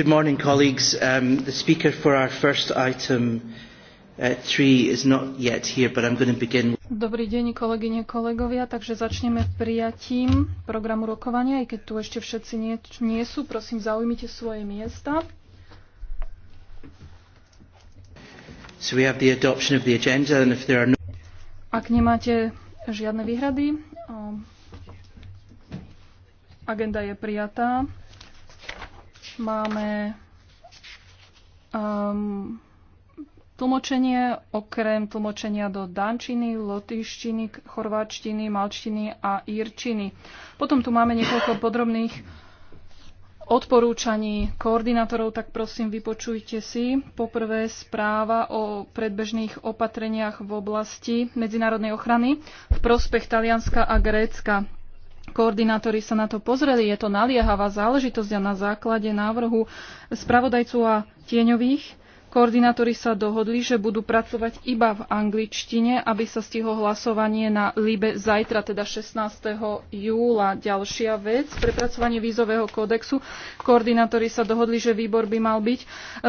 Good morning, colleagues. Um, the speaker for our first item uh, three is not yet here, but I'm going to begin. Dobrý deň, kolegyne, kolegovia. Takže začneme prijatím programu rokovania, aj keď tu ešte všetci nie, nie sú. Prosím, zaujmite svoje miesta. So we have the adoption of the agenda, and if there are no... Ak nemáte žiadne výhrady, agenda je prijatá. Máme um, tlmočenie okrem tlmočenia do dančiny, lotyštiny, chorváčtiny, malčtiny a írčiny. Potom tu máme niekoľko podrobných odporúčaní koordinátorov, tak prosím vypočujte si. Poprvé správa o predbežných opatreniach v oblasti medzinárodnej ochrany v prospech Talianska a Grécka. Koordinátori sa na to pozreli, je to naliehavá záležitosť a na základe návrhu spravodajcu a tieňových Koordinátori sa dohodli, že budú pracovať iba v angličtine, aby sa stihlo hlasovanie na Libe zajtra, teda 16. júla. Ďalšia vec, prepracovanie vízového kódexu. Koordinátori sa dohodli, že výbor by mal byť e,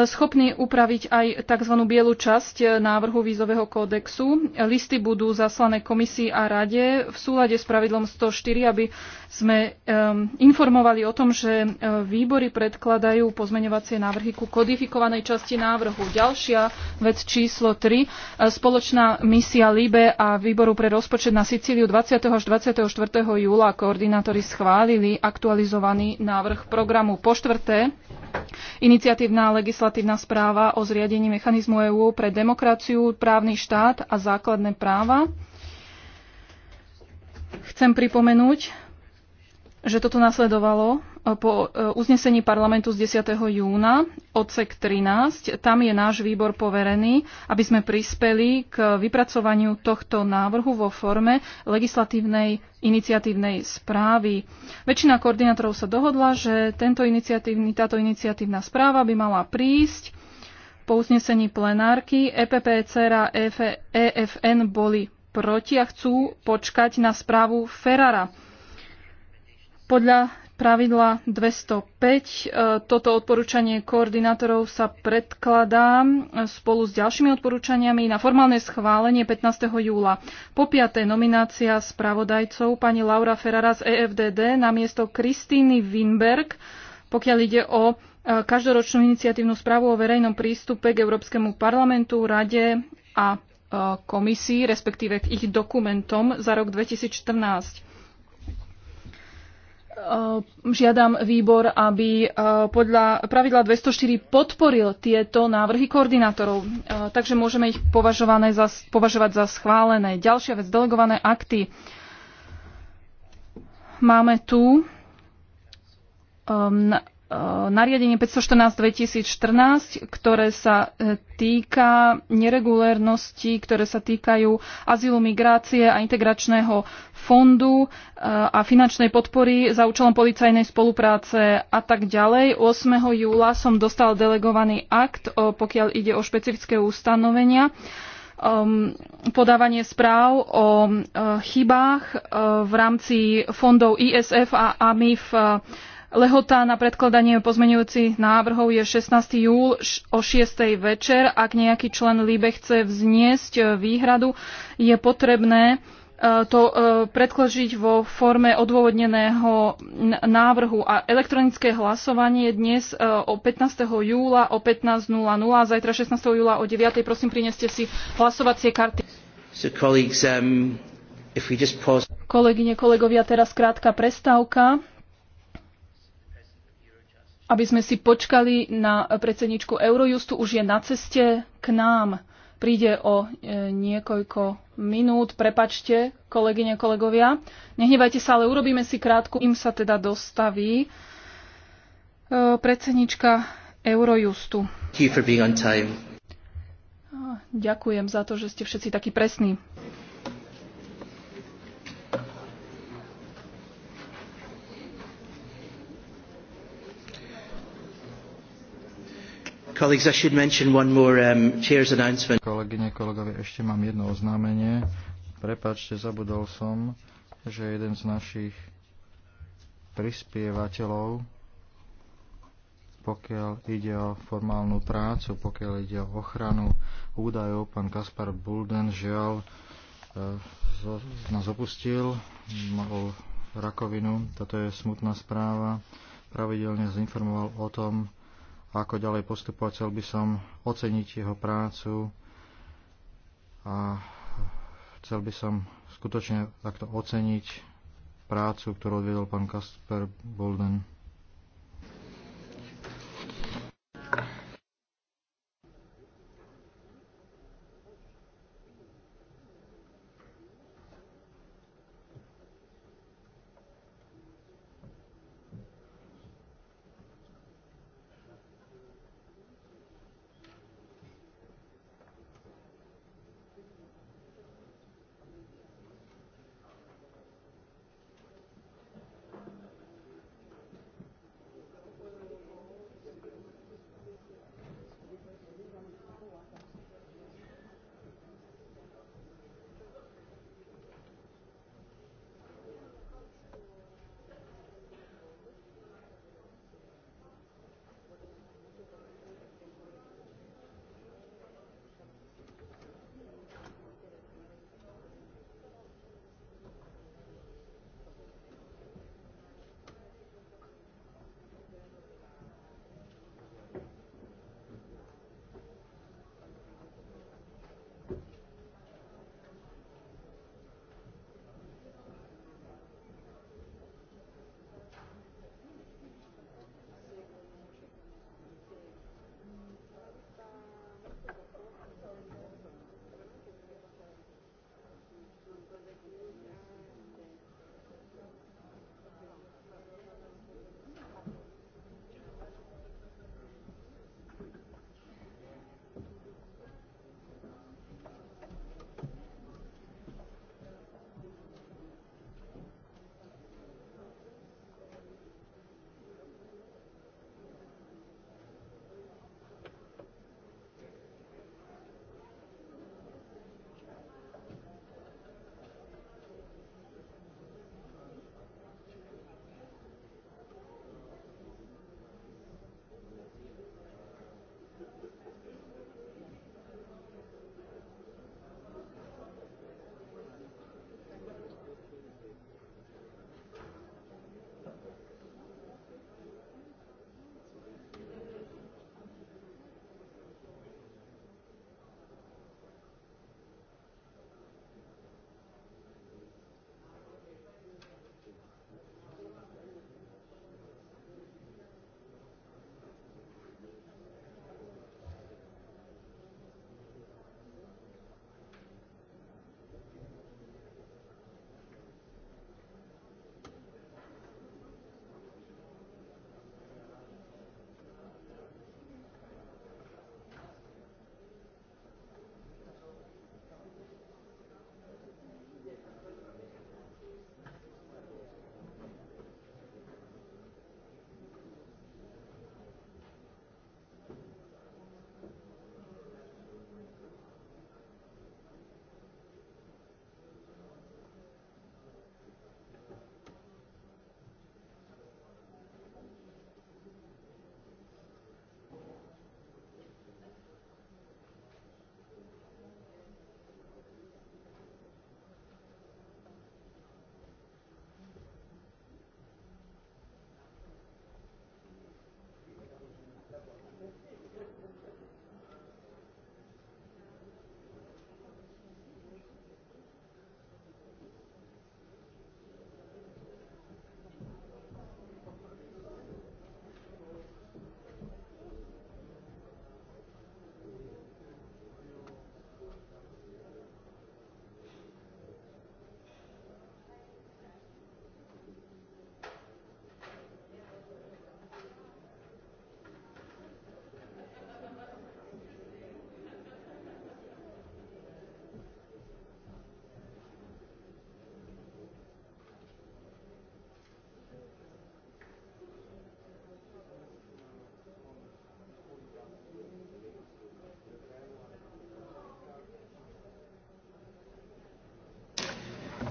schopný upraviť aj tzv. bielu časť e, návrhu vízového kódexu. Listy budú zaslané komisii a rade v súlade s pravidlom 104, aby sme um, informovali o tom, že e, výbory predkladajú pozmeňovacie návrhy ku kodifikovanej časti návrhu návrhu. Ďalšia vec číslo 3. E, Spoločná misia LIBE a Výboru pre rozpočet na Sicíliu 20. až 24. júla koordinátori schválili aktualizovaný návrh programu. Po štvrté, iniciatívna legislatívna správa o zriadení mechanizmu EÚ pre demokraciu, právny štát a základné práva. Chcem pripomenúť, že toto nasledovalo E, po e, uznesení parlamentu z 10. júna, odsek 13, tam je náš výbor poverený, aby sme prispeli k vypracovaniu tohto návrhu vo forme legislatívnej iniciatívnej správy. Väčšina koordinátorov sa dohodla, že tento iniciatívny, táto iniciatívna správa by mala prísť po uznesení plenárky. EPP, CERA, EFN e boli proti a chcú počkať na správu Ferrara. Podľa pravidla 205. E, toto odporúčanie koordinátorov sa predkladá spolu s ďalšími odporúčaniami na formálne schválenie 15. júla. Po piaté nominácia spravodajcov pani Laura Ferrara z EFDD na miesto Kristýny Winberg, pokiaľ ide o e, každoročnú iniciatívnu správu o verejnom prístupe k Európskemu parlamentu, Rade a e, komisii, respektíve k ich dokumentom za rok 2014. Ehm, žiadam výbor, aby e, podľa pravidla 204 podporil tieto návrhy koordinátorov. E, takže môžeme ich považované za, považovať za schválené. Ďalšia vec, delegované akty. Máme tu ehm, Eh, nariadenie 514-2014, ktoré sa eh, týka neregulérnosti, ktoré sa týkajú azylu, migrácie a integračného fondu eh, a finančnej podpory za účelom policajnej spolupráce a tak ďalej. 8. júla som dostal delegovaný akt, pokiaľ ide o špecifické ustanovenia um, podávanie správ o chybách v rámci fondov ISF a AMIF Lehota na predkladanie pozmenujúcich návrhov je 16. júl o 6. večer. Ak nejaký člen LIBE chce vzniesť e, výhradu, je potrebné e, to e, predložiť vo forme odôvodneného návrhu. A elektronické hlasovanie dnes o 15. júla o 15.00, zajtra 16. júla o 9.00. Prosím, prineste si hlasovacie karty. So colleagues, um, if we just pause... Kolegyne, kolegovia, teraz krátka prestávka aby sme si počkali na predsedničku Eurojustu, už je na ceste k nám. Príde o e, niekoľko minút, prepačte, kolegyne, kolegovia. Nehnevajte sa, ale urobíme si krátku, im sa teda dostaví e, predsednička Eurojustu. Ďakujem za to, že ste všetci takí presní. Colleagues, I should mention one more um, chair's announcement. Kolegyne, kolegovia, ešte mám jedno oznámenie. Prepačte, zabudol som, že jeden z našich prispievateľov, pokiaľ ide o formálnu prácu, pokiaľ ide o ochranu údajov, pán Kaspar Bulden žiaľ e, nás opustil, mal rakovinu. Toto je smutná správa. Pravidelne zinformoval o tom, ako ďalej postupovať. Chcel by som oceniť jeho prácu a chcel by som skutočne takto oceniť prácu, ktorú odviedol pán Kasper Bolden.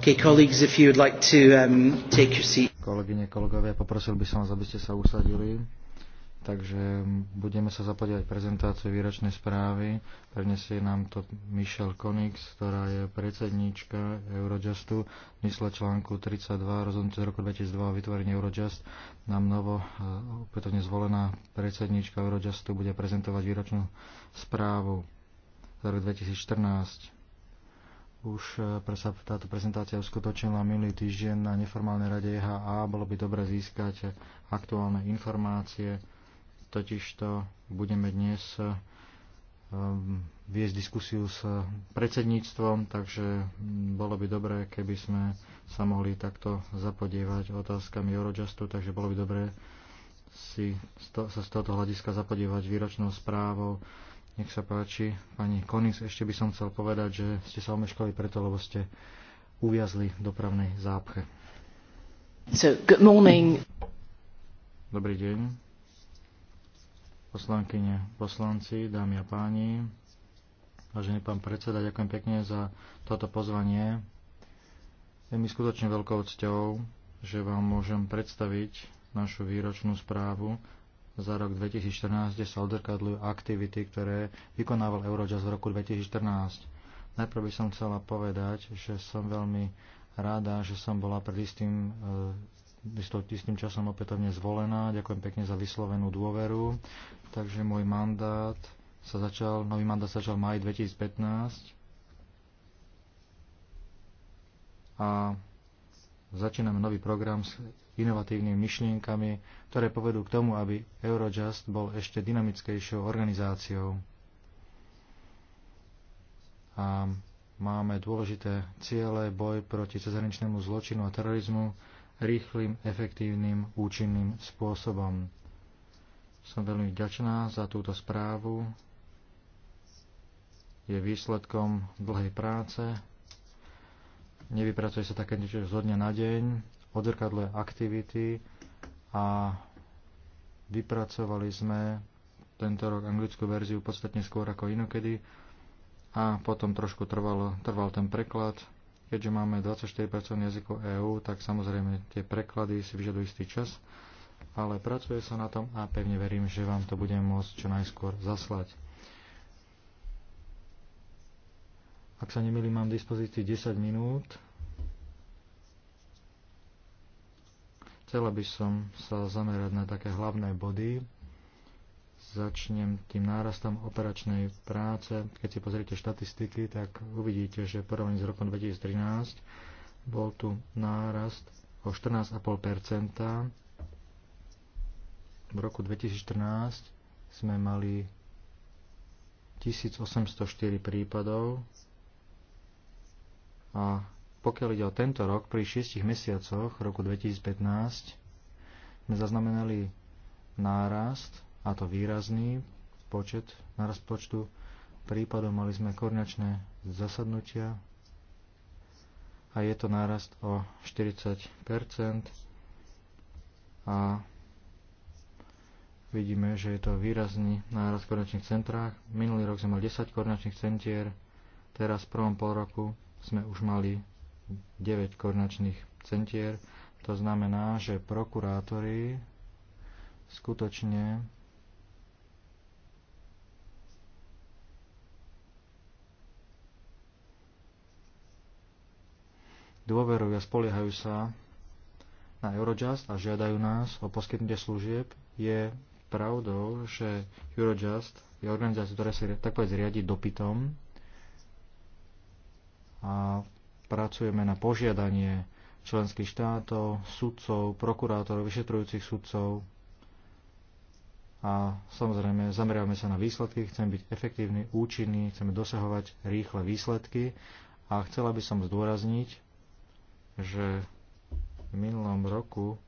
Okay, colleagues, if you would like to um, take your seat. Kolegyne, kolegovia, poprosil by som vás, aby ste sa usadili. Takže um, budeme sa zapodiať prezentáciu výročnej správy. Prenesie nám to Michelle Konix, ktorá je predsedníčka Eurojustu. Mysle článku 32 rozhodnutie z roku 2002 o vytvorení Eurojust. Nám novo uh, opätovne zvolená predsedníčka Eurojustu bude prezentovať výročnú správu za rok 2014. Už e, pre sa táto prezentácia uskutočnila minulý týždeň na neformálnej rade EHA. Bolo by dobre získať aktuálne informácie, totižto budeme dnes e, e, viesť diskusiu s predsedníctvom, takže mm, bolo by dobré, keby sme sa mohli takto zapodievať otázkami Eurojustu, takže bolo by dobré si sa z tohoto hľadiska zapodievať výročnou správou nech sa páči, pani Konis, ešte by som chcel povedať, že ste sa omeškali preto, lebo ste uviazli v dopravnej zápche. So, good morning. Dobrý deň. Poslankyne, poslanci, dámy a páni, vážený pán predseda, ďakujem pekne za toto pozvanie. Je mi skutočne veľkou cťou, že vám môžem predstaviť našu výročnú správu za rok 2014, kde sa odrkadľujú aktivity, ktoré vykonával Eurojazz v roku 2014. Najprv by som chcela povedať, že som veľmi rada, že som bola pred istým, e, istým časom opätovne zvolená. Ďakujem pekne za vyslovenú dôveru. Takže môj mandát sa začal, nový mandát začal v maj 2015. A začíname nový program inovatívnymi myšlienkami, ktoré povedú k tomu, aby Eurojust bol ešte dynamickejšou organizáciou. A máme dôležité ciele, boj proti cezhraničnému zločinu a terorizmu rýchlým, efektívnym, účinným spôsobom. Som veľmi vďačná za túto správu. Je výsledkom dlhej práce. Nevypracuje sa také niečo zo dňa na deň odrkadle aktivity a vypracovali sme tento rok anglickú verziu podstatne skôr ako inokedy a potom trošku trvalo, trval ten preklad. Keďže máme 24 jazykov EÚ, tak samozrejme tie preklady si vyžadujú istý čas, ale pracuje sa na tom a pevne verím, že vám to budem môcť čo najskôr zaslať. Ak sa nemýlim, mám v dispozícii 10 minút Chcela by som sa zamerať na také hlavné body. Začnem tým nárastom operačnej práce. Keď si pozriete štatistiky, tak uvidíte, že porovnaní s rokom 2013 bol tu nárast o 14,5 V roku 2014 sme mali 1804 prípadov a pokiaľ ide o tento rok, pri 6 mesiacoch roku 2015 sme zaznamenali nárast, a to výrazný počet, nárast počtu prípadov, mali sme koordinačné zasadnutia a je to nárast o 40 a vidíme, že je to výrazný nárast v koordinačných centrách. Minulý rok sme mali 10 koordinačných centier, teraz v prvom pol roku sme už mali 9 koordinačných centier. To znamená, že prokurátori skutočne dôverujú a spoliehajú sa na Eurojust a žiadajú nás o poskytnutie služieb, je pravdou, že Eurojust je organizácia, ktorá si tak povedz riadi dopytom a pracujeme na požiadanie členských štátov, sudcov, prokurátorov, vyšetrujúcich sudcov a samozrejme zameriavame sa na výsledky, chcem byť efektívni, účinní, chceme dosahovať rýchle výsledky a chcela by som zdôrazniť, že v minulom roku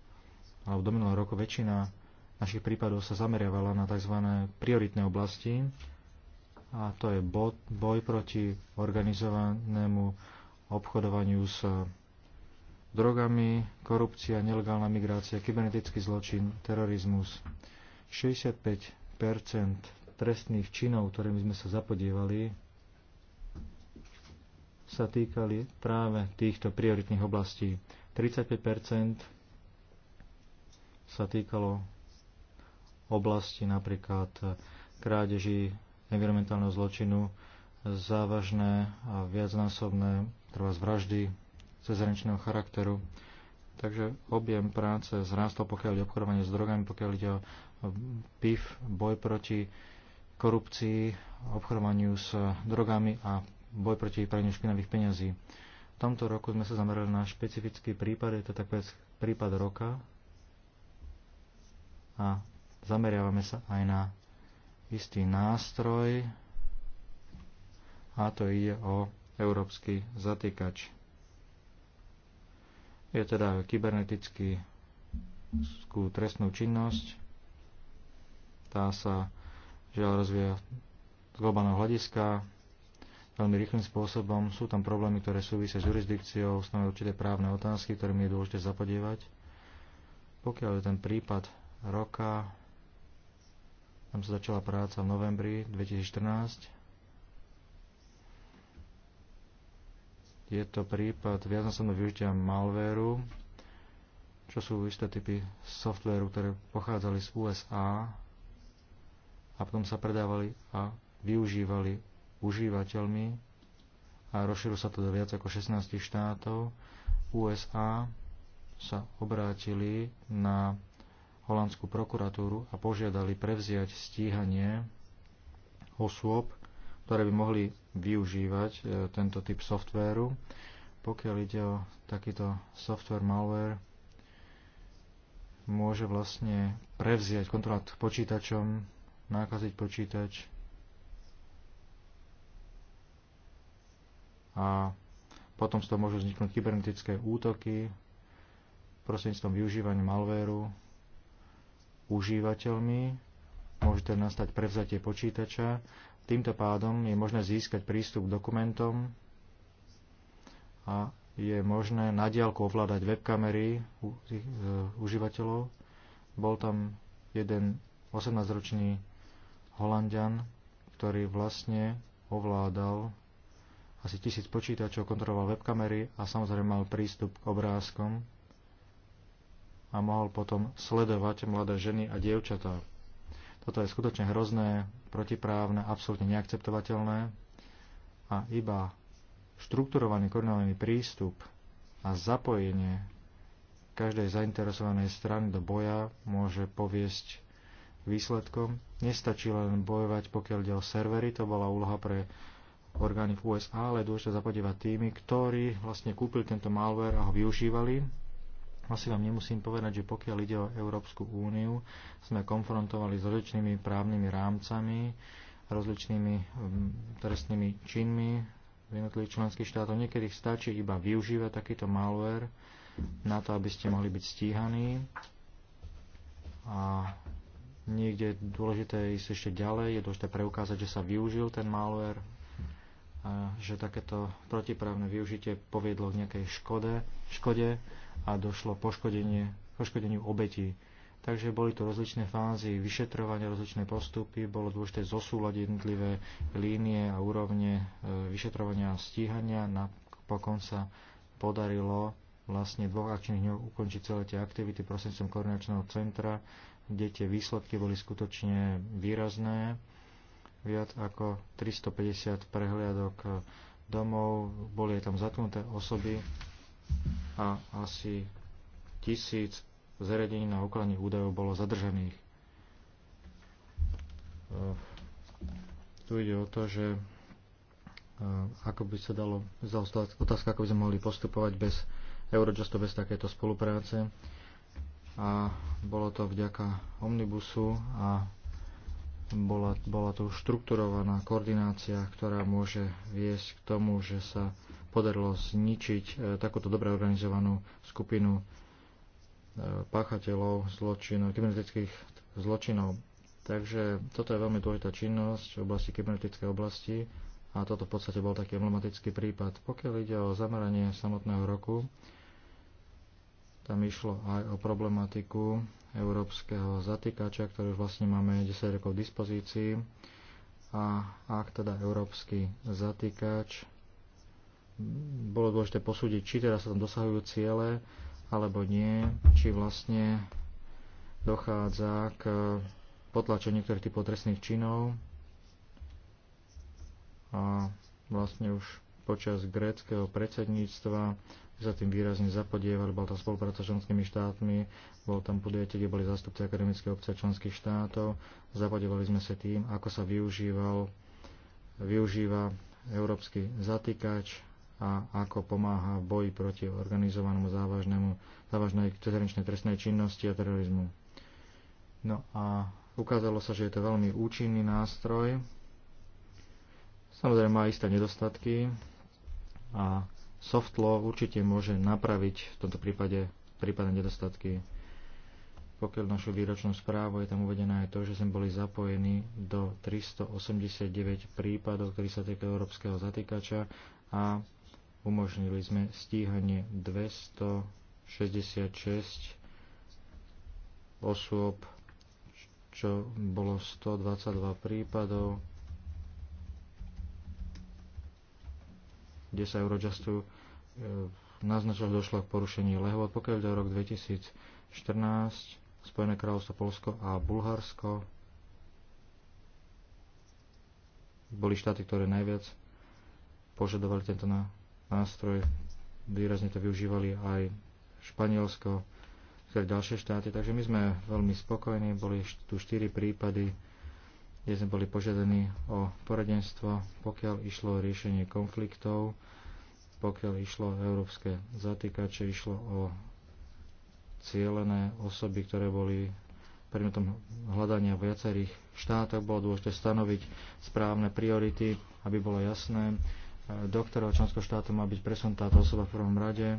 alebo do minulého roku väčšina našich prípadov sa zameriavala na tzv. prioritné oblasti a to je boj proti organizovanému obchodovaniu s eh, drogami, korupcia, nelegálna migrácia, kybernetický zločin, terorizmus. 65 trestných činov, ktorými sme sa zapodievali, sa týkali práve týchto prioritných oblastí. 35 sa týkalo oblasti napríklad eh, krádeží environmentálneho zločinu, závažné a viacnásobné treba z vraždy cezhraničného charakteru. Takže objem práce zrástol, pokiaľ ide obchodovanie s drogami, pokiaľ ide o PIF, boj proti korupcii, obchodovaniu s drogami a boj proti praniu špinavých peňazí. V tomto roku sme sa zamerali na špecifický prípad, je to taký prípad roka a zameriavame sa aj na istý nástroj a to ide o európsky zatýkač. Je teda kybernetickú trestnú činnosť. Tá sa žiaľ rozvíja z globálneho hľadiska veľmi rýchlým spôsobom. Sú tam problémy, ktoré súvisia s jurisdikciou, sú tam určité právne otázky, ktorými je dôležité zapodievať. Pokiaľ je ten prípad roka, tam sa začala práca v novembri 2014, Je to prípad viacnásobného využitia malvéru, čo sú isté typy softvéru, ktoré pochádzali z USA a potom sa predávali a využívali užívateľmi a rozšírilo sa to do viac ako 16 štátov. USA sa obrátili na holandskú prokuratúru a požiadali prevziať stíhanie osôb, ktoré by mohli využívať e, tento typ softvéru. Pokiaľ ide o takýto software malware, môže vlastne prevziať kontrolu nad počítačom, nákaziť počítač a potom z toho môžu vzniknúť kybernetické útoky prostredníctvom využívania malvéru užívateľmi. Môže nastať prevzatie počítača Týmto pádom je možné získať prístup k dokumentom a je možné na diálku ovládať webkamery tých e, užívateľov. Bol tam jeden 18-ročný Holandian, ktorý vlastne ovládal asi tisíc počítačov, kontroloval webkamery a samozrejme mal prístup k obrázkom a mohol potom sledovať mladé ženy a dievčatá. Toto je skutočne hrozné protiprávne, absolútne neakceptovateľné a iba štrukturovaný koordinovaný prístup a zapojenie každej zainteresovanej strany do boja môže poviesť výsledkom. Nestačí len bojovať, pokiaľ ide o servery, to bola úloha pre orgány v USA, ale je dôležité zapodievať tými, ktorí vlastne kúpili tento malware a ho využívali asi vám nemusím povedať, že pokiaľ ide o Európsku úniu, sme konfrontovali s rozličnými právnymi rámcami, rozličnými mm, trestnými činmi v jednotlivých členských štátov. Niekedy stačí iba využívať takýto malware na to, aby ste mohli byť stíhaní. A niekde dôležité ísť ešte ďalej, je dôležité preukázať, že sa využil ten malware, a že takéto protiprávne využitie poviedlo k nejakej škode, škode a došlo poškodenie, poškodeniu obetí. Takže boli tu rozličné fázy vyšetrovania, rozličné postupy, bolo dôležité zosúľať jednotlivé línie a úrovne e, vyšetrovania a stíhania. Napokon sa podarilo vlastne dvoch akčných dňov ukončiť celé tie aktivity prostredníctvom koordinačného centra, kde tie výsledky boli skutočne výrazné. Viac ako 350 prehliadok e, domov, boli tam zatknuté osoby, a asi tisíc zariadení na ukladanie údajov bolo zadržených. Eh, tu ide o to, že eh, ako by sa dalo, za otázka, ako by sme mohli postupovať bez Eurojustu, bez takéto spolupráce. A bolo to vďaka Omnibusu a bola, bola to štrukturovaná koordinácia, ktorá môže viesť k tomu, že sa podarilo zničiť e, takúto dobre organizovanú skupinu e, páchateľov zločinov, kybernetických zločinov. Takže toto je veľmi dôležitá činnosť v oblasti kybernetickej oblasti a toto v podstate bol taký emblematický prípad. Pokiaľ ide o zameranie samotného roku, tam išlo aj o problematiku európskeho zatýkača, ktorý vlastne máme 10 rokov v dispozícii. A ak teda európsky zatýkač bolo dôležité posúdiť, či teda sa tam dosahujú ciele, alebo nie, či vlastne dochádza k potlačeniu niektorých typov trestných činov. A vlastne už počas gréckého predsedníctva sa tým výrazne zapodieval, bol tam spolupráca s členskými štátmi, bol tam podujete, kde boli zástupci akademické obce členských štátov, zapodievali sme sa tým, ako sa využíval, využíva európsky zatýkač, a ako pomáha v boji proti organizovanému závažnému, závažnej cezhraničnej trestnej činnosti a terorizmu. No a ukázalo sa, že je to veľmi účinný nástroj. Samozrejme má isté nedostatky a soft law určite môže napraviť v tomto prípade prípadne nedostatky. Pokiaľ našu výročnú správu je tam uvedené aj to, že sme boli zapojení do 389 prípadov, ktorí sa týkajú európskeho zatýkača a umožnili sme stíhanie 266 osôb, čo bolo 122 prípadov, kde sa Eurojustu e, naznačil, že došlo k porušení lehôd. Pokiaľ ide o rok 2014, Spojené kráľovstvo Polsko a Bulharsko boli štáty, ktoré najviac požadovali tento na nástroj výrazne to využívali aj Španielsko, ktoré ďalšie štáty. Takže my sme veľmi spokojní, boli tu štyri prípady, kde sme boli požiadaní o poradenstvo, pokiaľ išlo o riešenie konfliktov, pokiaľ išlo o európske zatýkače, išlo o cieľené osoby, ktoré boli predmetom hľadania v viacerých štátoch. Bolo dôležité stanoviť správne priority, aby bolo jasné, do ktorého členského štátu má byť presunutá táto osoba v prvom rade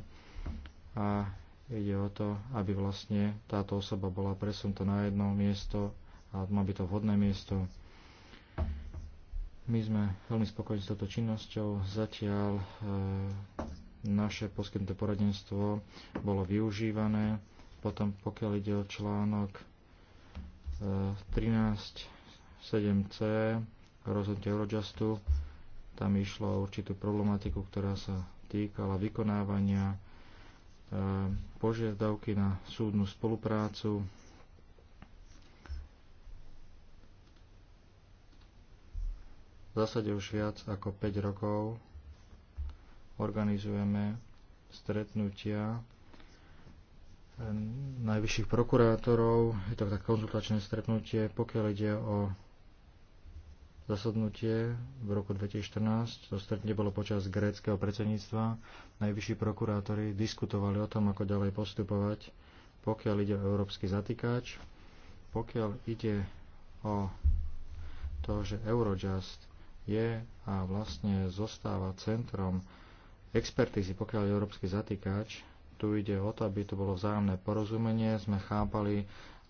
a ide o to, aby vlastne táto osoba bola presunutá na jedno miesto a má byť to vhodné miesto. My sme veľmi spokojní s touto činnosťou. Zatiaľ e, naše poskytnuté poradenstvo bolo využívané. Potom, pokiaľ ide o článok e, 13.7c rozhodnutie Eurojustu, tam išlo o určitú problematiku, ktorá sa týkala vykonávania e, požiadavky na súdnu spoluprácu. V zásade už viac ako 5 rokov organizujeme stretnutia e, najvyšších prokurátorov. Je to tak konzultačné stretnutie, pokiaľ ide o Zasadnutie v roku 2014, to stretnutie bolo počas gréckého predsedníctva, najvyšší prokurátori diskutovali o tom, ako ďalej postupovať, pokiaľ ide o európsky zatýkač, pokiaľ ide o to, že Eurojust je a vlastne zostáva centrom expertízy, pokiaľ je európsky zatýkač, tu ide o to, aby to bolo vzájomné porozumenie, sme chápali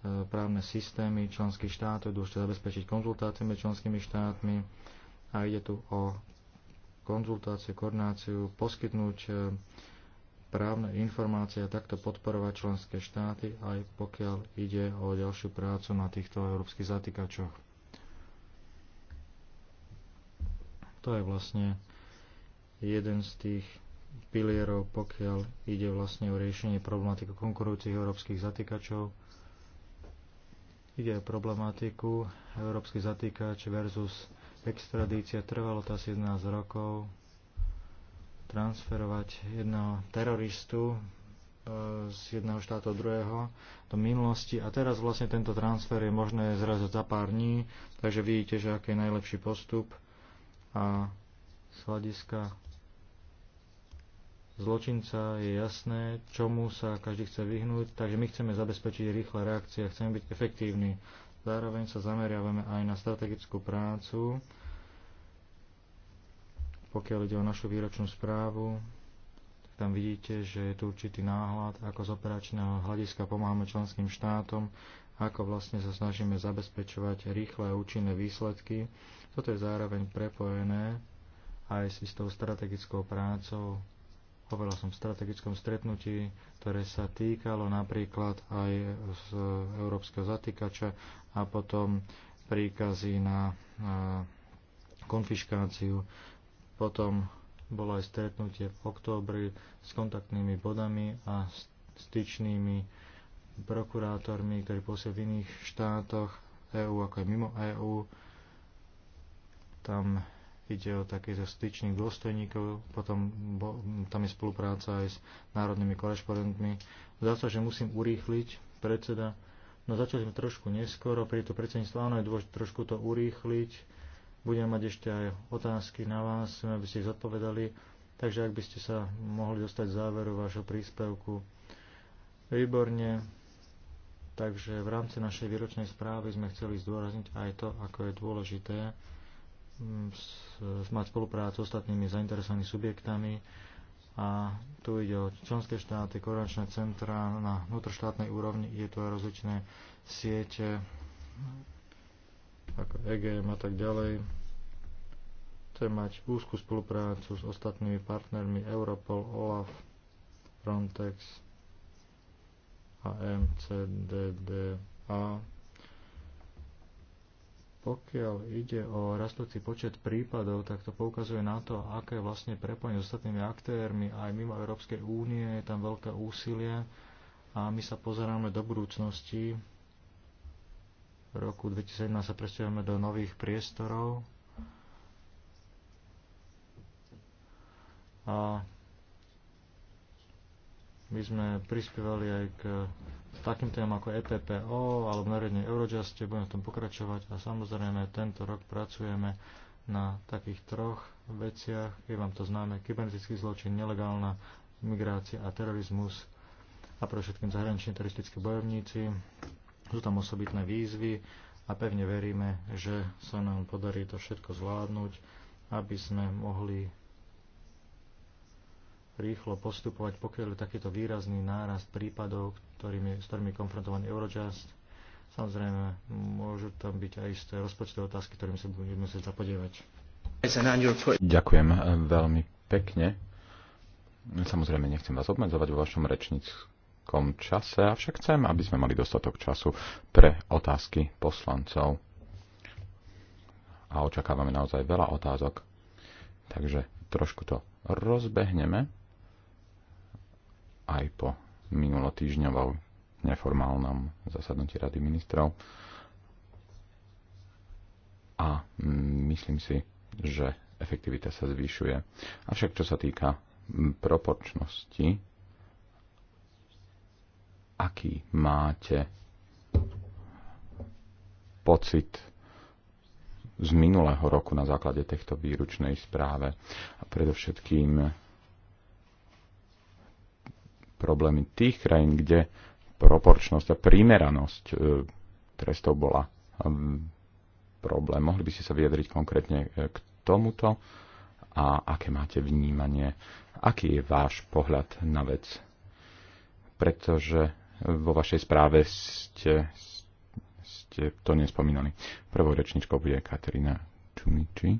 právne systémy členských štátov, je dôležité zabezpečiť konzultácie medzi členskými štátmi a ide tu o konzultáciu, koordináciu, poskytnúť e, právne informácie a takto podporovať členské štáty, aj pokiaľ ide o ďalšiu prácu na týchto európskych zatýkačoch. To je vlastne jeden z tých pilierov, pokiaľ ide vlastne o riešenie problematiky konkurujúcich európskych zatýkačov, Ide o problematiku európsky zatýkač versus extradícia. Trvalo to asi 11 rokov transferovať jedného teroristu e, z jedného štátu druhého do minulosti a teraz vlastne tento transfer je možné zrazu za pár dní, takže vidíte, že aký je najlepší postup a z hľadiska zločinca, je jasné, čomu sa každý chce vyhnúť, takže my chceme zabezpečiť rýchle reakcie, chceme byť efektívni. Zároveň sa zameriavame aj na strategickú prácu, pokiaľ ide o našu výročnú správu, tak tam vidíte, že je tu určitý náhľad, ako z operačného hľadiska pomáhame členským štátom, ako vlastne sa snažíme zabezpečovať rýchle a účinné výsledky. Toto je zároveň prepojené aj s istou strategickou prácou povedal som strategickom stretnutí, ktoré sa týkalo napríklad aj z európskeho zatýkača a potom príkazy na konfiškáciu. Potom bolo aj stretnutie v októbri s kontaktnými bodami a styčnými prokurátormi, ktorí pôsobia v iných štátoch EÚ, ako aj mimo EÚ. Tam ide o takých styčných dôstojníkov, potom bo, tam je spolupráca aj s národnými korešporentmi. Zdá sa, že musím urýchliť predseda. No začali sme trošku neskoro, pri to predsedníctvo áno je dôležité trošku to urýchliť. Budem mať ešte aj otázky na vás, aby ste ich zodpovedali. Takže ak by ste sa mohli dostať záveru vášho príspevku, výborne. Takže v rámci našej výročnej správy sme chceli zdôrazniť aj to, ako je dôležité Mm, mať spoluprácu s ostatnými zainteresovanými subjektami a tu ide o členské štáty, koordinačné centra na vnútroštátnej úrovni, je tu aj rozličné siete ako EGM a tak ďalej. Chce mať úzkú spoluprácu s ostatnými partnermi Europol, OLAF, Frontex a MCDDA pokiaľ ide o rastúci počet prípadov, tak to poukazuje na to, aké vlastne prepojenie s ostatnými aktérmi aj mimo Európskej únie, je tam veľké úsilie a my sa pozeráme do budúcnosti. V roku 2017 sa presťahujeme do nových priestorov a my sme prispievali aj k takým témam ako EPPO alebo nariadenie Eurojuste, budeme v tom pokračovať a samozrejme tento rok pracujeme na takých troch veciach, je vám to známe, kybernetický zločin, nelegálna migrácia a terorizmus a pre všetkým zahraniční teroristickí bojovníci. Sú tam osobitné výzvy a pevne veríme, že sa nám podarí to všetko zvládnuť, aby sme mohli rýchlo postupovať, pokiaľ je takýto výrazný nárast prípadov, ktorými, s ktorými je konfrontovaný Eurojust. Samozrejme, môžu tam byť aj isté rozpočtové otázky, ktorým sa budeme musieť zapodievať. Ďakujem eh, veľmi pekne. Samozrejme, nechcem vás obmedzovať vo vašom rečníckom čase, avšak chcem, aby sme mali dostatok času pre otázky poslancov. A očakávame naozaj veľa otázok, takže trošku to rozbehneme aj po minulotýžňovom neformálnom zasadnutí Rady ministrov. A myslím si, že efektivita sa zvyšuje. Avšak čo sa týka proporčnosti, aký máte pocit z minulého roku na základe tejto výručnej správe a predovšetkým problémy tých krajín, kde proporčnosť a primeranosť e, trestov bola problém. Mohli by ste sa vyjadriť konkrétne e, k tomuto a aké máte vnímanie, aký je váš pohľad na vec? Pretože vo vašej správe ste, ste to nespomínali. Prvou rečničkou bude Katerina Čumiči.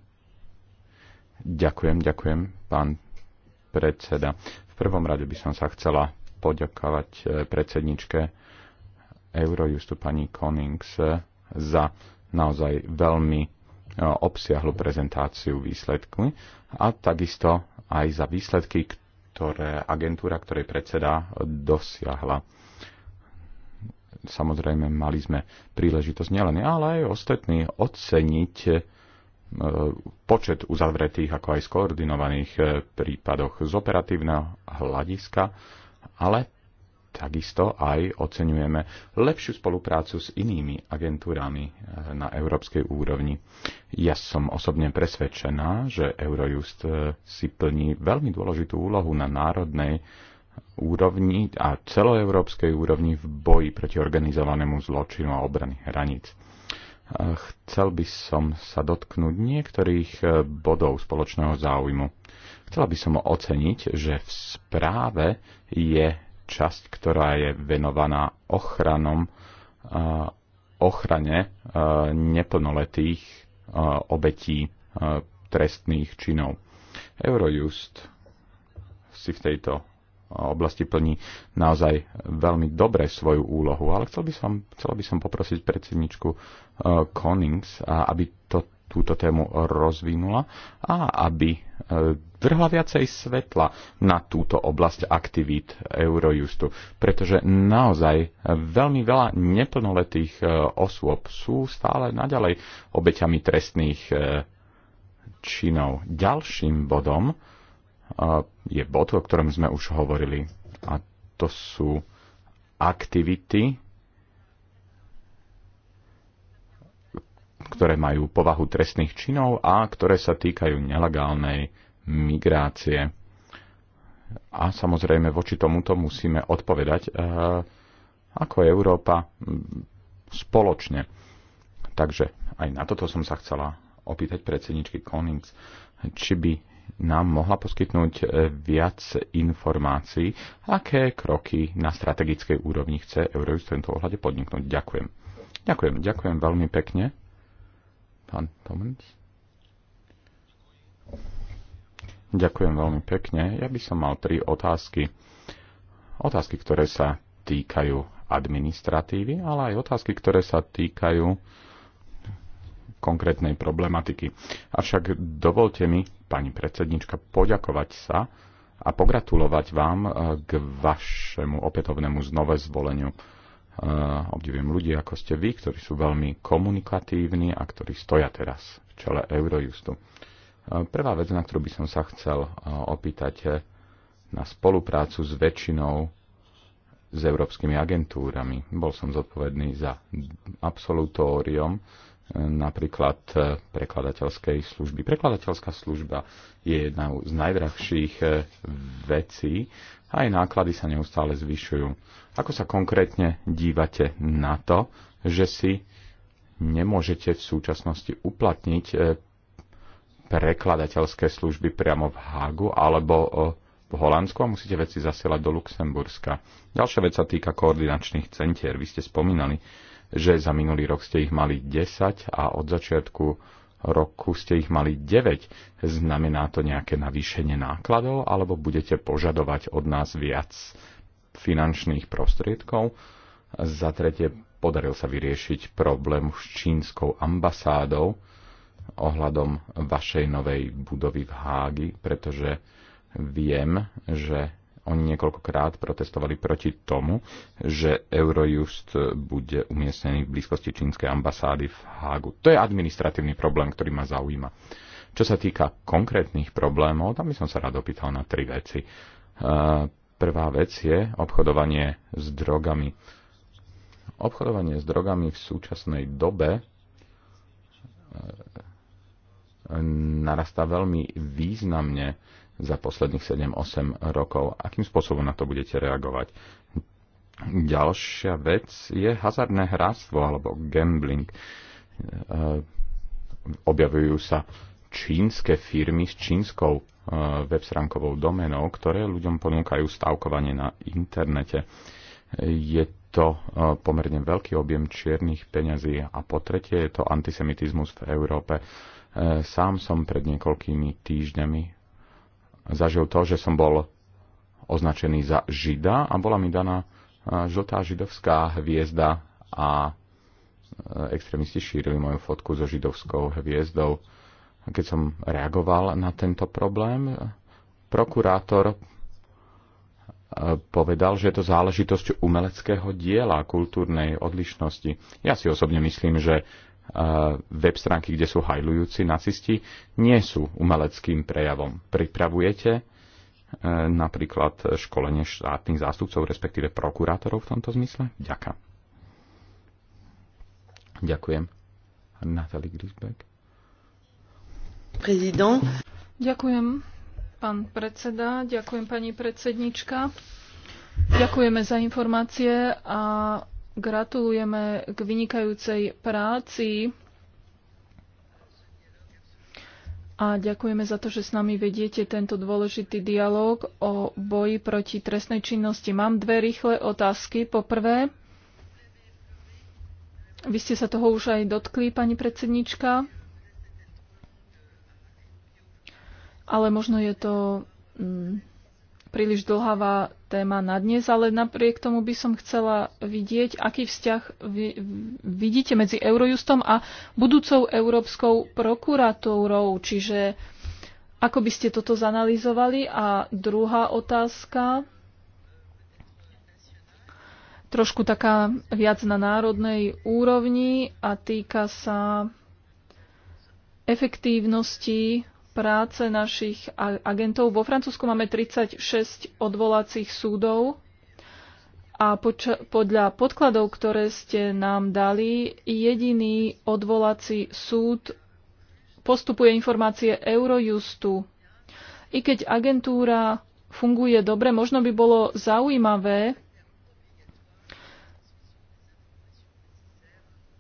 Ďakujem, ďakujem, pán predseda. V prvom rade by som sa chcela poďakovať e, predsedničke Eurojustu pani Konings e, za naozaj veľmi e, obsiahlu prezentáciu výsledku a takisto aj za výsledky, ktoré agentúra, ktorej predseda dosiahla. Samozrejme, mali sme príležitosť nielen ja, ale aj ostatní oceniť E, počet uzavretých ako aj skoordinovaných e, prípadoch z operatívneho hľadiska, ale takisto aj oceňujeme lepšiu spoluprácu s inými agentúrami e, na európskej úrovni. Ja som osobne presvedčená, že Eurojust si plní veľmi dôležitú úlohu na národnej úrovni a celoeurópskej úrovni v boji proti organizovanému zločinu a obrany hraníc. Chcel by som sa dotknúť niektorých eh, bodov spoločného záujmu. Chcela by som oceniť, že v správe je časť, ktorá je venovaná ochranom, eh, ochrane eh, neplnoletých obetí trestných činov. Eurojust si v tejto oblasti plní naozaj veľmi dobre svoju úlohu. Ale chcel by som, chcel by som poprosiť predsedničku eh, Konings, aby to, túto tému rozvinula a aby eh, vrhla viacej svetla na túto oblasť aktivít Eurojustu, pretože naozaj veľmi veľa neplnoletých eh, osôb sú stále naďalej obeťami trestných činov. Ďalším bodom, je bod, o ktorom sme už hovorili. A to sú aktivity, ktoré majú povahu trestných činov a ktoré sa týkajú nelegálnej migrácie. A samozrejme voči tomuto musíme odpovedať eh, ako Európa spoločne. Takže aj na toto som sa chcela opýtať predsedničky Konings, či by nám mohla poskytnúť e, viac informácií, aké kroky na strategickej úrovni chce Eurojust v tomto ohľade podniknúť. Ďakujem. Ďakujem, ďakujem veľmi pekne. Pán Tomens. Ďakujem veľmi pekne. Ja by som mal tri otázky. Otázky, ktoré sa týkajú administratívy, ale aj otázky, ktoré sa týkajú konkrétnej problematiky. Avšak dovolte mi, pani predsednička, poďakovať sa a pogratulovať vám e, k vašemu opätovnému znove zvoleniu. E, obdivujem ľudí, ako ste vy, ktorí sú veľmi komunikatívni a ktorí stoja teraz v čele Eurojustu. E, prvá vec, na ktorú by som sa chcel opýtať, je, na spoluprácu s väčšinou s európskymi agentúrami. Bol som zodpovedný za absolutórium napríklad e, prekladateľskej služby. Prekladateľská služba je jedna z najdrahších e, vecí a aj náklady sa neustále zvyšujú. Ako sa konkrétne dívate na to, že si nemôžete v súčasnosti uplatniť e, prekladateľské služby priamo v Hágu alebo v Holandsku a musíte veci zasielať do Luxemburska. Ďalšia vec sa týka koordinačných centier. Vy ste spomínali, že za minulý rok ste ich mali 10 a od začiatku roku ste ich mali 9. Znamená to nejaké navýšenie nákladov alebo budete požadovať od nás viac finančných prostriedkov? Za tretie, podaril sa vyriešiť problém s čínskou ambasádou ohľadom vašej novej budovy v Hági, pretože viem, že oni niekoľkokrát protestovali proti tomu, že Eurojust bude umiestnený v blízkosti čínskej ambasády v Hágu. To je administratívny problém, ktorý ma zaujíma. Čo sa týka konkrétnych problémov, tam by som sa rád opýtal na tri veci. E, prvá vec je obchodovanie s drogami. Obchodovanie s drogami v súčasnej dobe e, narastá veľmi významne za posledných 7-8 rokov. Akým spôsobom na to budete reagovať? Ďalšia vec je hazardné hráctvo alebo gambling. E, objavujú sa čínske firmy s čínskou e, web stránkovou domenou, ktoré ľuďom ponúkajú stavkovanie na internete. Je to e, pomerne veľký objem čiernych peňazí a po tretie je to antisemitizmus v Európe. Sám som pred niekoľkými týždňami zažil to, že som bol označený za žida a bola mi daná e, žltá židovská hviezda a e, extrémisti šírili moju fotku so židovskou hviezdou. Keď som reagoval na tento problém, e, prokurátor povedal, že je to záležitosť umeleckého diela, kultúrnej odlišnosti. Ja si osobne myslím, že web stránky, kde sú hajlujúci nacisti, nie sú umeleckým prejavom. Pripravujete e, napríklad školenie štátnych zástupcov, respektíve prokurátorov v tomto zmysle? Ďakujem. Ďakujem. Natalie Grisbeck. Prezident. Ďakujem, pán predseda. Ďakujem, pani predsednička. Ďakujeme za informácie a Gratulujeme k vynikajúcej práci a ďakujeme za to, že s nami vediete tento dôležitý dialog o boji proti trestnej činnosti. Mám dve rýchle otázky. Poprvé, vy ste sa toho už aj dotkli, pani predsednička, ale možno je to mm, príliš dlhavá téma na dnes, ale napriek tomu by som chcela vidieť, aký vzťah vy, vidíte medzi Eurojustom a budúcou Európskou prokuratúrou. Čiže ako by ste toto zanalizovali? A druhá otázka, trošku taká viac na národnej úrovni a týka sa efektívnosti práce našich agentov. Vo Francúzsku máme 36 odvolacích súdov a podľa podkladov, ktoré ste nám dali, jediný odvolací súd postupuje informácie Eurojustu. I keď agentúra funguje dobre, možno by bolo zaujímavé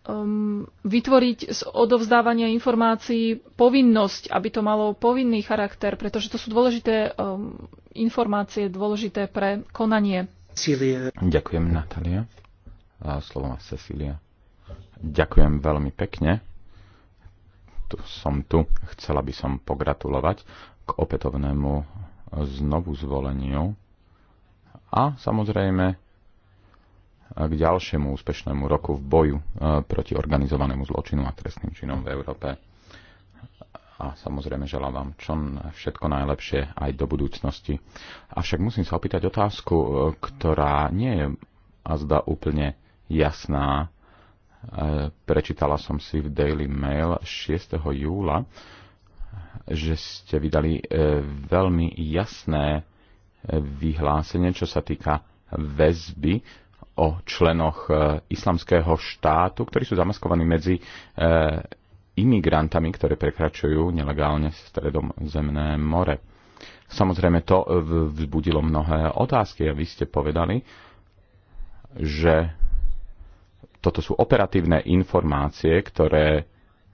um, vytvoriť z odovzdávania informácií povinnosť, aby to malo povinný charakter, pretože to sú dôležité um, informácie, dôležité pre konanie. Cília. Ďakujem, Natália. A slovo má Cecília. Ďakujem veľmi pekne. Tu som tu. Chcela by som pogratulovať k opätovnému znovu zvoleniu a samozrejme k ďalšiemu úspešnému roku v boju e, proti organizovanému zločinu a trestným činom v Európe. A samozrejme želám vám čo všetko najlepšie aj do budúcnosti. Avšak musím sa opýtať otázku, e, ktorá nie je a zdá úplne jasná. E, prečítala som si v Daily Mail 6. júla, že ste vydali veľmi jasné vyhlásenie, čo sa týka väzby o členoch e, islamského štátu, ktorí sú zamaskovaní medzi e, imigrantami, ktoré prekračujú nelegálne Stredozemné more. Samozrejme, to vzbudilo mnohé otázky a vy ste povedali, že toto sú operatívne informácie, ktoré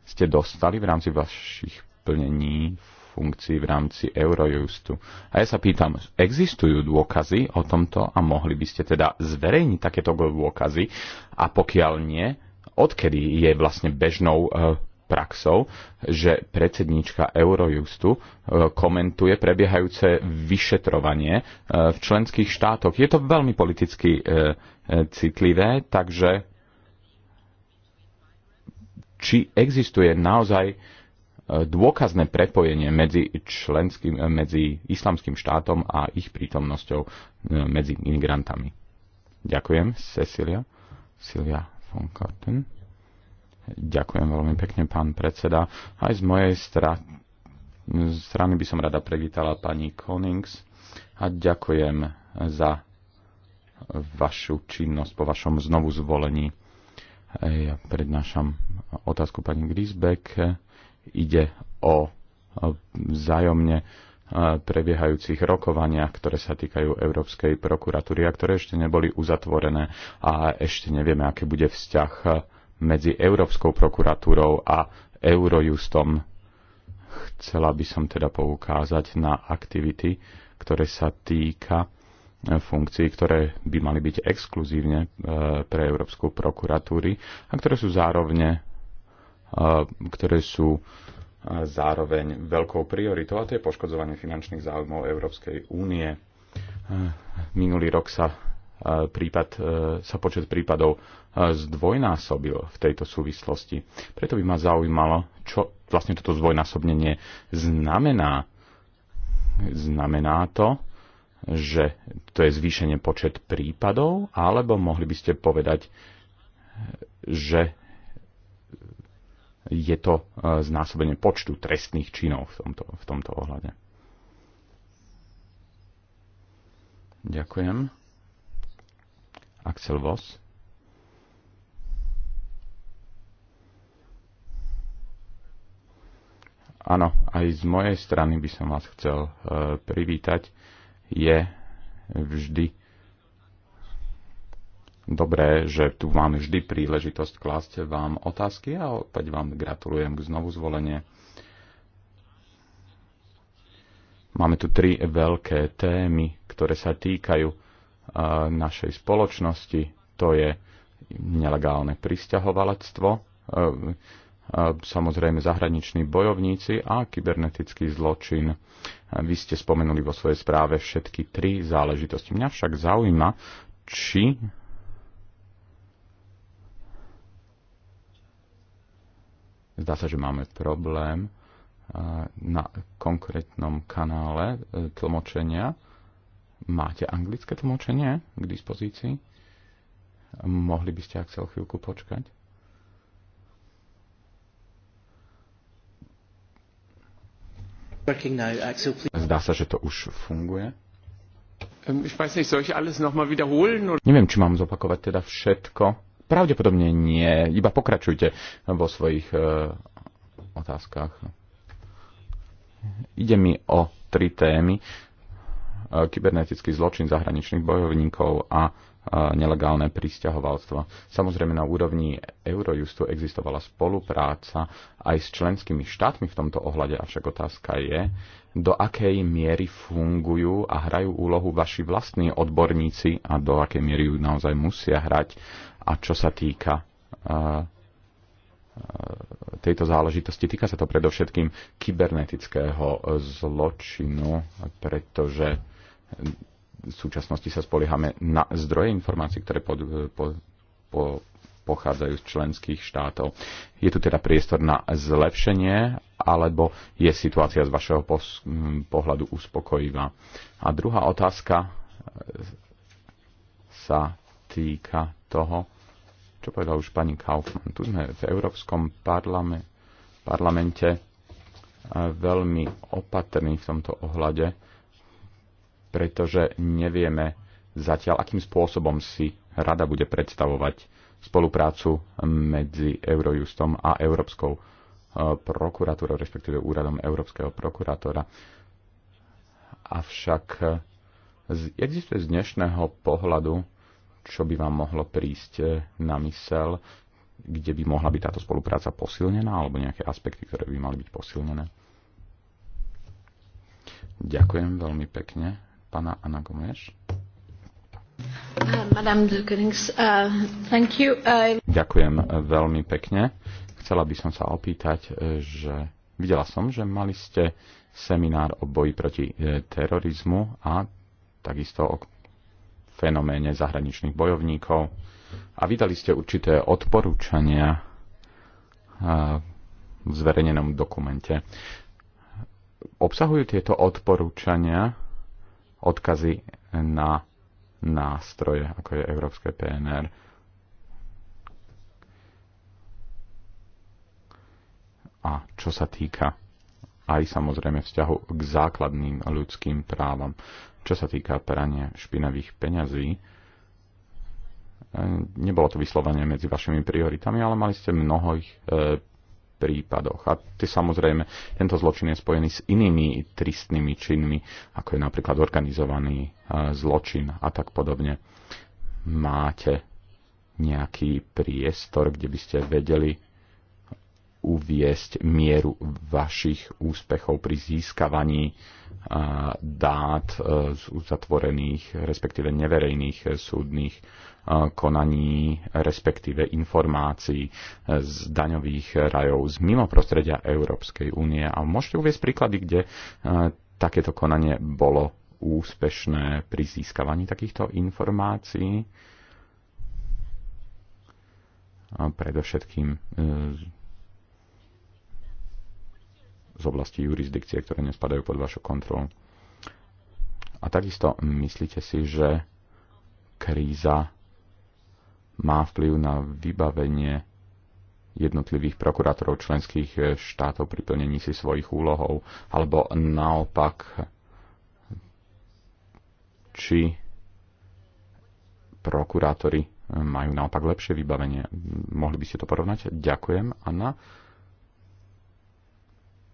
ste dostali v rámci vašich plnení funkcií v rámci Eurojustu. A ja sa pýtam, existujú dôkazy o tomto a mohli by ste teda zverejniť takéto dôkazy a pokiaľ nie, odkedy je vlastne bežnou e, praxou, že predsednička Eurojustu e, komentuje prebiehajúce vyšetrovanie e, v členských štátoch. Je to veľmi politicky citlivé, takže či existuje naozaj dôkazné prepojenie medzi, členským, medzi islamským štátom a ich prítomnosťou e, medzi imigrantami. Ďakujem, Cecilia. Cecilia von Karten. Ďakujem veľmi pekne, pán predseda. Aj z mojej stra- strany by som rada privítala pani Konings a ďakujem za vašu činnosť po vašom znovu zvolení. Ja prednášam otázku pani Grisbeck ide o vzájomne prebiehajúcich rokovaniach, ktoré sa týkajú Európskej prokuratúry a ktoré ešte neboli uzatvorené a ešte nevieme, aký bude vzťah medzi Európskou prokuratúrou a Eurojustom. Chcela by som teda poukázať na aktivity, ktoré sa týka funkcií, ktoré by mali byť exkluzívne pre Európsku prokuratúry a ktoré sú zároveň ktoré sú zároveň veľkou prioritou a to je poškodzovanie finančných záujmov Európskej únie. Minulý rok sa, prípad, sa počet prípadov zdvojnásobil v tejto súvislosti. Preto by ma zaujímalo, čo vlastne toto zdvojnásobnenie znamená. Znamená to, že to je zvýšenie počet prípadov, alebo mohli by ste povedať, že je to e, znásobenie počtu trestných činov v tomto, v tomto ohľade. Ďakujem. Axel Voss. Áno, aj z mojej strany by som vás chcel e, privítať. Je vždy dobré, že tu máme vždy príležitosť klásť vám otázky a opäť vám gratulujem k znovu zvolenie. Máme tu tri veľké témy, ktoré sa týkajú e, našej spoločnosti. To je nelegálne pristahovalectvo, e, e, samozrejme zahraniční bojovníci a kybernetický zločin. Vy ste spomenuli vo svojej správe všetky tri záležitosti. Mňa však zaujíma, či Zdá sa, že máme problém eh, na konkrétnom kanále eh, tlmočenia. Máte anglické tlmočenie k dispozícii? Mohli by ste, ak chcel, chvíľku počkať? Zdá sa, že to už funguje. Neviem, či mám zopakovať teda všetko Pravdepodobne nie. Iba pokračujte vo svojich e, otázkach. Ide mi o tri témy. E, kybernetický zločin zahraničných bojovníkov a e, nelegálne pristahovalstvo. Samozrejme na úrovni Eurojustu existovala spolupráca aj s členskými štátmi v tomto ohľade, avšak otázka je, e, do akej miery fungujú a hrajú úlohu vaši vlastní odborníci a do akej miery ju naozaj musia hrať. A čo sa týka eh, eh, tejto záležitosti. Týka sa to predovšetkým kybernetického eh, zločinu, pretože v súčasnosti sa spoliehame na zdroje informácií, ktoré po, po, po, pochádzajú z členských štátov. Je tu teda priestor na zlepšenie alebo je situácia z vašeho pohľadu uspokojivá? A druhá otázka e, sa týka toho, čo povedal už pani Kaufmann. Tu sme v Európskom parlame, parlamente e, veľmi opatrní v tomto ohľade, pretože nevieme zatiaľ, akým spôsobom si rada bude predstavovať spoluprácu medzi Eurojustom a Európskou prokurátorou, respektíve úradom Európskeho prokurátora. Avšak existuje z dnešného pohľadu, čo by vám mohlo prísť eh, na mysel, kde by mohla byť táto spolupráca posilnená, alebo nejaké aspekty, ktoré by mali byť posilnené? Ďakujem veľmi pekne. Pana Anna Gomeš. Uh, uh, uh, Ďakujem eh, veľmi pekne. Chcela by som sa opýtať, e, že videla som, že mali ste seminár o boji proti e, terorizmu a takisto o fenoméne zahraničných bojovníkov a vydali ste určité odporúčania e, v zverejnenom dokumente. Obsahujú tieto odporúčania odkazy na nástroje, ako je Európske PNR, a čo sa týka aj samozrejme vzťahu k základným ľudským právam. Čo sa týka prania špinavých peňazí, e, nebolo to vyslovene medzi vašimi prioritami, ale mali ste mnoho ich e, prípadoch. A ty samozrejme, tento zločin je spojený s inými tristnými činmi, ako je napríklad organizovaný e, zločin a tak podobne. Máte nejaký priestor, kde by ste vedeli uviesť mieru vašich úspechov pri získavaní dát e, z uzatvorených, respektíve neverejných e, súdnych e, konaní, respektíve informácií z daňových rajov z mimo prostredia Európskej únie. A môžete uvieť príklady, kde takéto konanie bolo úspešné pri získavaní takýchto informácií. A predovšetkým z oblasti jurisdikcie, ktoré nespadajú pod vašu kontrolu. A takisto myslíte si, že kríza má vplyv na vybavenie jednotlivých prokurátorov členských štátov pri plnení si svojich úlohov, alebo naopak, či prokurátori majú naopak lepšie vybavenie. Mohli by ste to porovnať? Ďakujem, Anna.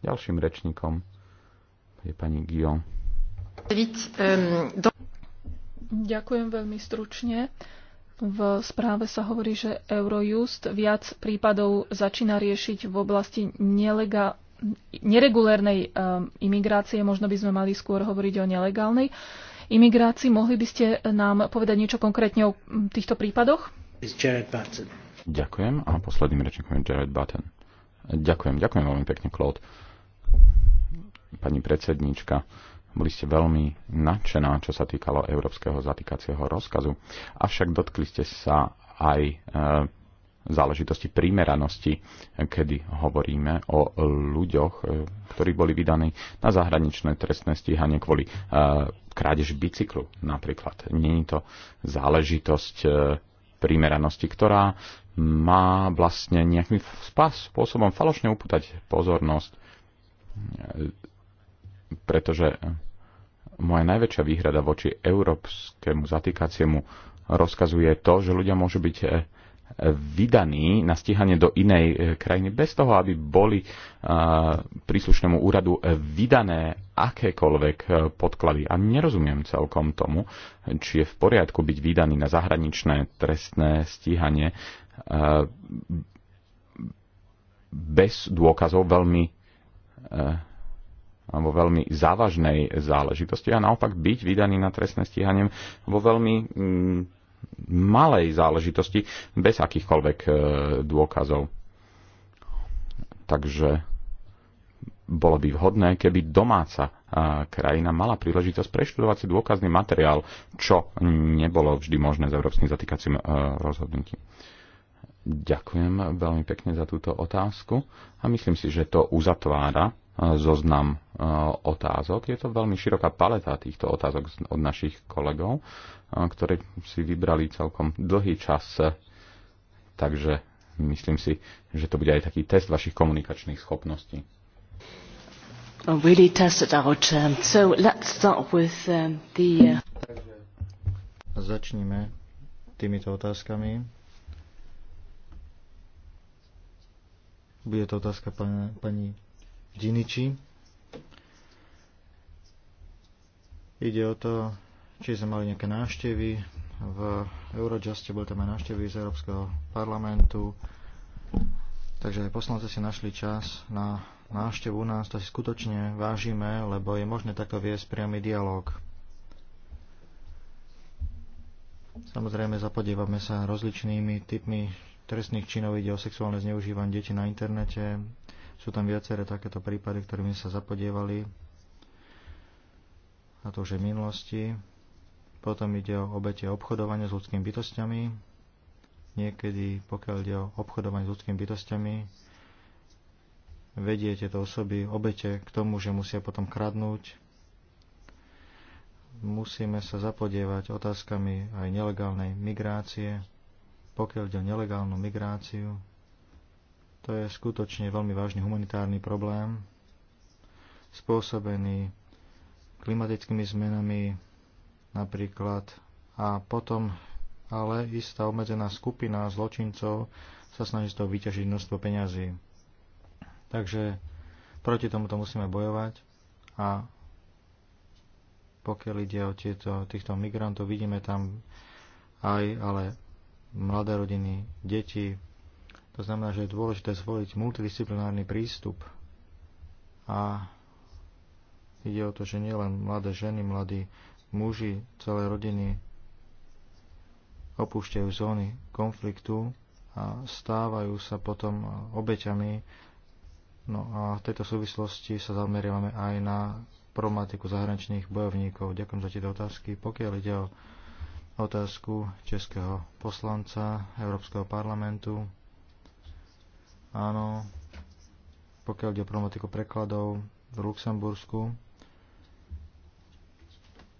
Ďalším rečníkom je pani Gio. Ehm, ďakujem veľmi stručne. V správe sa hovorí, že Eurojust viac prípadov začína riešiť v oblasti nelega- neregulérnej um, imigrácie. Možno by sme mali skôr hovoriť o nelegálnej imigrácii. Mohli by ste nám povedať niečo konkrétne o týchto prípadoch? Ďakujem a posledným rečníkom je Jared Button. Ďakujem, ďakujem veľmi pekne, Claude pani predsedníčka, boli ste veľmi nadšená, čo sa týkalo európskeho zatýkacieho rozkazu, avšak dotkli ste sa aj e, záležitosti primeranosti, kedy hovoríme o ľuďoch, e, ktorí boli vydaní na zahraničné trestné stíhanie kvôli e, krádež bicyklu napríklad. Není to záležitosť e, primeranosti, ktorá má vlastne nejakým spôsobom falošne upútať pozornosť pretože moja najväčšia výhrada voči európskemu zatýkaciemu rozkazuje to, že ľudia môžu byť e, vydaní na stíhanie do inej e, krajiny bez toho, aby boli e, príslušnému úradu vydané akékoľvek podklady. A nerozumiem celkom tomu, či je v poriadku byť vydaný na zahraničné trestné stíhanie bez dôkazov veľmi Eh, alebo veľmi závažnej záležitosti a naopak byť vydaný na trestné stíhanie vo veľmi mm, malej záležitosti bez akýchkoľvek eh, dôkazov. Takže bolo by vhodné, keby domáca eh, krajina mala príležitosť preštudovať si dôkazný materiál, čo nebolo vždy možné s európskym zatýkacím rozhodnutím. Ďakujem veľmi pekne za túto otázku a myslím si, že to uzatvára e, zoznam e, otázok. Je to veľmi široká paleta týchto otázok od našich kolegov, e, ktorí si vybrali celkom dlhý čas. Takže myslím si, že to bude aj taký test vašich komunikačných schopností. Really tested our term. So let's start with um, the... Uh, začnime týmito otázkami. Bude to otázka pána, pani Diniči. Ide o to, či sme mali nejaké návštevy v Eurojuste, boli tam aj návštevy z Európskeho parlamentu, takže aj poslanci si našli čas na návštevu u nás, to si skutočne vážime, lebo je možné takto viesť priamy dialog. Samozrejme zapodívame sa rozličnými typmi trestných činov ide o sexuálne zneužívanie detí na internete. Sú tam viaceré takéto prípady, ktorými sa zapodievali. A to už je v minulosti. Potom ide o obete obchodovania s ľudskými bytostiami. Niekedy, pokiaľ ide o obchodovanie s ľudskými bytostiami, vedie tieto osoby, obete k tomu, že musia potom kradnúť. Musíme sa zapodievať otázkami aj nelegálnej migrácie, pokiaľ ide o nelegálnu migráciu, to je skutočne veľmi vážny humanitárny problém, spôsobený klimatickými zmenami napríklad. A potom ale istá obmedzená skupina zločincov sa snaží z toho vyťažiť množstvo peňazí. Takže proti tomuto musíme bojovať a pokiaľ ide o tieto, týchto migrantov, vidíme tam aj ale mladé rodiny, deti. To znamená, že je dôležité zvoliť multidisciplinárny prístup a ide o to, že nielen mladé ženy, mladí muži, celé rodiny opúšťajú zóny konfliktu a stávajú sa potom obeťami. No a v tejto súvislosti sa zameriavame aj na problematiku zahraničných bojovníkov. Ďakujem za tieto otázky. Pokiaľ ide o otázku českého poslanca Európskeho parlamentu. Áno, pokiaľ ide o problematiku prekladov v Luxembursku,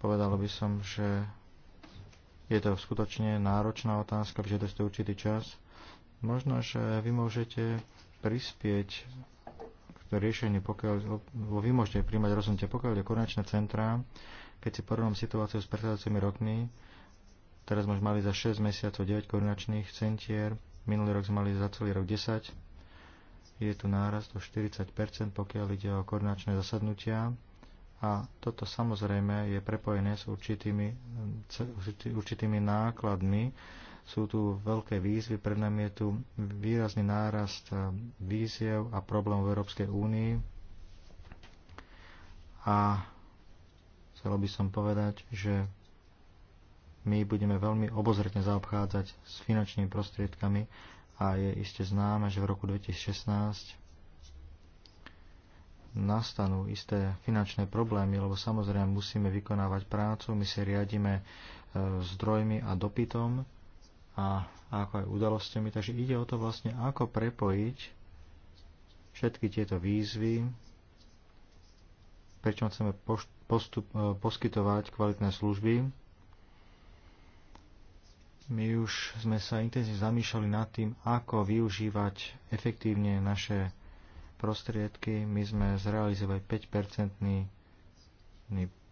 povedalo by som, že je to skutočne náročná otázka, že to určitý čas. Možno, že vy môžete prispieť k riešeniu, pokiaľ, vy môžete príjmať rozhodnutie, pokiaľ je konečné centra, keď si porovnám situáciu s predchádzajúcimi rokmi, Teraz sme už mali za 6 mesiacov 9 korunačných centier, minulý rok sme mali za celý rok 10. Je tu nárast o 40 pokiaľ ide o koordinačné zasadnutia. A toto samozrejme je prepojené s určitými, určitými nákladmi. Sú tu veľké výzvy, pred nami je tu výrazný nárast eh, výziev a problémov v Európskej únii. A chcelo by som povedať, že my budeme veľmi obozretne zaobchádzať s finančnými prostriedkami a je iste známe, že v roku 2016 nastanú isté finančné problémy, lebo samozrejme musíme vykonávať prácu, my si riadíme e, zdrojmi a dopytom a ako aj udalostiami. Takže ide o to vlastne, ako prepojiť všetky tieto výzvy, pričom chceme postup, e, poskytovať kvalitné služby my už sme sa intenzívne zamýšľali nad tým, ako využívať efektívne naše prostriedky. My sme zrealizovali 5-percentný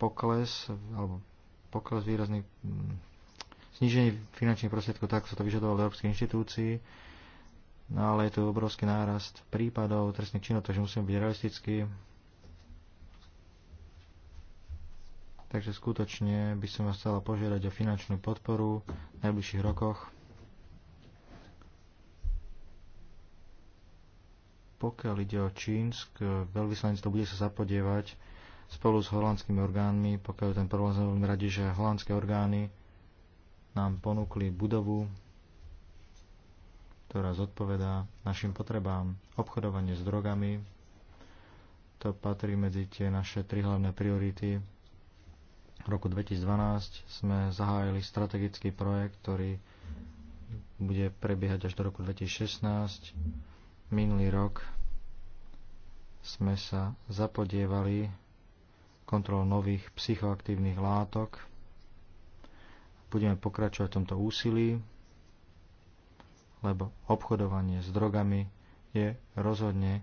pokles, alebo pokles výrazný mm, zniženie finančných prostriedkov, tak sa to vyžadovalo v európskej inštitúcii, no ale je tu obrovský nárast prípadov trestných činov, takže musíme byť realistickí. Takže skutočne by som vás chcela požiadať o finančnú podporu v najbližších rokoch. Pokiaľ ide o Čínsk, veľvyslanectvo bude sa zapodievať spolu s holandskými orgánmi, pokiaľ ten problém sme veľmi radi, že holandské orgány nám ponúkli budovu, ktorá zodpovedá našim potrebám. Obchodovanie s drogami, to patrí medzi tie naše tri hlavné priority v roku 2012 sme zahájili strategický projekt, ktorý bude prebiehať až do roku 2016. Minulý rok sme sa zapodievali kontrol nových psychoaktívnych látok. Budeme pokračovať v tomto úsilí, lebo obchodovanie s drogami je rozhodne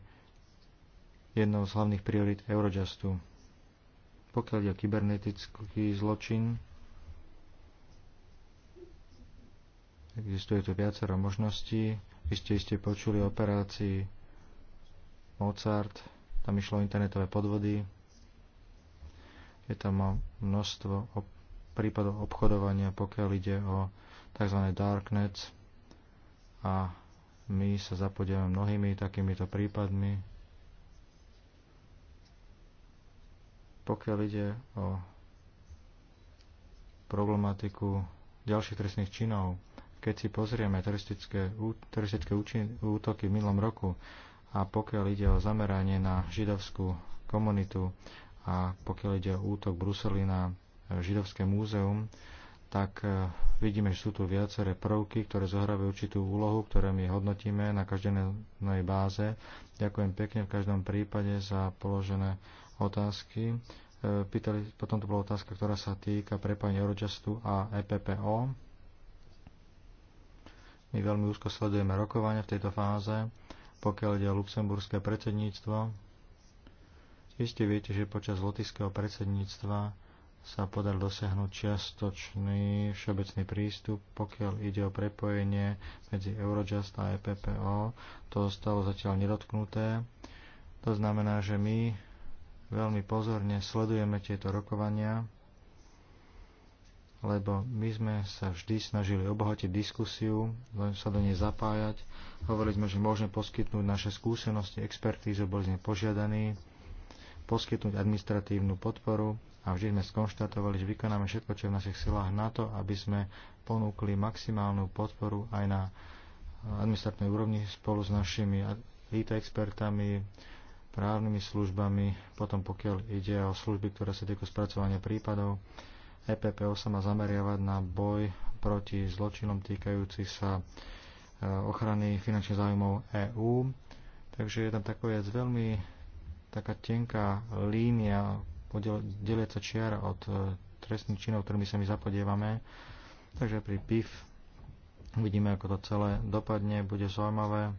jednou z hlavných priorit Eurojustu. Pokiaľ je kybernetický zločin, existuje tu viacero možností. Vy ste iste počuli o operácii Mozart, tam išlo internetové podvody. Je tam množstvo prípadov obchodovania, pokiaľ ide o tzv. darknets a my sa zapodievame mnohými takýmito prípadmi. Pokiaľ ide o problematiku ďalších trestných činov, keď si pozrieme teroristické, teroristické útoky v minulom roku a pokiaľ ide o zameranie na židovskú komunitu a pokiaľ ide o útok Bruseli na e, židovské múzeum, tak e, vidíme, že sú tu viaceré prvky, ktoré zohrávajú určitú úlohu, ktoré my hodnotíme na každej báze. Ďakujem pekne v každom prípade za položené otázky. E, pýtali, potom to bola otázka, ktorá sa týka prepojenia Eurojustu a EPPO. My veľmi úzko sledujeme rokovania v tejto fáze, pokiaľ ide o luxemburské predsedníctvo. Isté viete, že počas lotického predsedníctva sa podal dosiahnuť čiastočný všeobecný prístup, pokiaľ ide o prepojenie medzi Eurojust a EPPO. To zostalo zatiaľ nedotknuté. To znamená, že my Veľmi pozorne sledujeme tieto rokovania, lebo my sme sa vždy snažili obohatiť diskusiu, len sa do nej zapájať. Hovorili sme, že môžeme poskytnúť naše skúsenosti, expertízu, boli sme požiadaní, poskytnúť administratívnu podporu a vždy sme skonštatovali, že vykonáme všetko, čo je v našich silách na to, aby sme ponúkli maximálnu podporu aj na administratívnej úrovni spolu s našimi IT expertami, právnymi službami, potom pokiaľ ide o služby, ktoré sa týkajú spracovania prípadov, EPPO sa má zameriavať na boj proti zločinom týkajúcich sa e, ochrany finančných záujmov EÚ. Takže je tam taká vec veľmi taká tenká línia, deliaca čiara od e, trestných činov, ktorými sa my zapodievame. Takže pri PIF uvidíme, ako to celé dopadne, bude zaujímavé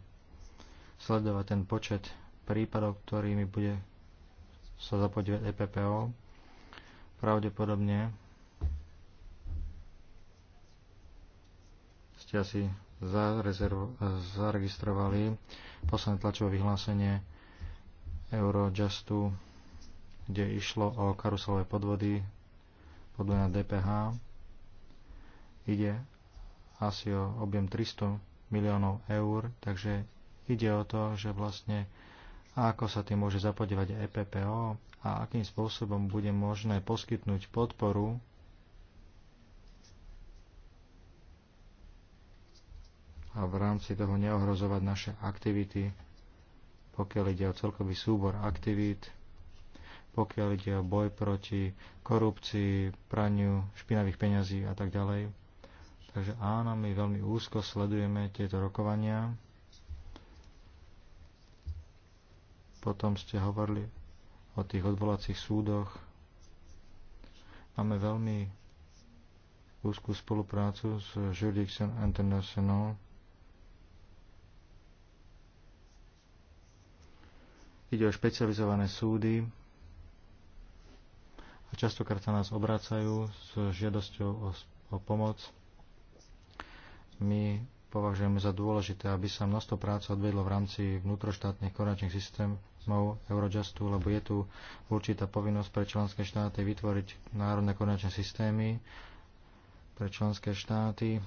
sledovať ten počet prípadov, ktorými bude sa zapodívať EPPO. Pravdepodobne ste asi zaregistrovali posledné tlačové vyhlásenie Eurojustu, kde išlo o karuselové podvody, podľa na DPH. Ide asi o objem 300 miliónov eur, takže ide o to, že vlastne a ako sa tým môže zapodievať EPPO a akým spôsobom bude možné poskytnúť podporu a v rámci toho neohrozovať naše aktivity, pokiaľ ide o celkový súbor aktivít, pokiaľ ide o boj proti korupcii, praniu špinavých peňazí a tak ďalej. Takže áno, my veľmi úzko sledujeme tieto rokovania. Potom ste hovorili o tých odvolacích súdoch. Máme veľmi úzkú spoluprácu s Jurisdiction International. Ide o špecializované súdy a častokrát sa nás obracajú s žiadosťou o, o pomoc. My považujeme za dôležité, aby sa množstvo práce odvedlo v rámci vnútroštátnych konačných systém, mou Eurojustu, lebo je tu určitá povinnosť pre členské štáty vytvoriť národné konačné systémy pre členské štáty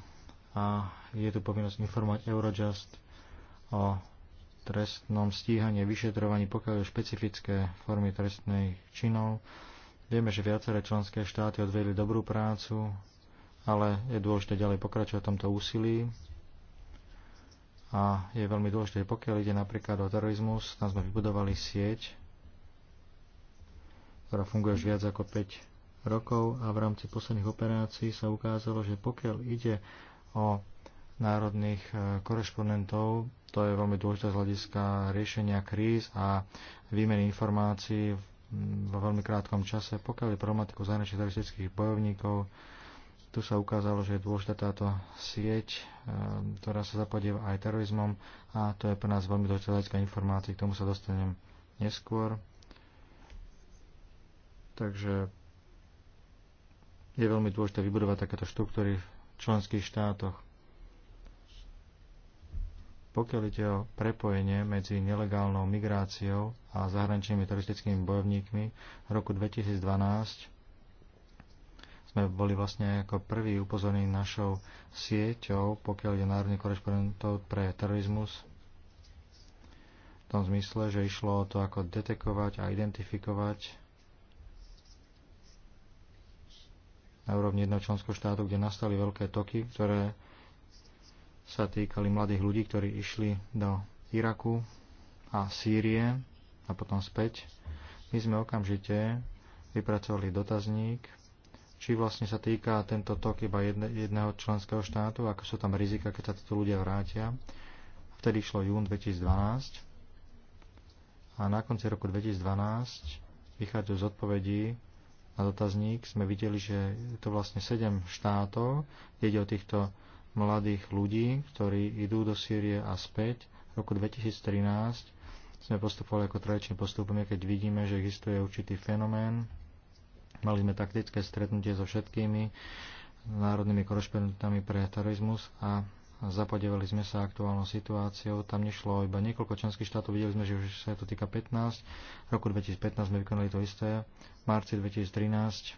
a je tu povinnosť informovať Eurojust o trestnom stíhaní, vyšetrovaní, pokiaľ je špecifické formy trestných činov. Vieme, že viaceré členské štáty odvedli dobrú prácu, ale je dôležité ďalej pokračovať v tomto úsilí a je veľmi dôležité, pokiaľ ide napríklad o terorizmus, tam sme vybudovali sieť, ktorá funguje už viac ako 5 rokov a v rámci posledných operácií sa ukázalo, že pokiaľ ide o národných e, korešpondentov, to je veľmi dôležité z hľadiska riešenia kríz a výmeny informácií vo veľmi krátkom čase, pokiaľ je problematiku zahraničných teroristických bojovníkov, tu sa ukázalo, že je dôležitá táto sieť, eh, ktorá sa zapodieva aj terorizmom a to je pre nás veľmi dôležitá informácia, informácií, k tomu sa dostanem neskôr. Takže je veľmi dôležité vybudovať takéto štruktúry v členských štátoch. Pokiaľ ide o prepojenie medzi nelegálnou migráciou a zahraničnými teroristickými bojovníkmi, v roku 2012 sme boli vlastne ako prví upozorní našou sieťou, pokiaľ je národný korešpondentov pre terorizmus, v tom zmysle, že išlo o to, ako detekovať a identifikovať na úrovni jedného členského štátu, kde nastali veľké toky, ktoré sa týkali mladých ľudí, ktorí išli do Iraku a Sýrie a potom späť. My sme okamžite vypracovali dotazník či vlastne sa týka tento tok iba jedne, jedného členského štátu, ako sú tam rizika, keď sa títo ľudia vrátia. Vtedy išlo jún 2012 a na konci roku 2012 vychádzajú z odpovedí na dotazník, sme videli, že je to vlastne 7 štátov, ide o týchto mladých ľudí, ktorí idú do Sýrie a späť. V roku 2013 sme postupovali ako tradične postupom, keď vidíme, že existuje určitý fenomén Mali sme taktické stretnutie so všetkými národnými korešpondentami pre terorizmus a zapodievali sme sa aktuálnou situáciou. Tam nešlo iba niekoľko členských štátov, videli sme, že už sa to týka 15. V roku 2015 sme vykonali to isté. V marci 2013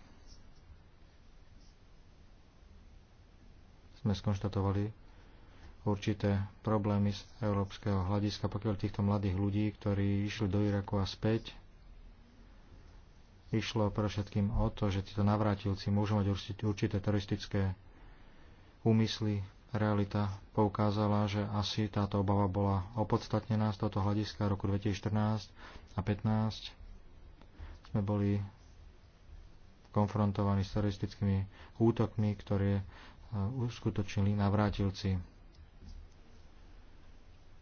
sme skonštatovali určité problémy z európskeho hľadiska, pokiaľ týchto mladých ľudí, ktorí išli do Iraku a späť, Išlo pre všetkým o to, že títo navrátilci môžu mať určité teroristické úmysly. Realita poukázala, že asi táto obava bola opodstatnená z tohto hľadiska roku 2014 a 15 sme boli konfrontovaní s teroristickými útokmi, ktoré e, uskutočnili navrátilci.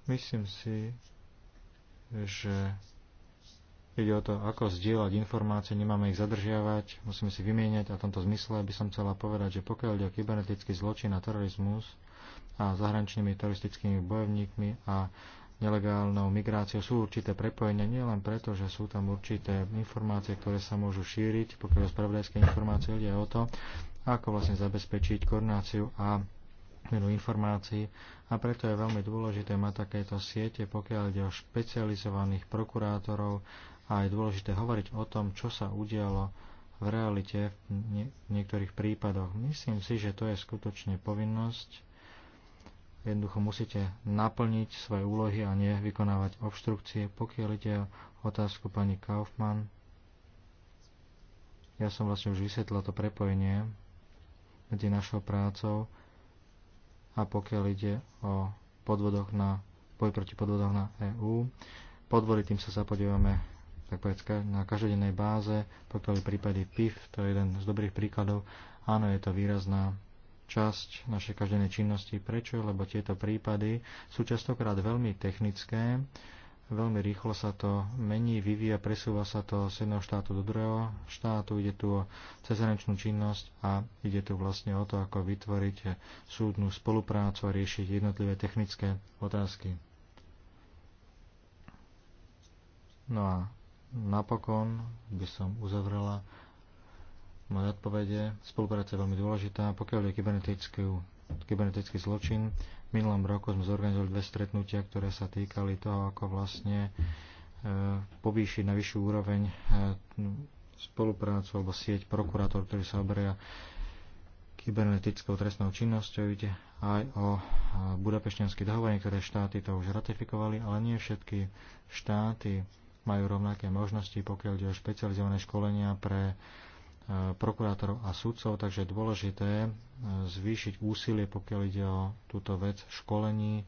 Myslím si, že Ide o to, ako zdieľať informácie, nemáme ich zadržiavať, musíme si vymieňať a v tomto zmysle by som chcela povedať, že pokiaľ ide o kybernetický zločin a terorizmus a zahraničnými teroristickými bojovníkmi a nelegálnou migráciou sú určité prepojenia, nielen preto, že sú tam určité informácie, ktoré sa môžu šíriť, pokiaľ spravodajské informácie ide o to, ako vlastne zabezpečiť koordináciu a menu informácií a preto je veľmi dôležité mať takéto siete, pokiaľ ide o špecializovaných prokurátorov a je dôležité hovoriť o tom, čo sa udialo v realite v niektorých prípadoch. Myslím si, že to je skutočne povinnosť. Jednoducho musíte naplniť svoje úlohy a nevykonávať obštrukcie. Pokiaľ ide o otázku pani Kaufmann, ja som vlastne už vysvetlil to prepojenie medzi našou prácou a pokiaľ ide o podvodoch na boj proti podvodoch na EÚ. Podvody tým sa zapodívame tak povedz, na každodennej báze, pokiaľ prípady PIF, to je jeden z dobrých príkladov. Áno, je to výrazná časť našej každodennej činnosti. Prečo? Lebo tieto prípady sú častokrát veľmi technické, veľmi rýchlo sa to mení, vyvíja, presúva sa to z jedného štátu do druhého štátu, ide tu o cezhraničnú činnosť a ide tu vlastne o to, ako vytvoriť súdnu spoluprácu a riešiť jednotlivé technické otázky. No a napokon by som uzavrela moje odpovede. Spolupráca je veľmi dôležitá. Pokiaľ je kybernetický zločin, v minulom roku sme zorganizovali dve stretnutia, ktoré sa týkali toho, ako vlastne e, povýšiť na vyššiu úroveň e, spoluprácu alebo sieť prokurátor, ktorý sa oberia kybernetickou trestnou činnosťou. Ide aj o e, budapešťanský dohovor, ktoré štáty to už ratifikovali, ale nie všetky štáty majú rovnaké možnosti, pokiaľ ide o špecializované školenia pre e, prokurátorov a sudcov, takže je dôležité e, zvýšiť úsilie, pokiaľ ide o túto vec školení.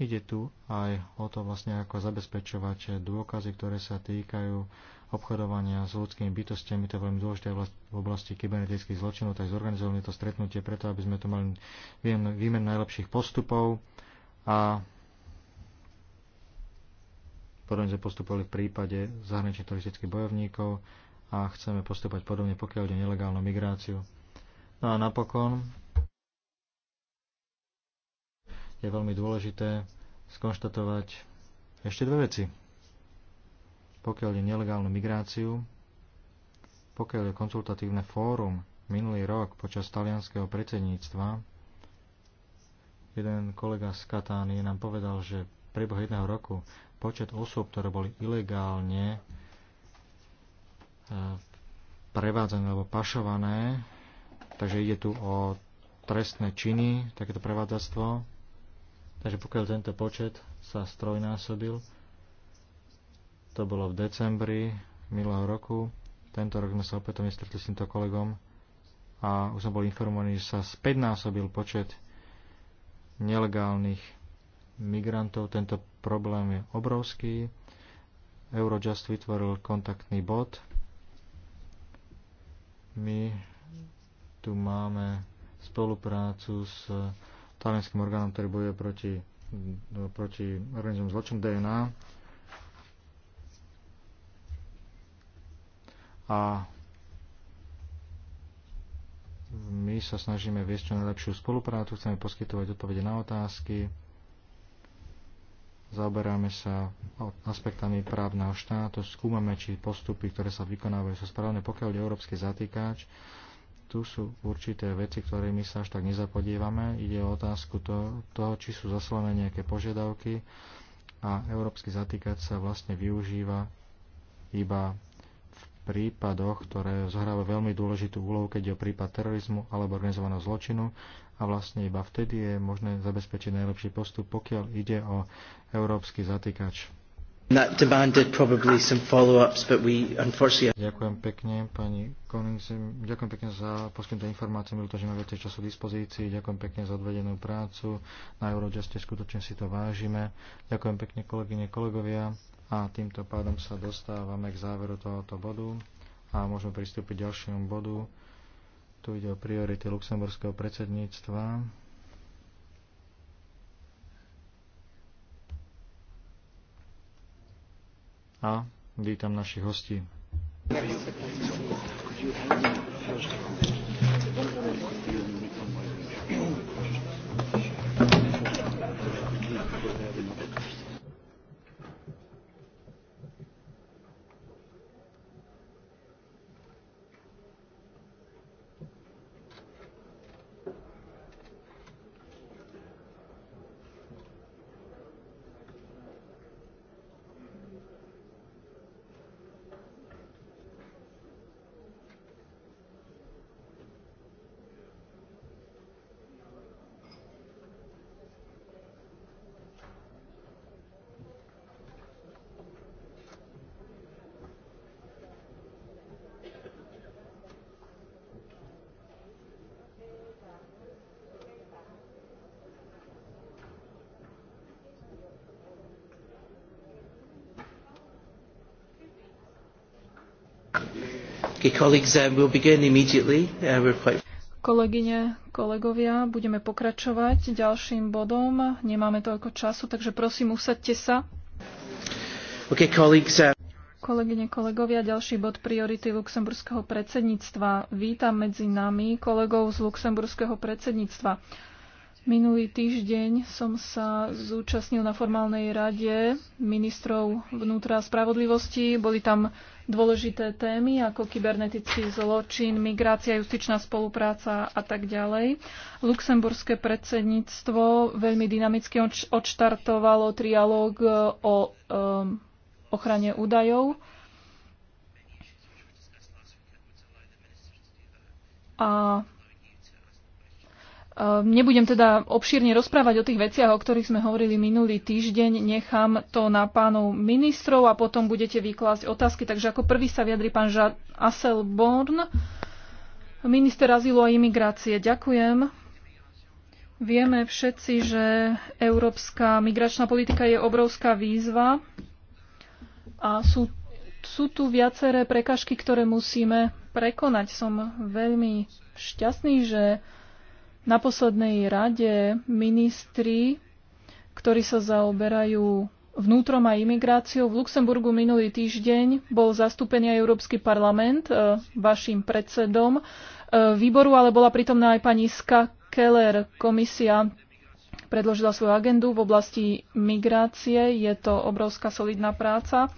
Ide tu aj o to vlastne, ako zabezpečovať dôkazy, ktoré sa týkajú obchodovania s ľudskými bytostiami, to je veľmi dôležité v oblasti kybernetických zločinov, tak zorganizovali to stretnutie preto, aby sme tu mali výmen najlepších postupov a Podobne sme postupovali v prípade zahraničných turistických bojovníkov a chceme postupovať podobne, pokiaľ ide nelegálnu migráciu. No a napokon je veľmi dôležité skonštatovať ešte dve veci. Pokiaľ ide nelegálnu migráciu, pokiaľ je konzultatívne fórum minulý rok počas talianského predsedníctva, jeden kolega z Katány nám povedal, že priebehu jedného roku počet osôb, ktoré boli ilegálne e, prevádzané alebo pašované. Takže ide tu o trestné činy, takéto prevádzactvo. Takže pokiaľ tento počet sa strojnásobil, to bolo v decembri minulého roku. Tento rok sme sa opätovne stretli s týmto kolegom a už som bol informovaný, že sa násobil počet nelegálnych migrantov. Tento problém je obrovský. Eurojust vytvoril kontaktný bod. My tu máme spoluprácu s talianským orgánom, ktorý bojuje proti, proti organizmom zločinu DNA. A my sa snažíme viesť čo najlepšiu spoluprácu, chceme poskytovať odpovede na otázky, zaoberáme sa aspektami právneho štátu, skúmame, či postupy, ktoré sa vykonávajú, sú správne. Pokiaľ je európsky zatýkač, tu sú určité veci, ktorými sa až tak nezapodívame. Ide o otázku to, toho, či sú zaslané nejaké požiadavky a európsky zatýkač sa vlastne využíva iba v prípadoch, ktoré zohráva veľmi dôležitú úlohu, keď je o prípad terorizmu alebo organizovaného zločinu a vlastne iba vtedy je možné zabezpečiť najlepší postup, pokiaľ ide o európsky zatýkač. Ďakujem pekne, pani Konings, ďakujem pekne za poskytnuté informácie, milto, že máme viacej času k dispozícii, ďakujem pekne za odvedenú prácu, na Eurojuste skutočne si to vážime, ďakujem pekne kolegyne, kolegovia a týmto pádom sa dostávame k záveru tohoto bodu a môžeme pristúpiť k ďalšiemu bodu. Tu ide o priority luxemburského predsedníctva. A vítam našich hostí. Uh, uh, Kolegyne, kolegovia, budeme pokračovať ďalším bodom. Nemáme toľko času, takže prosím, usadte sa. Okay, colleagues, uh... Kolegyne, kolegovia, ďalší bod priority luxemburského predsedníctva. Vítam medzi nami kolegov z luxemburského predsedníctva. Minulý týždeň som sa zúčastnil na formálnej rade ministrov vnútra a spravodlivosti. Boli tam dôležité témy ako kybernetický zločin, migrácia, justičná spolupráca a tak ďalej. Luxemburské predsedníctvo veľmi dynamicky odštartovalo trialóg o um, ochrane údajov. A Ehm, nebudem teda obšírne rozprávať o tých veciach, o ktorých sme hovorili minulý týždeň. Nechám to na pánov ministrov a potom budete vyklásť otázky. Takže ako prvý sa vyjadri pán Ža- Born, minister azylu a imigrácie. Ďakujem. Vieme všetci, že európska migračná politika je obrovská výzva a sú, sú tu viaceré prekažky, ktoré musíme prekonať. Som veľmi šťastný, že na poslednej rade ministri, ktorí sa zaoberajú vnútrom a imigráciou. V Luxemburgu minulý týždeň bol zastúpený aj Európsky parlament e, vašim predsedom e, výboru, ale bola pritomná aj pani Ska Keller. Komisia predložila svoju agendu v oblasti migrácie. Je to obrovská solidná práca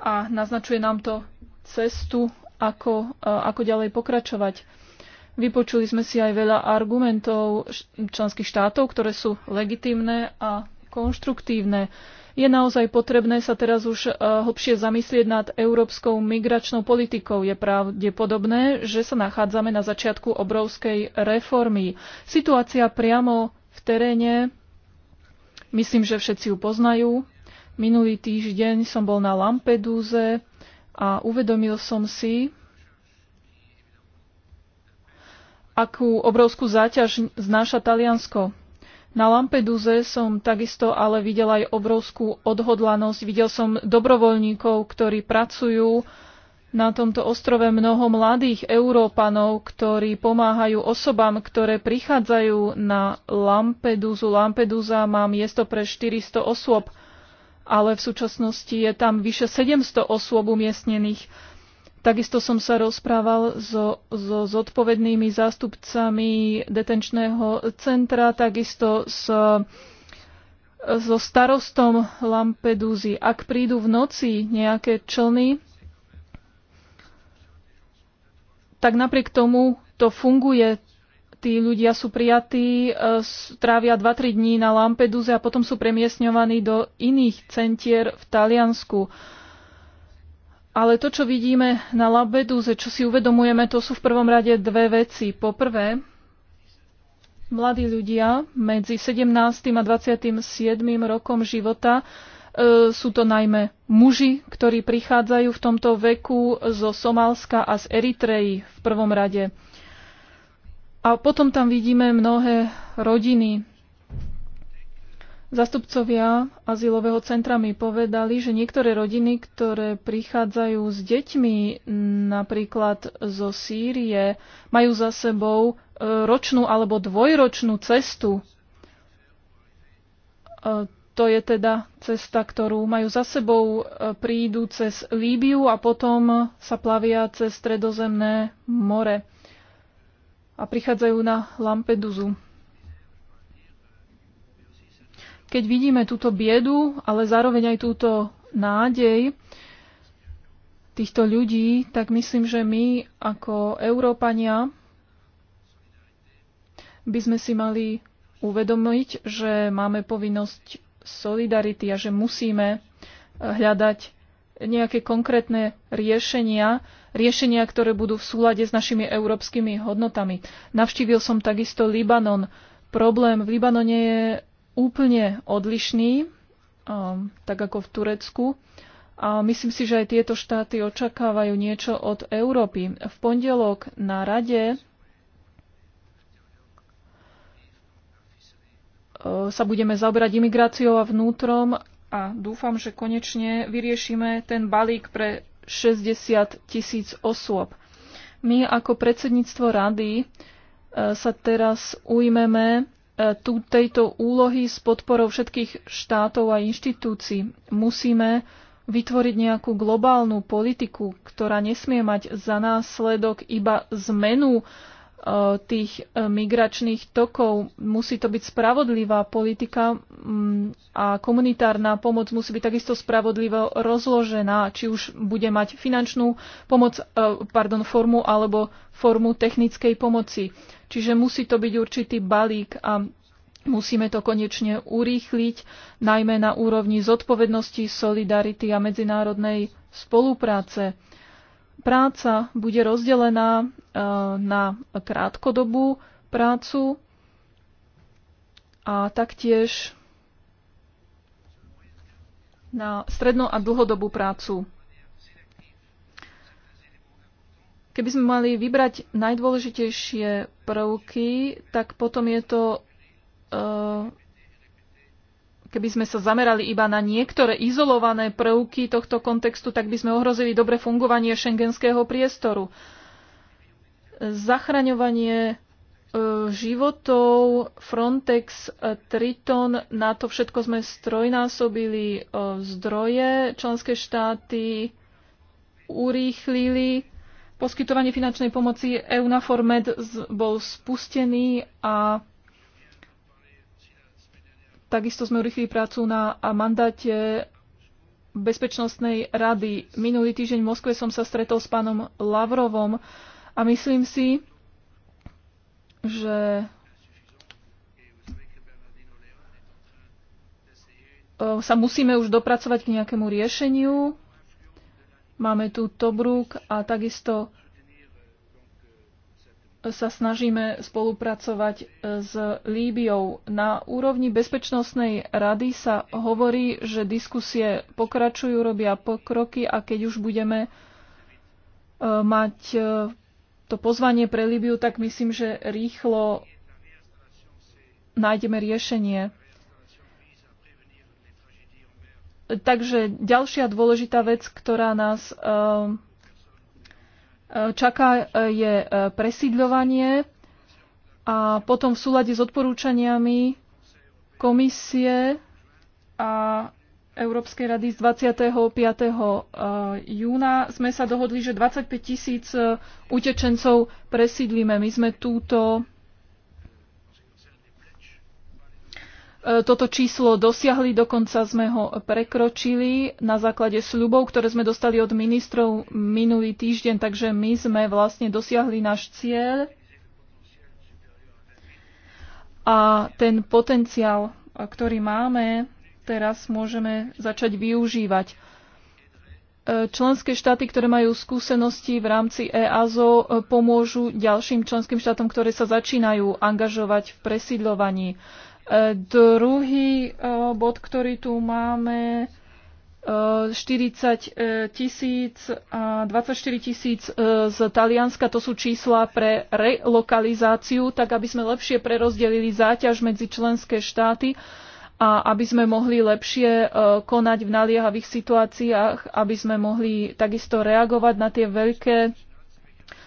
a naznačuje nám to cestu, ako, e, ako ďalej pokračovať. Vypočuli sme si aj veľa argumentov členských štátov, ktoré sú legitimné a konštruktívne. Je naozaj potrebné sa teraz už e, hlbšie zamyslieť nad európskou migračnou politikou. Je pravdepodobné, že sa nachádzame na začiatku obrovskej reformy. Situácia priamo v teréne, myslím, že všetci ju poznajú. Minulý týždeň som bol na Lampedúze a uvedomil som si, akú obrovskú záťaž znáša Taliansko. Na Lampeduze som takisto ale videl aj obrovskú odhodlanosť. Videl som dobrovoľníkov, ktorí pracujú na tomto ostrove mnoho mladých Európanov, ktorí pomáhajú osobám, ktoré prichádzajú na Lampeduzu. Lampedusa má miesto pre 400 osôb, ale v súčasnosti je tam vyše 700 osôb umiestnených. Takisto som sa rozprával so, so zodpovednými zástupcami detenčného centra, takisto s, so starostom Lampedúzy. Ak prídu v noci nejaké člny, tak napriek tomu to funguje. Tí ľudia sú prijatí, eh, trávia 2-3 dní na lampedúze a potom sú premiesňovaní do iných centier v Taliansku. Ale to, čo vidíme na Labeduze, čo si uvedomujeme, to sú v prvom rade dve veci. Poprvé, mladí ľudia medzi 17. a 27. rokom života e, sú to najmä muži, ktorí prichádzajú v tomto veku zo Somálska a z Eritreji v prvom rade. A potom tam vidíme mnohé rodiny, Zastupcovia azylového centra mi povedali, že niektoré rodiny, ktoré prichádzajú s deťmi napríklad zo Sýrie, majú za sebou e, ročnú alebo dvojročnú cestu. E, to je teda cesta, ktorú majú za sebou, e, prídu cez Líbiu a potom sa plavia cez Stredozemné more a prichádzajú na Lampedusu keď vidíme túto biedu, ale zároveň aj túto nádej týchto ľudí, tak myslím, že my ako Európania by sme si mali uvedomiť, že máme povinnosť solidarity a že musíme eh, hľadať nejaké konkrétne riešenia, riešenia, ktoré budú v súlade s našimi európskymi hodnotami. Navštívil som takisto Libanon. Problém v Libanone je úplne odlišný, um, tak ako v Turecku. A myslím si, že aj tieto štáty očakávajú niečo od Európy. V pondelok na rade uh, sa budeme zaoberať imigráciou a vnútrom a dúfam, že konečne vyriešime ten balík pre 60 tisíc osôb. My ako predsedníctvo rady uh, sa teraz ujmeme E, tu tejto úlohy s podporou všetkých štátov a inštitúcií. Musíme vytvoriť nejakú globálnu politiku, ktorá nesmie mať za následok iba zmenu Eh, tých eh, migračných tokov. Musí to byť spravodlivá politika mm, a komunitárna pomoc musí byť takisto spravodlivo rozložená, či už bude mať finančnú pomoc, eh, pardon, formu alebo formu technickej pomoci. Čiže musí to byť určitý balík a musíme to konečne urýchliť, najmä na úrovni zodpovednosti, solidarity a medzinárodnej spolupráce práca bude rozdelená e, na krátkodobú prácu a taktiež na strednú a dlhodobú prácu. Keby sme mali vybrať najdôležitejšie prvky, tak potom je to e, Keby sme sa zamerali iba na niektoré izolované prvky tohto kontextu, tak by sme ohrozili dobre fungovanie šengenského priestoru. Zachraňovanie e, životov Frontex, e, Triton, na to všetko sme strojnásobili e, zdroje, členské štáty urýchlili. Poskytovanie finančnej pomoci Eunaformed bol spustený a Takisto sme urychlili prácu na mandáte Bezpečnostnej rady. Minulý týždeň v Moskve som sa stretol s pánom Lavrovom a myslím si, že e, sa musíme už dopracovať k nejakému riešeniu. Máme tu Tobruk a takisto sa snažíme spolupracovať e, s Líbiou. Na úrovni Bezpečnostnej rady sa hovorí, že diskusie pokračujú, robia pokroky a keď už budeme e, mať e, to pozvanie pre Líbiu, tak myslím, že rýchlo nájdeme riešenie. Takže ďalšia dôležitá vec, ktorá nás Čaká e, je e, presídľovanie a potom v súlade s odporúčaniami komisie a Európskej rady z 25. E, júna sme sa dohodli, že 25 tisíc utečencov presidlíme. My sme túto E, toto číslo dosiahli, dokonca sme ho prekročili na základe sľubov, ktoré sme dostali od ministrov minulý týždeň, takže my sme vlastne dosiahli náš cieľ a ten potenciál, ktorý máme, teraz môžeme začať využívať. E, členské štáty, ktoré majú skúsenosti v rámci EASO, e, pomôžu ďalším členským štátom, ktoré sa začínajú angažovať v presídľovaní. Druhý eh, bod, ktorý tu máme, 40 eh, eh, tisíc a 24 tisíc z Talianska, to sú čísla pre relokalizáciu, tak aby sme lepšie prerozdelili záťaž medzi členské štáty a aby sme mohli lepšie konať v naliehavých situáciách, aby sme mohli takisto reagovať na tie veľké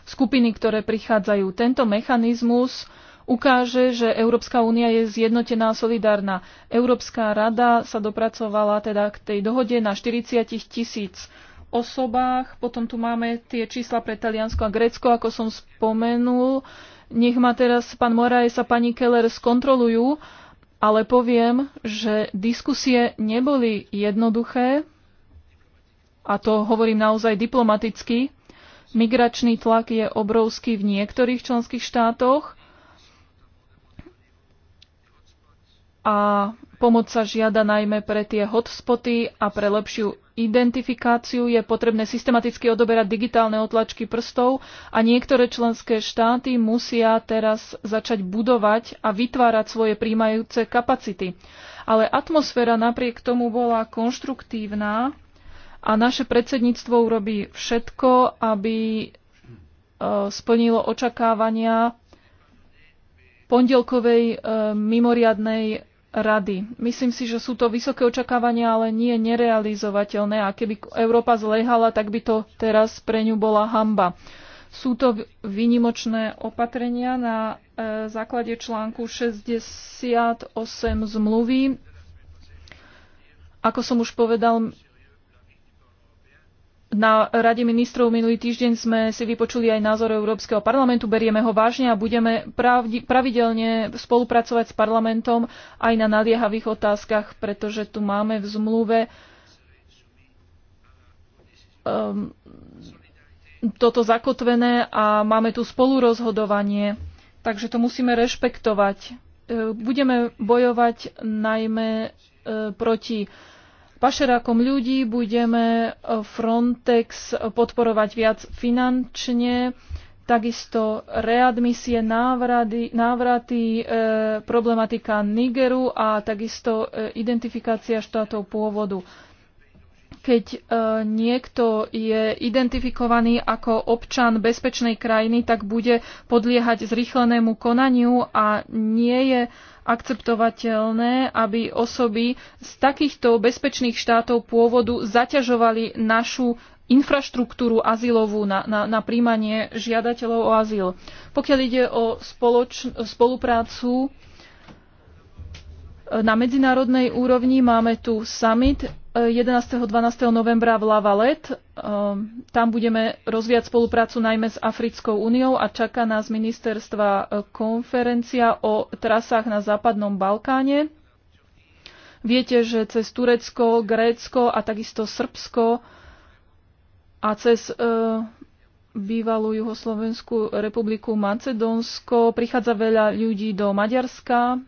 skupiny, ktoré prichádzajú. Tento mechanizmus ukáže, že Európska únia je zjednotená a solidárna. Európska rada sa dopracovala teda k tej dohode na 40 tisíc osobách. Potom tu máme tie čísla pre Taliansko a Grécko, ako som spomenul. Nech ma teraz pán Moraes a pani Keller skontrolujú, ale poviem, že diskusie neboli jednoduché, a to hovorím naozaj diplomaticky. Migračný tlak je obrovský v niektorých členských štátoch a pomoc sa žiada najmä pre tie hotspoty a pre lepšiu identifikáciu je potrebné systematicky odoberať digitálne otlačky prstov a niektoré členské štáty musia teraz začať budovať a vytvárať svoje príjmajúce kapacity. Ale atmosféra napriek tomu bola konštruktívna a naše predsedníctvo urobí všetko, aby e, splnilo očakávania pondelkovej e, mimoriadnej rady. Myslím si, že sú to vysoké očakávania, ale nie nerealizovateľné a keby Európa zlehala, tak by to teraz pre ňu bola hamba. Sú to výnimočné opatrenia na e, základe článku 68 zmluvy. Ako som už povedal, na Rade ministrov minulý týždeň sme si vypočuli aj názor Európskeho parlamentu, berieme ho vážne a budeme pravidelne spolupracovať s parlamentom aj na naliehavých otázkach, pretože tu máme v zmluve um, toto zakotvené a máme tu spolurozhodovanie, takže to musíme rešpektovať. E, budeme bojovať najmä e, proti pašerákom ľudí, budeme eh, Frontex podporovať viac finančne, takisto readmisie, návraty, návraty eh, e, problematika Nigeru a takisto e, identifikácia štátov pôvodu. Keď e, niekto je identifikovaný ako občan bezpečnej krajiny, tak bude podliehať zrýchlenému konaniu a nie je e, akceptovateľné, aby osoby z takýchto bezpečných štátov pôvodu zaťažovali našu infraštruktúru azylovú na, na, na príjmanie žiadateľov o azyl. Pokiaľ ide o spoloč, spoluprácu na medzinárodnej úrovni, máme tu summit 11. 12. novembra v Lavalet. Ehm, tam budeme rozviať spoluprácu najmä s Africkou úniou a čaká nás ministerstva e, konferencia o trasách na Západnom Balkáne. Viete, že cez Turecko, Grécko a takisto Srbsko a cez e, bývalú Juhoslovenskú republiku Macedónsko prichádza veľa ľudí do Maďarska.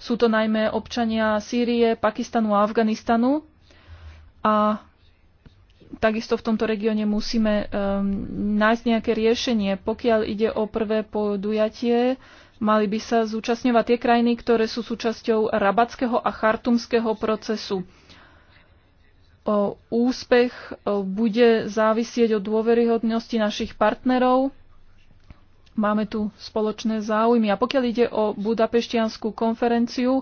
Sú to najmä občania Sýrie, Pakistanu a Afganistanu a takisto v tomto regióne musíme um, nájsť nejaké riešenie. Pokiaľ ide o prvé podujatie, mali by sa zúčastňovať tie krajiny, ktoré sú súčasťou rabatského a chartumského procesu. O, úspech o, bude závisieť od dôveryhodnosti našich partnerov. Máme tu spoločné záujmy. A pokiaľ ide o budapeštianskú konferenciu,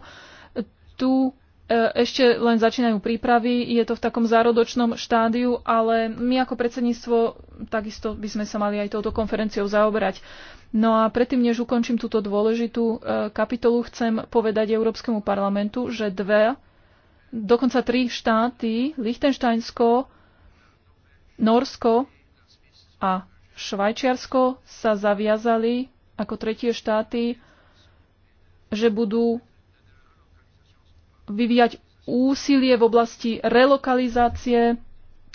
tu E, ešte len začínajú prípravy, je to v takom zárodočnom štádiu, ale my ako predsedníctvo takisto by sme sa mali aj touto konferenciou zaoberať. No a predtým, než ukončím túto dôležitú e, kapitolu, chcem povedať Európskemu parlamentu, že dve, dokonca tri štáty, Liechtensteinsko, Norsko a Švajčiarsko sa zaviazali ako tretie štáty, že budú vyvíjať úsilie v oblasti relokalizácie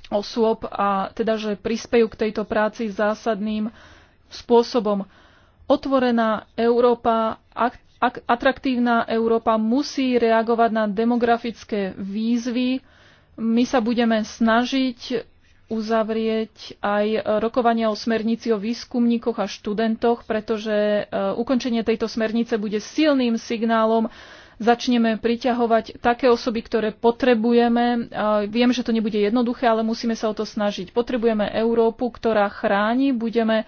osôb a teda, že prispejú k tejto práci zásadným spôsobom. Otvorená Európa, atraktívna Európa musí reagovať na demografické výzvy. My sa budeme snažiť uzavrieť aj rokovania o smernici o výskumníkoch a študentoch, pretože e, ukončenie tejto smernice bude silným signálom začneme priťahovať také osoby, ktoré potrebujeme. Viem, že to nebude jednoduché, ale musíme sa o to snažiť. Potrebujeme Európu, ktorá chráni. Budeme e,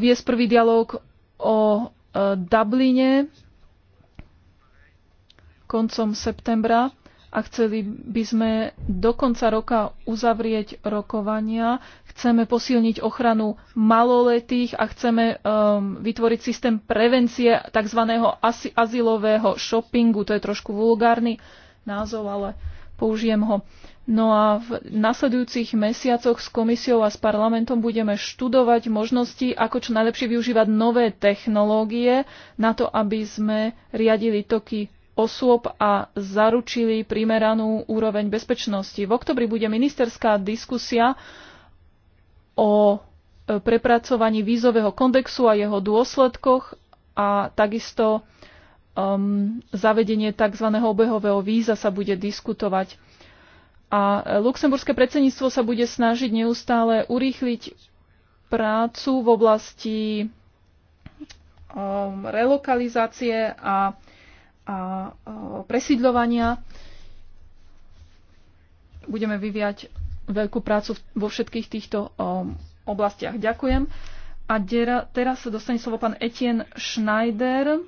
viesť prvý dialog o e, Dubline koncom septembra a chceli by sme do konca roka uzavrieť rokovania. Chceme posilniť ochranu maloletých a chceme um, vytvoriť systém prevencie tzv. Asi- azylového shoppingu. To je trošku vulgárny názov, ale použijem ho. No a v nasledujúcich mesiacoch s komisiou a s parlamentom budeme študovať možnosti, ako čo najlepšie využívať nové technológie na to, aby sme riadili toky osôb a zaručili primeranú úroveň bezpečnosti. V oktobri bude ministerská diskusia o e, prepracovaní vízového kondexu a jeho dôsledkoch a takisto um, zavedenie tzv. obehového víza sa bude diskutovať. A e, luxemburské predsedníctvo sa bude snažiť neustále urýchliť prácu v oblasti um, relokalizácie a a presídľovania. Budeme vyviať veľkú prácu vo všetkých týchto oblastiach. Ďakujem. A teraz sa dostane slovo pán Etienne Schneider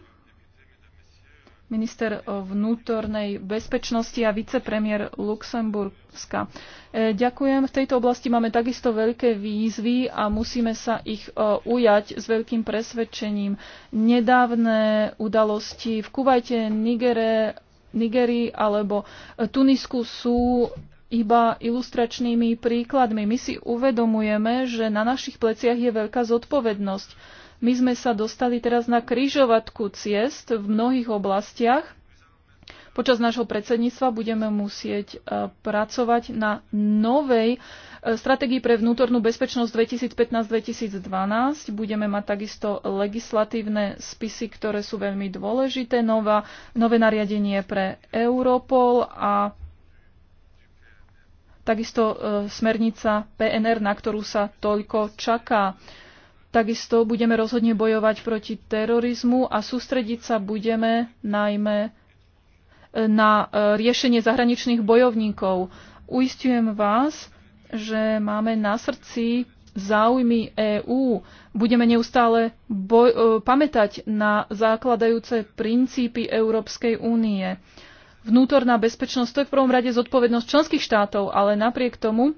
minister vnútornej bezpečnosti a vicepremier Luxemburska. E, ďakujem. V tejto oblasti máme takisto veľké výzvy a musíme sa ich e, ujať s veľkým presvedčením. Nedávne udalosti v Kuvajte, Nigere, Nigerii alebo Tunisku sú iba ilustračnými príkladmi. My si uvedomujeme, že na našich pleciach je veľká zodpovednosť my sme sa dostali teraz na kryžovatku ciest v mnohých oblastiach. Počas nášho predsedníctva budeme musieť e, pracovať na novej e, stratégii pre vnútornú bezpečnosť 2015-2012. Budeme mať takisto legislatívne spisy, ktoré sú veľmi dôležité, nová, nové nariadenie pre Europol a takisto e, smernica PNR, na ktorú sa toľko čaká. Takisto budeme rozhodne bojovať proti terorizmu a sústrediť sa budeme najmä e, na e, riešenie zahraničných bojovníkov. Uistujem vás, že máme na srdci záujmy EÚ. Budeme neustále boj- e, pamätať na základajúce princípy Európskej únie. Vnútorná bezpečnosť to je v prvom rade zodpovednosť členských štátov, ale napriek tomu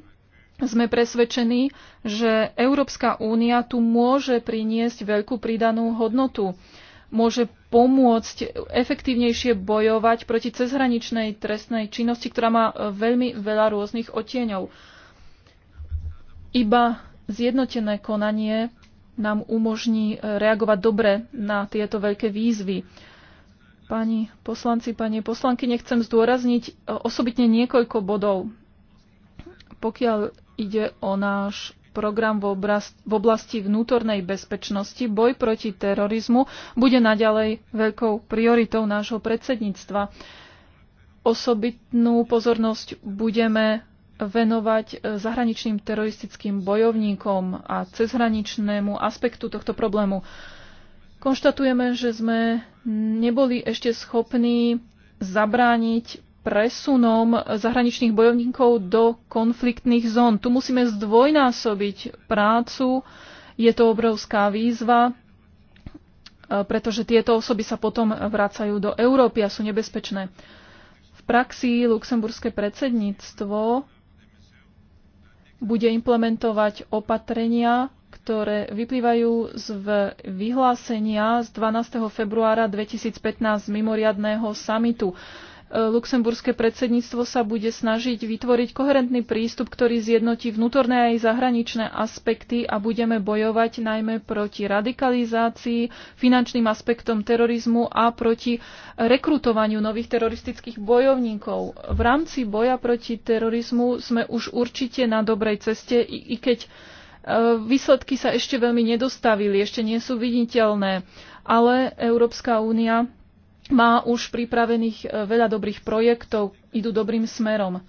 sme presvedčení, že Európska únia tu môže priniesť veľkú pridanú hodnotu. Môže pomôcť efektívnejšie bojovať proti cezhraničnej trestnej činnosti, ktorá má e, veľmi veľa rôznych odtieňov. Iba zjednotené konanie nám umožní e, reagovať dobre na tieto veľké výzvy. Pani poslanci, pani poslanky, nechcem zdôrazniť e, osobitne niekoľko bodov pokiaľ Ide o náš program v, oblasti vnútornej bezpečnosti. Boj proti terorizmu bude naďalej veľkou prioritou nášho predsedníctva. Osobitnú pozornosť budeme venovať e, zahraničným teroristickým bojovníkom a cezhraničnému aspektu tohto problému. Konštatujeme, že sme neboli ešte schopní zabrániť presunom zahraničných bojovníkov do konfliktných zón. Tu musíme zdvojnásobiť prácu, je to obrovská výzva, e, pretože tieto osoby sa potom vracajú do Európy a sú nebezpečné. V praxi luxemburské predsedníctvo bude implementovať opatrenia, ktoré vyplývajú z vyhlásenia z 12. februára 2015 z mimoriadného samitu luxemburské predsedníctvo sa bude snažiť vytvoriť koherentný prístup, ktorý zjednotí vnútorné aj zahraničné aspekty a budeme bojovať najmä proti radikalizácii, finančným aspektom terorizmu a proti rekrutovaniu nových teroristických bojovníkov. V rámci boja proti terorizmu sme už určite na dobrej ceste, i, i keď e, výsledky sa ešte veľmi nedostavili, ešte nie sú viditeľné, ale Európska únia má už pripravených e, veľa dobrých projektov, idú dobrým smerom.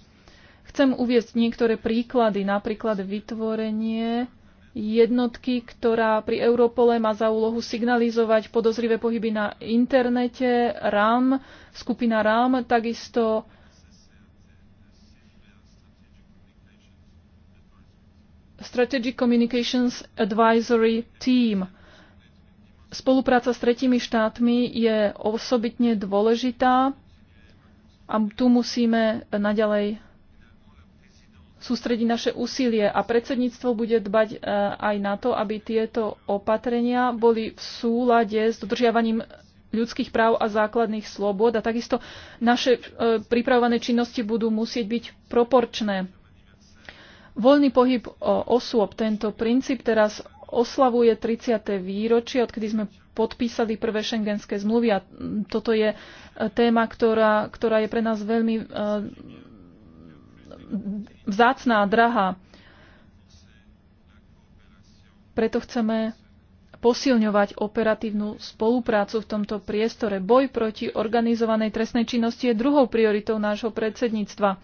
Chcem uviezť niektoré príklady, napríklad vytvorenie jednotky, ktorá pri Europole má za úlohu signalizovať podozrivé pohyby na internete, RAM, skupina RAM, takisto Strategic Communications Advisory Team. Spolupráca s tretími štátmi je osobitne dôležitá a tu musíme naďalej sústrediť naše úsilie a predsedníctvo bude dbať e, aj na to, aby tieto opatrenia boli v súlade s dodržiavaním ľudských práv a základných slobod a takisto naše e, pripravované činnosti budú musieť byť proporčné. Voľný pohyb e, osôb, tento princíp teraz oslavuje 30. výročie, odkedy sme podpísali prvé šengenské zmluvy a toto je e, téma, ktorá, ktorá je pre nás veľmi e, vzácná a drahá. Preto chceme posilňovať operatívnu spoluprácu v tomto priestore. Boj proti organizovanej trestnej činnosti je druhou prioritou nášho predsedníctva.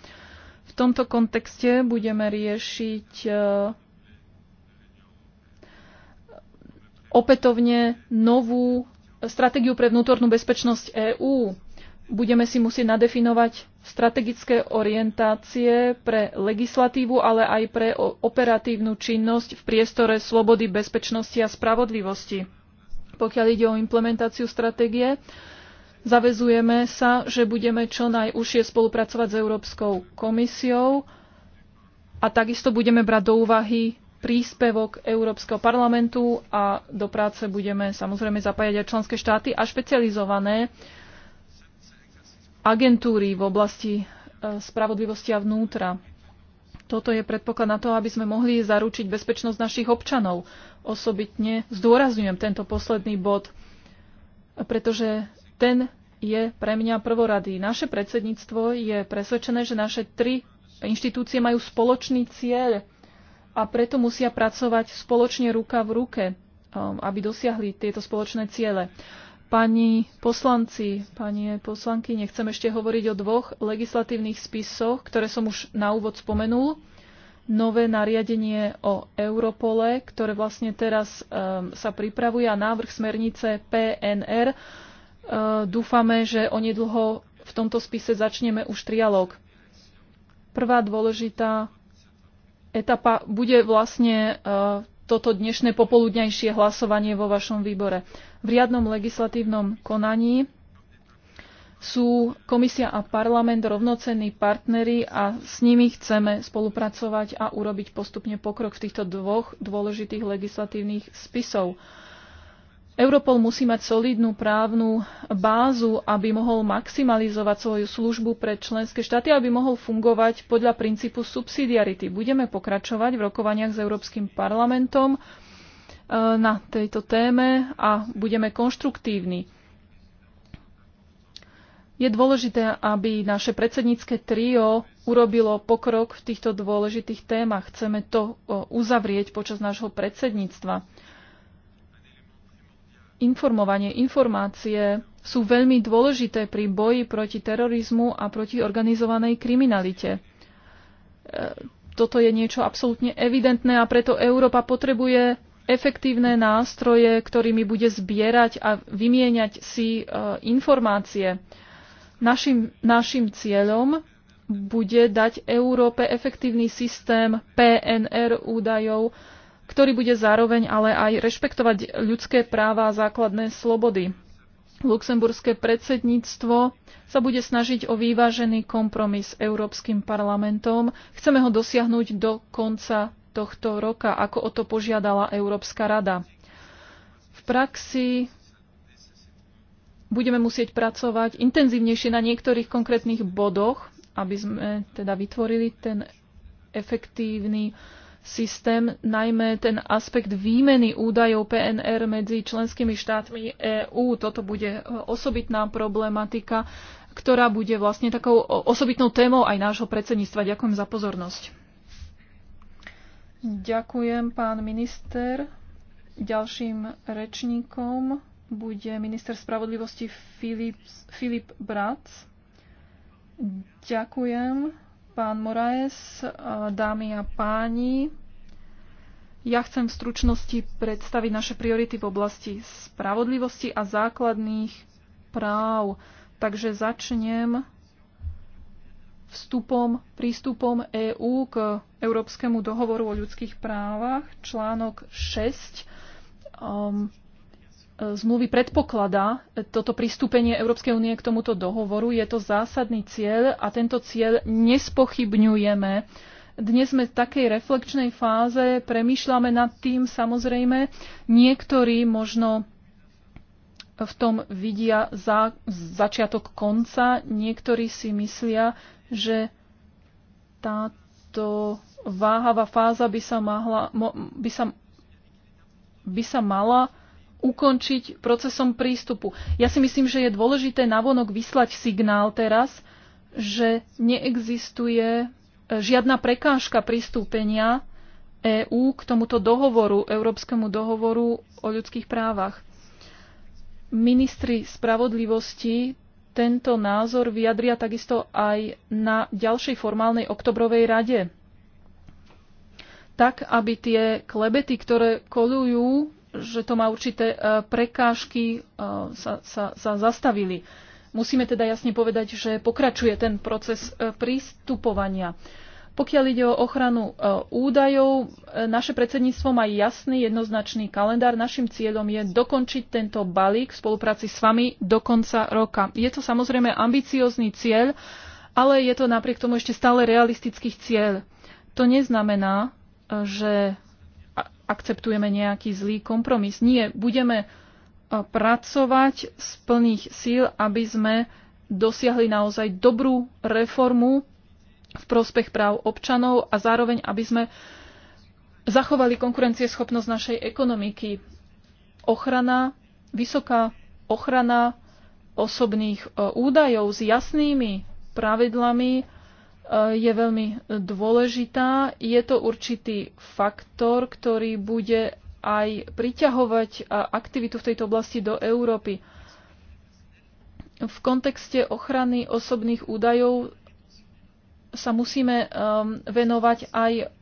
V tomto kontexte budeme riešiť e, opätovne novú stratégiu pre vnútornú bezpečnosť EÚ. Budeme si musieť nadefinovať strategické orientácie pre legislatívu, ale aj pre operatívnu činnosť v priestore slobody, bezpečnosti a spravodlivosti. Pokiaľ ide o implementáciu stratégie, zavezujeme sa, že budeme čo najúžšie spolupracovať s Európskou komisiou a takisto budeme brať do úvahy príspevok Európskeho parlamentu a do práce budeme samozrejme zapájať aj členské štáty a špecializované agentúry v oblasti e, spravodlivosti a vnútra. Toto je predpoklad na to, aby sme mohli zaručiť bezpečnosť našich občanov. Osobitne zdôrazňujem tento posledný bod, pretože ten je pre mňa prvoradý. Naše predsedníctvo je presvedčené, že naše tri inštitúcie majú spoločný cieľ a preto musia pracovať spoločne ruka v ruke, um, aby dosiahli tieto spoločné ciele. Pani poslanci, pani poslanky, nechcem ešte hovoriť o dvoch legislatívnych spisoch, ktoré som už na úvod spomenul. Nové nariadenie o Europole, ktoré vlastne teraz um, sa pripravuje a návrh smernice PNR. Uh, dúfame, že onedlho v tomto spise začneme už trialog. Prvá dôležitá etapa bude vlastne e, toto dnešné popoludnejšie hlasovanie vo vašom výbore. V riadnom legislatívnom konaní sú komisia a parlament rovnocenní partnery a s nimi chceme spolupracovať a urobiť postupne pokrok v týchto dvoch dôležitých legislatívnych spisov. Europol musí mať solidnú právnu bázu, aby mohol maximalizovať svoju službu pre členské štáty, aby mohol fungovať podľa princípu subsidiarity. Budeme pokračovať v rokovaniach s Európskym parlamentom e, na tejto téme a budeme konštruktívni. Je dôležité, aby naše predsednícke trio urobilo pokrok v týchto dôležitých témach. Chceme to e, uzavrieť počas nášho predsedníctva informovanie, informácie sú veľmi dôležité pri boji proti terorizmu a proti organizovanej kriminalite. E, toto je niečo absolútne evidentné a preto Európa potrebuje efektívne nástroje, ktorými bude zbierať a vymieňať si e, informácie. Našim, našim cieľom bude dať Európe efektívny systém PNR údajov, ktorý bude zároveň ale aj rešpektovať ľudské práva a základné slobody. Luxemburské predsedníctvo sa bude snažiť o vyvážený kompromis s Európskym parlamentom. Chceme ho dosiahnuť do konca tohto roka, ako o to požiadala Európska rada. V praxi budeme musieť pracovať intenzívnejšie na niektorých konkrétnych bodoch, aby sme teda vytvorili ten efektívny uh, systém, najmä ten aspekt výmeny údajov PNR medzi členskými štátmi EÚ. Toto bude e, osobitná problematika, ktorá bude vlastne takou osobitnou témou aj nášho predsedníctva. Ďakujem za pozornosť. Ďakujem, pán minister. Ďalším rečníkom bude minister spravodlivosti Filip, Filip Brac. Ďakujem pán Moraes, dámy a páni. Ja chcem v stručnosti predstaviť naše priority v oblasti spravodlivosti a základných práv. Takže začnem vstupom, prístupom EÚ EU k Európskemu dohovoru o ľudských právach, článok 6. Um, zmluvy predpokladá toto pristúpenie Európskej únie k tomuto dohovoru. Je to zásadný cieľ a tento cieľ nespochybňujeme. Dnes sme v takej reflekčnej fáze, premýšľame nad tým samozrejme. Niektorí možno v tom vidia za, začiatok konca, niektorí si myslia, že táto váhavá fáza by sa, mo, by sa, by sa mala ukončiť procesom prístupu. Ja si myslím, že je dôležité navonok vyslať signál teraz, že neexistuje e, žiadna prekážka pristúpenia EÚ k tomuto dohovoru, Európskemu dohovoru o ľudských právach. Ministri spravodlivosti tento názor vyjadria takisto aj na ďalšej formálnej oktobrovej rade. Tak, aby tie klebety, ktoré kolujú že to má určité e, prekážky, e, sa, sa, sa zastavili. Musíme teda jasne povedať, že pokračuje ten proces e, prístupovania. Pokiaľ ide o ochranu údajov, naše predsedníctvo má jasný, jednoznačný kalendár. Našim cieľom je dokončiť tento balík v spolupráci s vami do konca roka. Je to samozrejme ambiciózny cieľ, ale je to napriek tomu ešte stále realistických cieľ. To neznamená, že akceptujeme nejaký zlý kompromis. Nie, budeme e, pracovať z plných síl, aby sme dosiahli naozaj dobrú reformu v prospech práv občanov a zároveň, aby sme zachovali konkurencieschopnosť našej ekonomiky. Ochrana, vysoká ochrana osobných e, údajov s jasnými pravidlami, Eh, je veľmi dôležitá. Je to určitý faktor, ktorý bude aj priťahovať eh, aktivitu v tejto oblasti do Európy. V kontexte ochrany osobných údajov sa musíme eh, venovať aj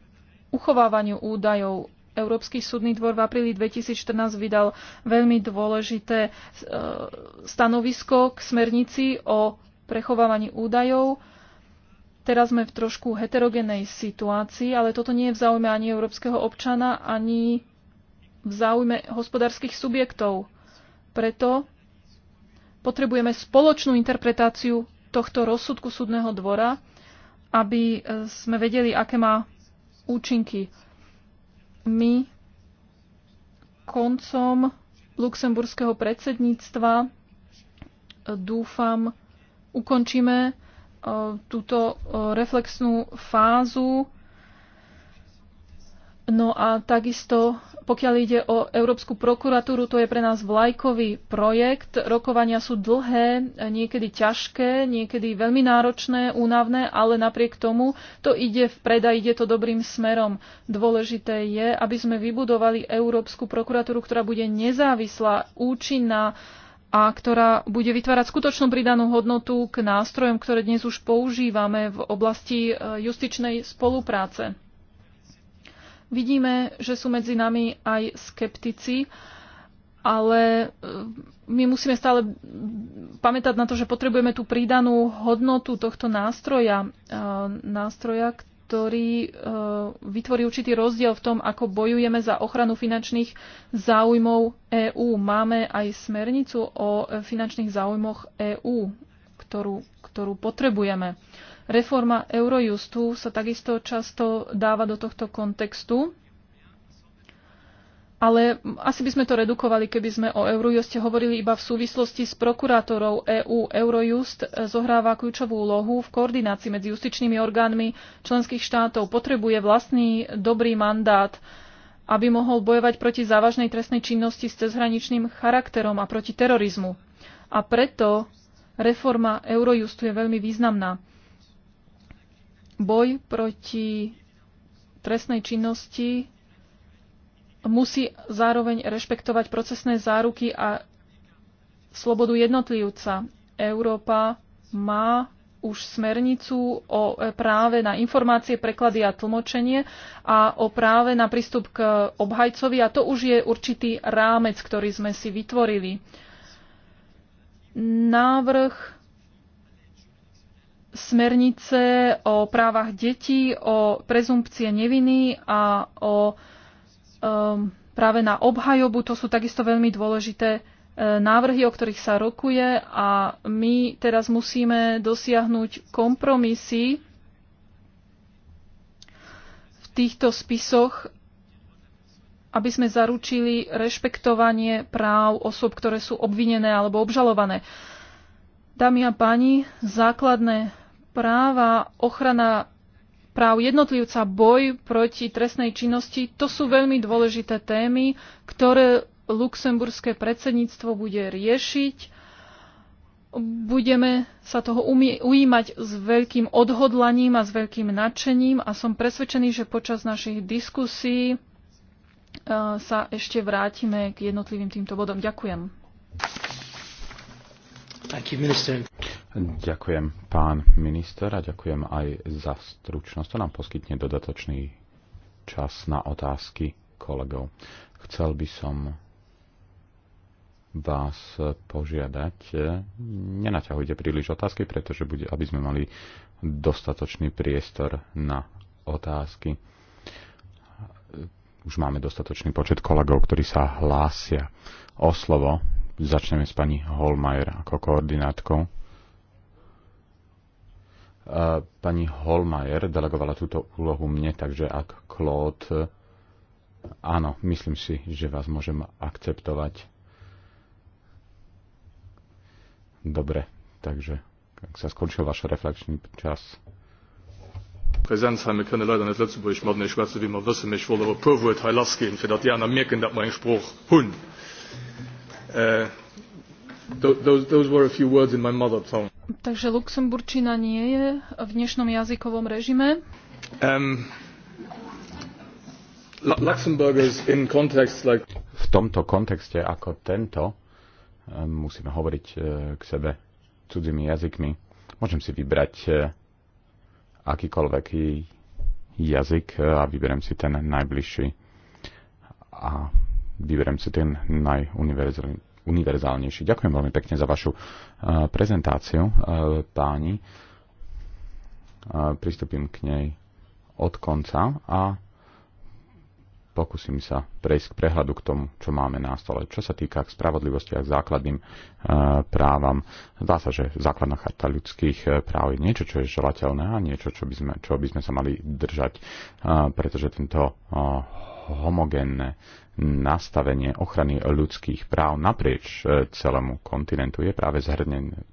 uchovávaniu údajov. Európsky súdny dvor v apríli 2014 vydal veľmi dôležité stanovisko k smernici o prechovávaní údajov Teraz sme v trošku heterogénej situácii, ale toto nie je v záujme ani európskeho občana, ani v záujme hospodárskych subjektov. Preto potrebujeme spoločnú interpretáciu tohto rozsudku súdneho dvora, aby e, sme vedeli, aké má účinky. My koncom luxemburského predsedníctva e, dúfam ukončíme túto reflexnú fázu. No a takisto, pokiaľ ide o Európsku prokuratúru, to je pre nás vlajkový projekt. Rokovania sú dlhé, niekedy ťažké, niekedy veľmi náročné, únavné, ale napriek tomu to ide v predaj, ide to dobrým smerom. Dôležité je, aby sme vybudovali Európsku prokuratúru, ktorá bude nezávislá, účinná, a ktorá bude vytvárať skutočnú pridanú hodnotu k nástrojom, ktoré dnes už používame v oblasti e, justičnej spolupráce. Vidíme, že sú medzi nami aj skeptici, ale e, my musíme stále pamätať na to, že potrebujeme tú pridanú hodnotu tohto nástroja, e, nástroja, ktorý e, vytvorí určitý rozdiel v tom, ako bojujeme za ochranu finančných záujmov EÚ. Máme aj smernicu o finančných záujmoch EÚ, ktorú, ktorú potrebujeme. Reforma Eurojustu sa takisto často dáva do tohto kontextu. Ale asi by sme to redukovali, keby sme o Eurojuste hovorili iba v súvislosti s prokurátorov EÚ. Eurojust zohráva kľúčovú úlohu v koordinácii medzi justičnými orgánmi členských štátov. Potrebuje vlastný dobrý mandát, aby mohol bojovať proti závažnej trestnej činnosti s cezhraničným charakterom a proti terorizmu. A preto reforma Eurojustu je veľmi významná. Boj proti trestnej činnosti musí zároveň rešpektovať procesné záruky a slobodu jednotlivca. Európa má už smernicu o práve na informácie, preklady a tlmočenie a o práve na prístup k obhajcovi a to už je určitý rámec, ktorý sme si vytvorili. Návrh smernice o právach detí, o prezumpcie neviny a o Ehm, práve na obhajobu. To sú takisto veľmi dôležité e, návrhy, o ktorých sa rokuje a my teraz musíme dosiahnuť kompromisy v týchto spisoch, aby sme zaručili rešpektovanie práv osôb, ktoré sú obvinené alebo obžalované. Dámy a páni, základné práva, ochrana práv jednotlivca, boj proti trestnej činnosti, to sú veľmi dôležité témy, ktoré luxemburské predsedníctvo bude riešiť. Budeme sa toho ujímať s veľkým odhodlaním a s veľkým nadšením a som presvedčený, že počas našich diskusí e, sa ešte vrátime k jednotlivým týmto bodom. Ďakujem. You, Ďakujem pán minister a ďakujem aj za stručnosť. To nám poskytne dodatočný čas na otázky kolegov. Chcel by som vás požiadať, nenaťahujte príliš otázky, pretože bude, aby sme mali dostatočný priestor na otázky. Už máme dostatočný počet kolegov, ktorí sa hlásia o slovo. Začneme s pani Holmajer ako koordinátkou. Eh, pani Holmajer delegovala túto úlohu mne, takže ak Claude, eh, áno, myslím si, že vás môžem akceptovať. Dobre, takže ak sa skončil váš reflexný čas. leider Lützeburg wie man aber für Jana merken, mein Spruch hun. Uh, those, those were a few words in my mother tongue. Takže luxemburčina nie je v dnešnom jazykovom režime. Um, in context like... V tomto kontexte ako tento um, musíme hovoriť uh, k sebe cudzými jazykmi. Môžem si vybrať uh, akýkoľvek jazyk uh, a vyberem si ten najbližší a vyberem si ten najuniverzálnejší univerzálnejší. Ďakujem veľmi pekne za vašu eh, prezentáciu, eh, páni. Eh, pristúpim k nej od konca a pokúsim sa prejsť k prehľadu k tomu, čo máme na stole. Čo sa týka k spravodlivosti a k základným e, právam, zdá sa, že základná charta ľudských práv je niečo, čo je želateľné a niečo, čo by sme, čo by sme sa mali držať, e, pretože tento e, homogénne nastavenie ochrany ľudských práv naprieč e, celému kontinentu je práve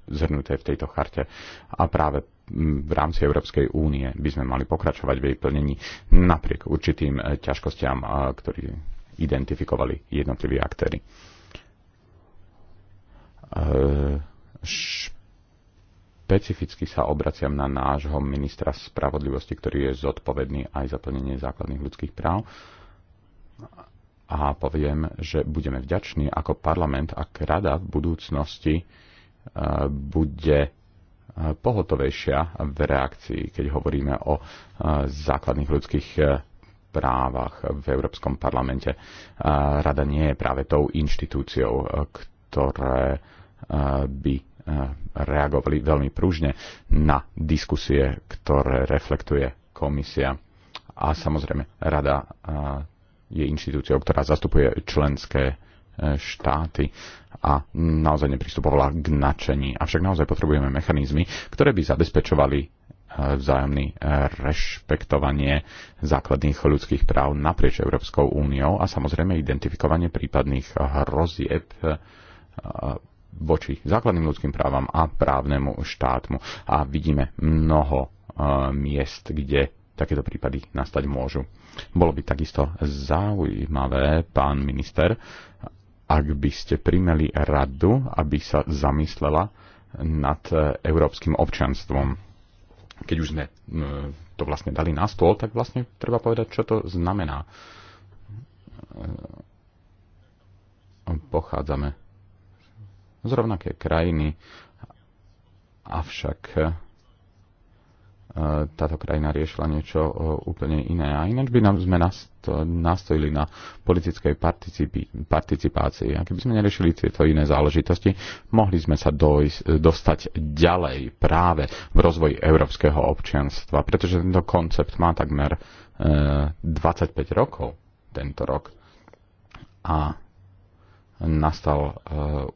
zhrnuté v tejto charte a práve v rámci Európskej únie by sme mali pokračovať v jej plnení napriek určitým e, ťažkostiam, ktorí identifikovali jednotliví aktéry. E, špecificky sa obraciam na nášho ministra spravodlivosti, ktorý je zodpovedný aj za plnenie základných ľudských práv. Uh, a poviem, že budeme vďační ako parlament, ak rada v budúcnosti e, bude e, pohotovejšia v reakcii, keď hovoríme o e, základných ľudských právach v Európskom parlamente. Rada nie je práve tou inštitúciou, ktoré by reagovali veľmi prúžne na diskusie, ktoré reflektuje komisia. A samozrejme, rada je inštitúciou, ktorá zastupuje členské e, štáty a naozaj nepristupovala k načení. Avšak naozaj potrebujeme mechanizmy, ktoré by zabezpečovali e, vzájomný e, rešpektovanie základných ľudských práv naprieč Európskou úniou a samozrejme identifikovanie prípadných hrozieb voči základným ľudským právam a právnemu štátmu. A vidíme mnoho miest, kde takéto prípady nastať môžu. Bolo by takisto zaujímavé, pán minister, ak by ste primeli radu, aby sa zamyslela nad európskym občanstvom. Keď už sme to vlastne dali na stôl, tak vlastne treba povedať, čo to znamená. Pochádzame z rovnaké krajiny, avšak táto krajina riešila niečo e, úplne iné. A ináč by nám sme nastojili na politickej participácii. A keby sme neriešili tieto iné záležitosti, mohli sme sa dojsť, dostať ďalej práve v rozvoji európskeho občianstva, pretože tento koncept má takmer 25 e, rokov tento rok. A nastal e,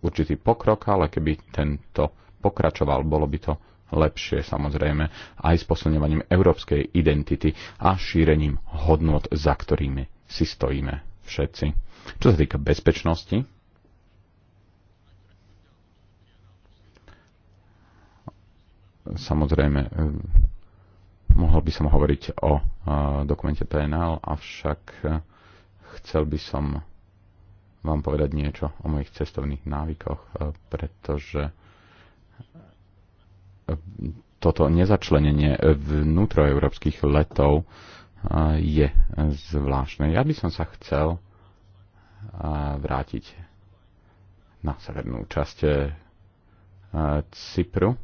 určitý pokrok, ale keby tento pokračoval, bolo by to lepšie samozrejme aj s posilňovaním európskej identity a šírením hodnot, za ktorými si stojíme všetci. Čo sa týka bezpečnosti, samozrejme mohol by som hovoriť o dokumente PNL, avšak chcel by som vám povedať niečo o mojich cestovných návykoch, pretože toto nezačlenenie vnútroeurópskych letov je zvláštne. Ja by som sa chcel vrátiť na severnú časť e, Cypru.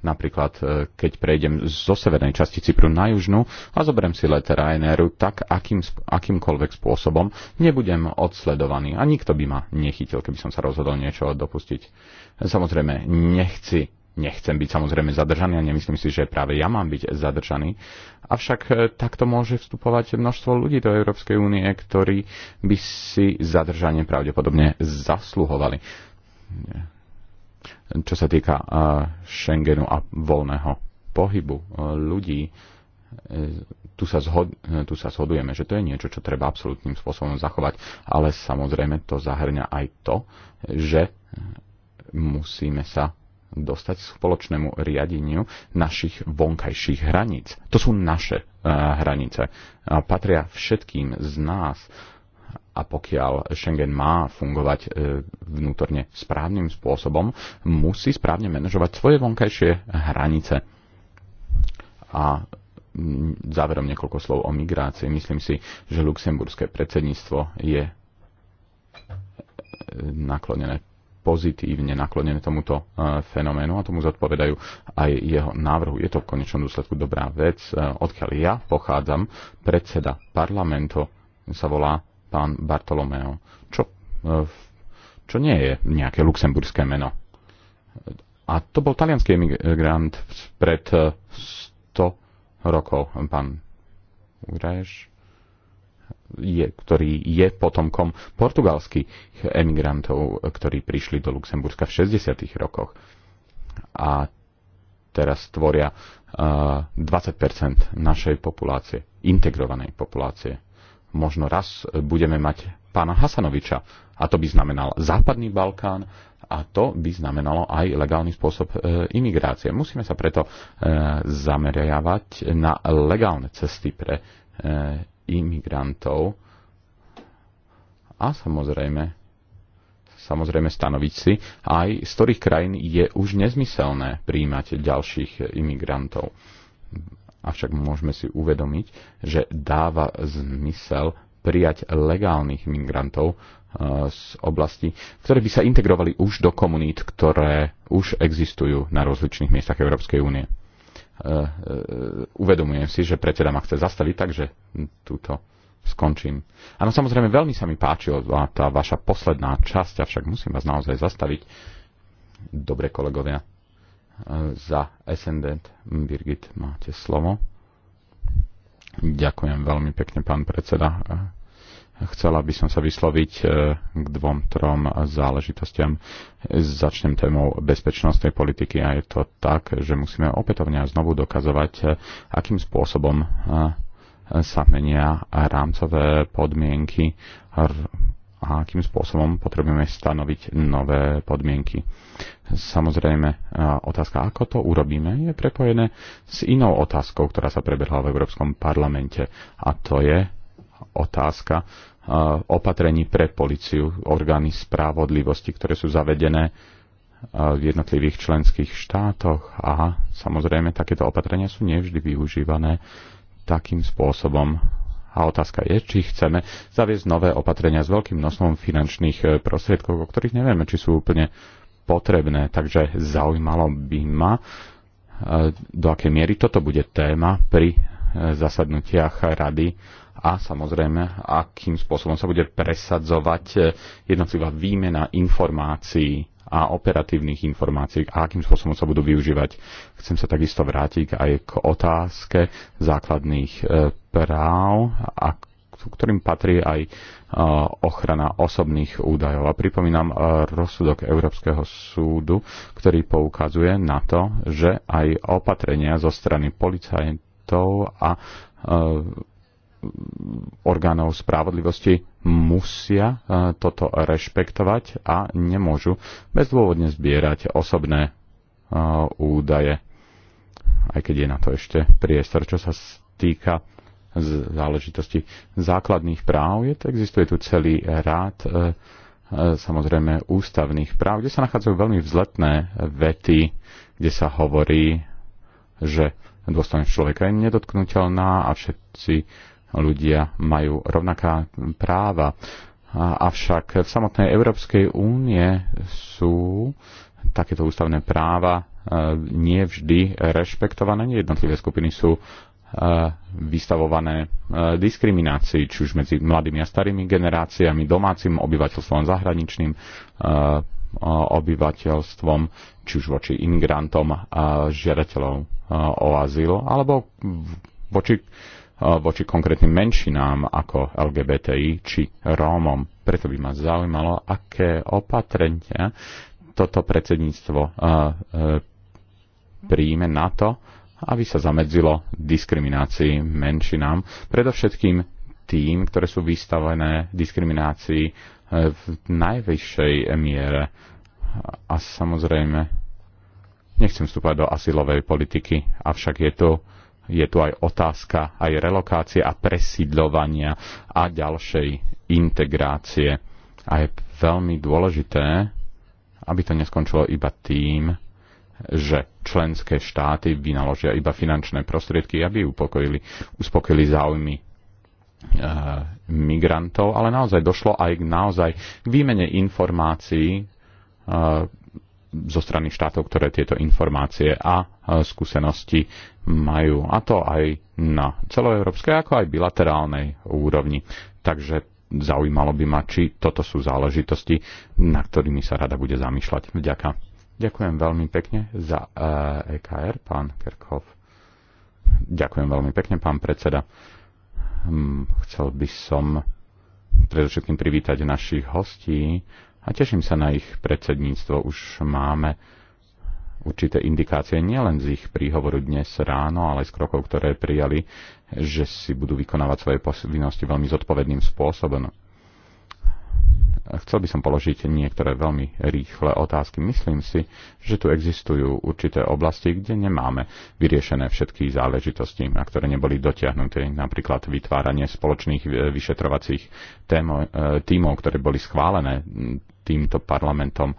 Napríklad, e, keď prejdem zo severnej časti Cypru na južnú a zoberiem si let Ryanairu, tak akým, akýmkoľvek spôsobom nebudem odsledovaný a nikto by ma nechytil, keby som sa rozhodol niečo dopustiť. Samozrejme, nechci Nechcem byť samozrejme zadržaný a nemyslím si, že práve ja mám byť zadržaný. Avšak e, takto môže vstupovať množstvo ľudí do Európskej únie, ktorí by si zadržanie pravdepodobne zasluhovali. Čo sa týka e, Schengenu a voľného pohybu e, ľudí, tu sa, zhod, tu sa shodujeme, že to je niečo, čo treba absolútnym spôsobom zachovať, ale samozrejme to zahrňa aj to, že musíme sa dostať spoločnému riadeniu našich vonkajších hraníc. To sú naše eh, hranice. Patria všetkým z nás a pokiaľ Schengen má fungovať eh, vnútorne správnym spôsobom, musí správne manažovať svoje vonkajšie hranice. A mm, záverom niekoľko slov o migrácii. Myslím si, že luxemburské predsedníctvo je eh, naklonené pozitívne naklonené tomuto e, fenoménu a tomu zodpovedajú aj jeho návrhu. Je to v konečnom dôsledku dobrá vec. E, odkiaľ ja pochádzam, predseda parlamentu sa volá pán Bartolomeo, čo, e, čo nie je nejaké luxemburské meno. A to bol talianský emigrant pred 100 rokov, pán Ureš je, ktorý je potomkom portugalských emigrantov, ktorí prišli do Luxemburska v 60. rokoch. A teraz tvoria uh, eh, 20 našej populácie, integrovanej populácie. Možno raz budeme mať pána Hasanoviča a to by znamenal Západný Balkán a to by znamenalo aj legálny spôsob e, imigrácie. Musíme sa preto e, zameriavať na legálne cesty pre e, imigrantov a samozrejme samozrejme stanoviť si, aj z ktorých krajín je už nezmyselné príjmať ďalších imigrantov. Avšak môžeme si uvedomiť, že dáva zmysel prijať legálnych migrantov e, z oblasti, ktoré by sa integrovali už do komunít, ktoré už existujú na rozličných miestach Európskej únie. E, e, uvedomujem si, že predseda ma chce zastaviť, takže túto skončím. Áno, samozrejme, veľmi sa mi páčila tá vaša posledná časť, avšak musím vás naozaj zastaviť. Dobre, kolegovia, e, za Ascendant Birgit máte slovo. Ďakujem veľmi pekne, pán predseda. Chcela by som sa vysloviť e, k dvom, trom záležitostiam. Začnem témou bezpečnostnej politiky a je to tak, že musíme opätovne a znovu dokazovať, e, akým spôsobom e, sa menia rámcové podmienky a akým spôsobom potrebujeme stanoviť nové podmienky. Samozrejme, otázka, ako to urobíme, je prepojené s inou otázkou, ktorá sa prebehla v Európskom parlamente, a to je, otázka opatrení pre policiu, orgány správodlivosti, ktoré sú zavedené v jednotlivých členských štátoch a samozrejme takéto opatrenia sú nevždy využívané takým spôsobom. A otázka je, či chceme zaviesť nové opatrenia s veľkým množstvom finančných e, prostriedkov, o ktorých nevieme, či sú úplne potrebné. Takže zaujímalo by ma, e, do akej miery toto bude téma pri e, zasadnutiach rady a samozrejme, akým spôsobom sa bude presadzovať eh, jednotlivá výmena informácií a operatívnych informácií a akým spôsobom sa budú využívať. Chcem sa takisto vrátiť aj k otázke základných eh, práv, a ktorým patrí aj eh, ochrana osobných údajov. A pripomínam rozsudok Európskeho súdu, ktorý poukazuje na to, že aj opatrenia zo strany policajtov a orgánov spravodlivosti musia e, toto rešpektovať a nemôžu bezdôvodne zbierať osobné e, údaje, aj keď je na to ešte priestor, čo sa týka záležitosti základných práv. Je to, existuje tu celý rád e, samozrejme ústavných práv, kde sa nachádzajú veľmi vzletné vety, kde sa hovorí, že dôstojnosť človeka je nedotknutelná a všetci ľudia majú rovnaká práva. Avšak v samotnej Európskej únie sú takéto ústavné práva nie vždy rešpektované. Jednotlivé skupiny sú e, vystavované e, diskriminácii, či už medzi mladými a starými generáciami, domácim obyvateľstvom, zahraničným e, obyvateľstvom, či už voči imigrantom, žiadateľov o azyl, alebo voči Eh, voči konkrétnym menšinám ako LGBTI či Rómom. Preto by ma zaujímalo, aké opatrenia toto predsedníctvo eh, eh, príjme na to, aby sa zamedzilo diskriminácii menšinám, predovšetkým tým, ktoré sú vystavené diskriminácii v najvyššej miere. A samozrejme, nechcem vstúpať do asilovej politiky, avšak je to je tu aj otázka aj relokácie a presidlovania a ďalšej integrácie. A je veľmi dôležité, aby to neskončilo iba tým, že členské štáty vynaložia iba finančné prostriedky, aby upokojili, uspokojili záujmy e, migrantov, ale naozaj došlo aj k naozaj k výmene informácií e, zo strany štátov, ktoré tieto informácie a e, skúsenosti majú. A to aj na celoeurópskej, ako aj bilaterálnej úrovni. Takže zaujímalo by ma, či toto sú záležitosti, na ktorými sa rada bude zamýšľať. Vďaka. Ďakujem veľmi pekne za EKR, e pán Kerkhoff. Ďakujem veľmi pekne, pán predseda. Hm, chcel by som predovšetkým privítať našich hostí a teším sa na ich predsedníctvo. Už máme určité indikácie nielen z ich príhovoru dnes ráno, ale aj z krokov, ktoré prijali, že si budú vykonávať svoje povinnosti veľmi zodpovedným spôsobom. Chcel by som položiť niektoré veľmi rýchle otázky. Myslím si, že tu existujú určité oblasti, kde nemáme vyriešené všetky záležitosti, a ktoré neboli dotiahnuté, napríklad vytváranie spoločných e, vyšetrovacích e, tímov, ktoré boli schválené týmto parlamentom, e,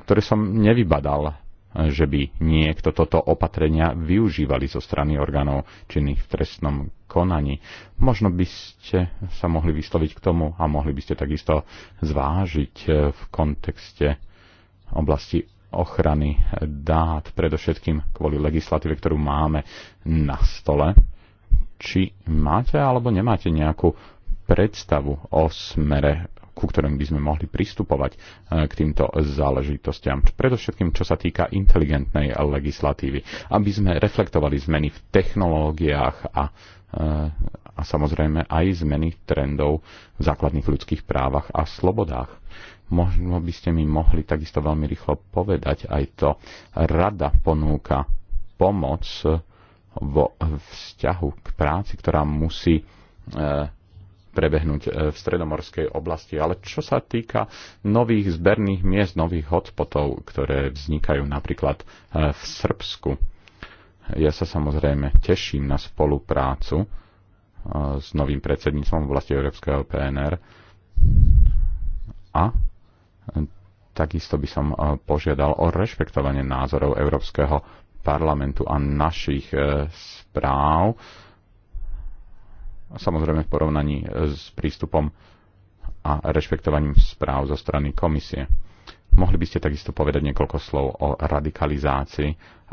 ktoré som nevybadal že by niekto toto opatrenia využívali zo strany orgánov činných v trestnom konaní. Možno by ste sa mohli vysloviť k tomu a mohli by ste takisto zvážiť e, v kontexte oblasti ochrany dát, predovšetkým kvôli legislatíve, ktorú máme na stole. Či máte alebo nemáte nejakú predstavu o smere ku ktorým by sme mohli pristupovať e, k týmto záležitostiam. Predovšetkým, čo sa týka inteligentnej legislatívy, aby sme reflektovali zmeny v technológiách a, e, a samozrejme aj zmeny trendov v základných ľudských právach a slobodách. Možno by ste mi mohli takisto veľmi rýchlo povedať aj to. Rada ponúka pomoc vo vzťahu k práci, ktorá musí e, prebehnúť e, v stredomorskej oblasti. Ale čo sa týka nových zberných miest, nových hotspotov, ktoré vznikajú napríklad e, v Srbsku, ja sa samozrejme teším na spoluprácu e, s novým predsedníctvom v oblasti Európskeho PNR a takisto by som požiadal o rešpektovanie názorov Európskeho parlamentu a našich správ samozrejme v porovnaní e, s prístupom a rešpektovaním správ zo strany komisie. Mohli by ste takisto povedať niekoľko slov o radikalizácii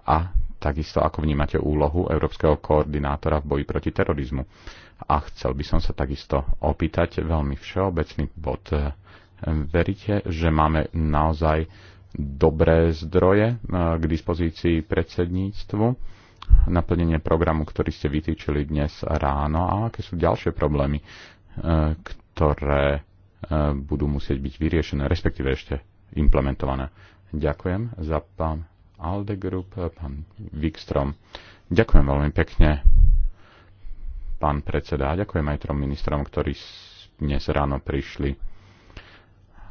a takisto ako vnímate úlohu Európskeho koordinátora v boji proti terorizmu. A chcel by som sa takisto opýtať veľmi všeobecný bod. E, veríte, že máme naozaj dobré zdroje e, k dispozícii predsedníctvu? naplnenie programu, ktorý ste vytýčili dnes ráno a aké sú ďalšie problémy, e, ktoré e, budú musieť byť vyriešené, respektíve ešte implementované. Ďakujem za pán Alde Group, pán Wikstrom. Ďakujem veľmi pekne, pán predseda, a ďakujem aj trom ministrom, ktorí dnes ráno prišli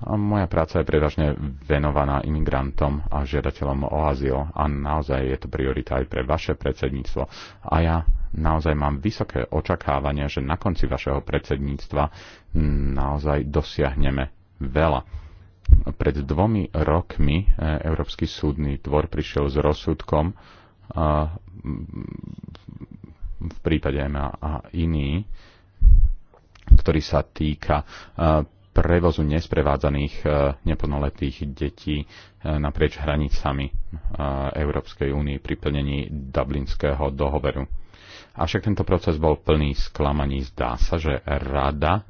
moja práca je prevažne venovaná imigrantom a žiadateľom o azyl a naozaj je to priorita aj pre vaše predsedníctvo. A ja naozaj mám vysoké očakávania, že na konci vašeho predsedníctva naozaj dosiahneme veľa. Pred dvomi rokmi e, Európsky súdny dvor prišiel s rozsudkom e, v prípade MA a iný, ktorý sa týka e, prevozu nesprevádzaných e, neplnoletých detí e, naprieč hranicami e, Európskej únie pri plnení Dublinského dohovoru. Avšak tento proces bol plný sklamaní. Zdá sa, že rada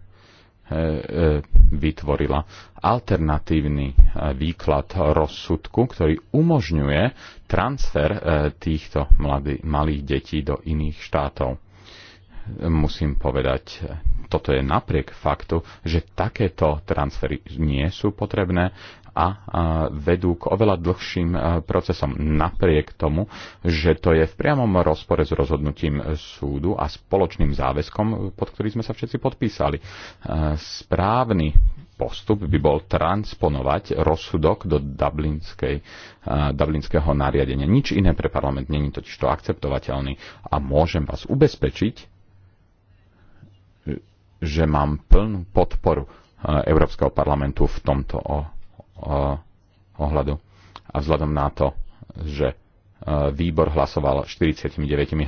vytvorila alternatívny výklad rozsudku, ktorý umožňuje transfer týchto mladých, malých detí do iných štátov. Musím povedať, toto je napriek faktu, že takéto transfery nie sú potrebné a vedú k oveľa dlhším e, procesom napriek tomu, že to je v priamom rozpore s rozhodnutím súdu a spoločným záväzkom, pod ktorý sme sa všetci podpísali. E, správny postup by bol transponovať rozsudok do Dublinskej, e, dublinského nariadenia. Nič iné pre parlament není totiž to akceptovateľný. A môžem vás ubezpečiť, že mám plnú podporu e, Európskeho parlamentu v tomto ohľadu. A vzhľadom na to, že e, výbor hlasoval 49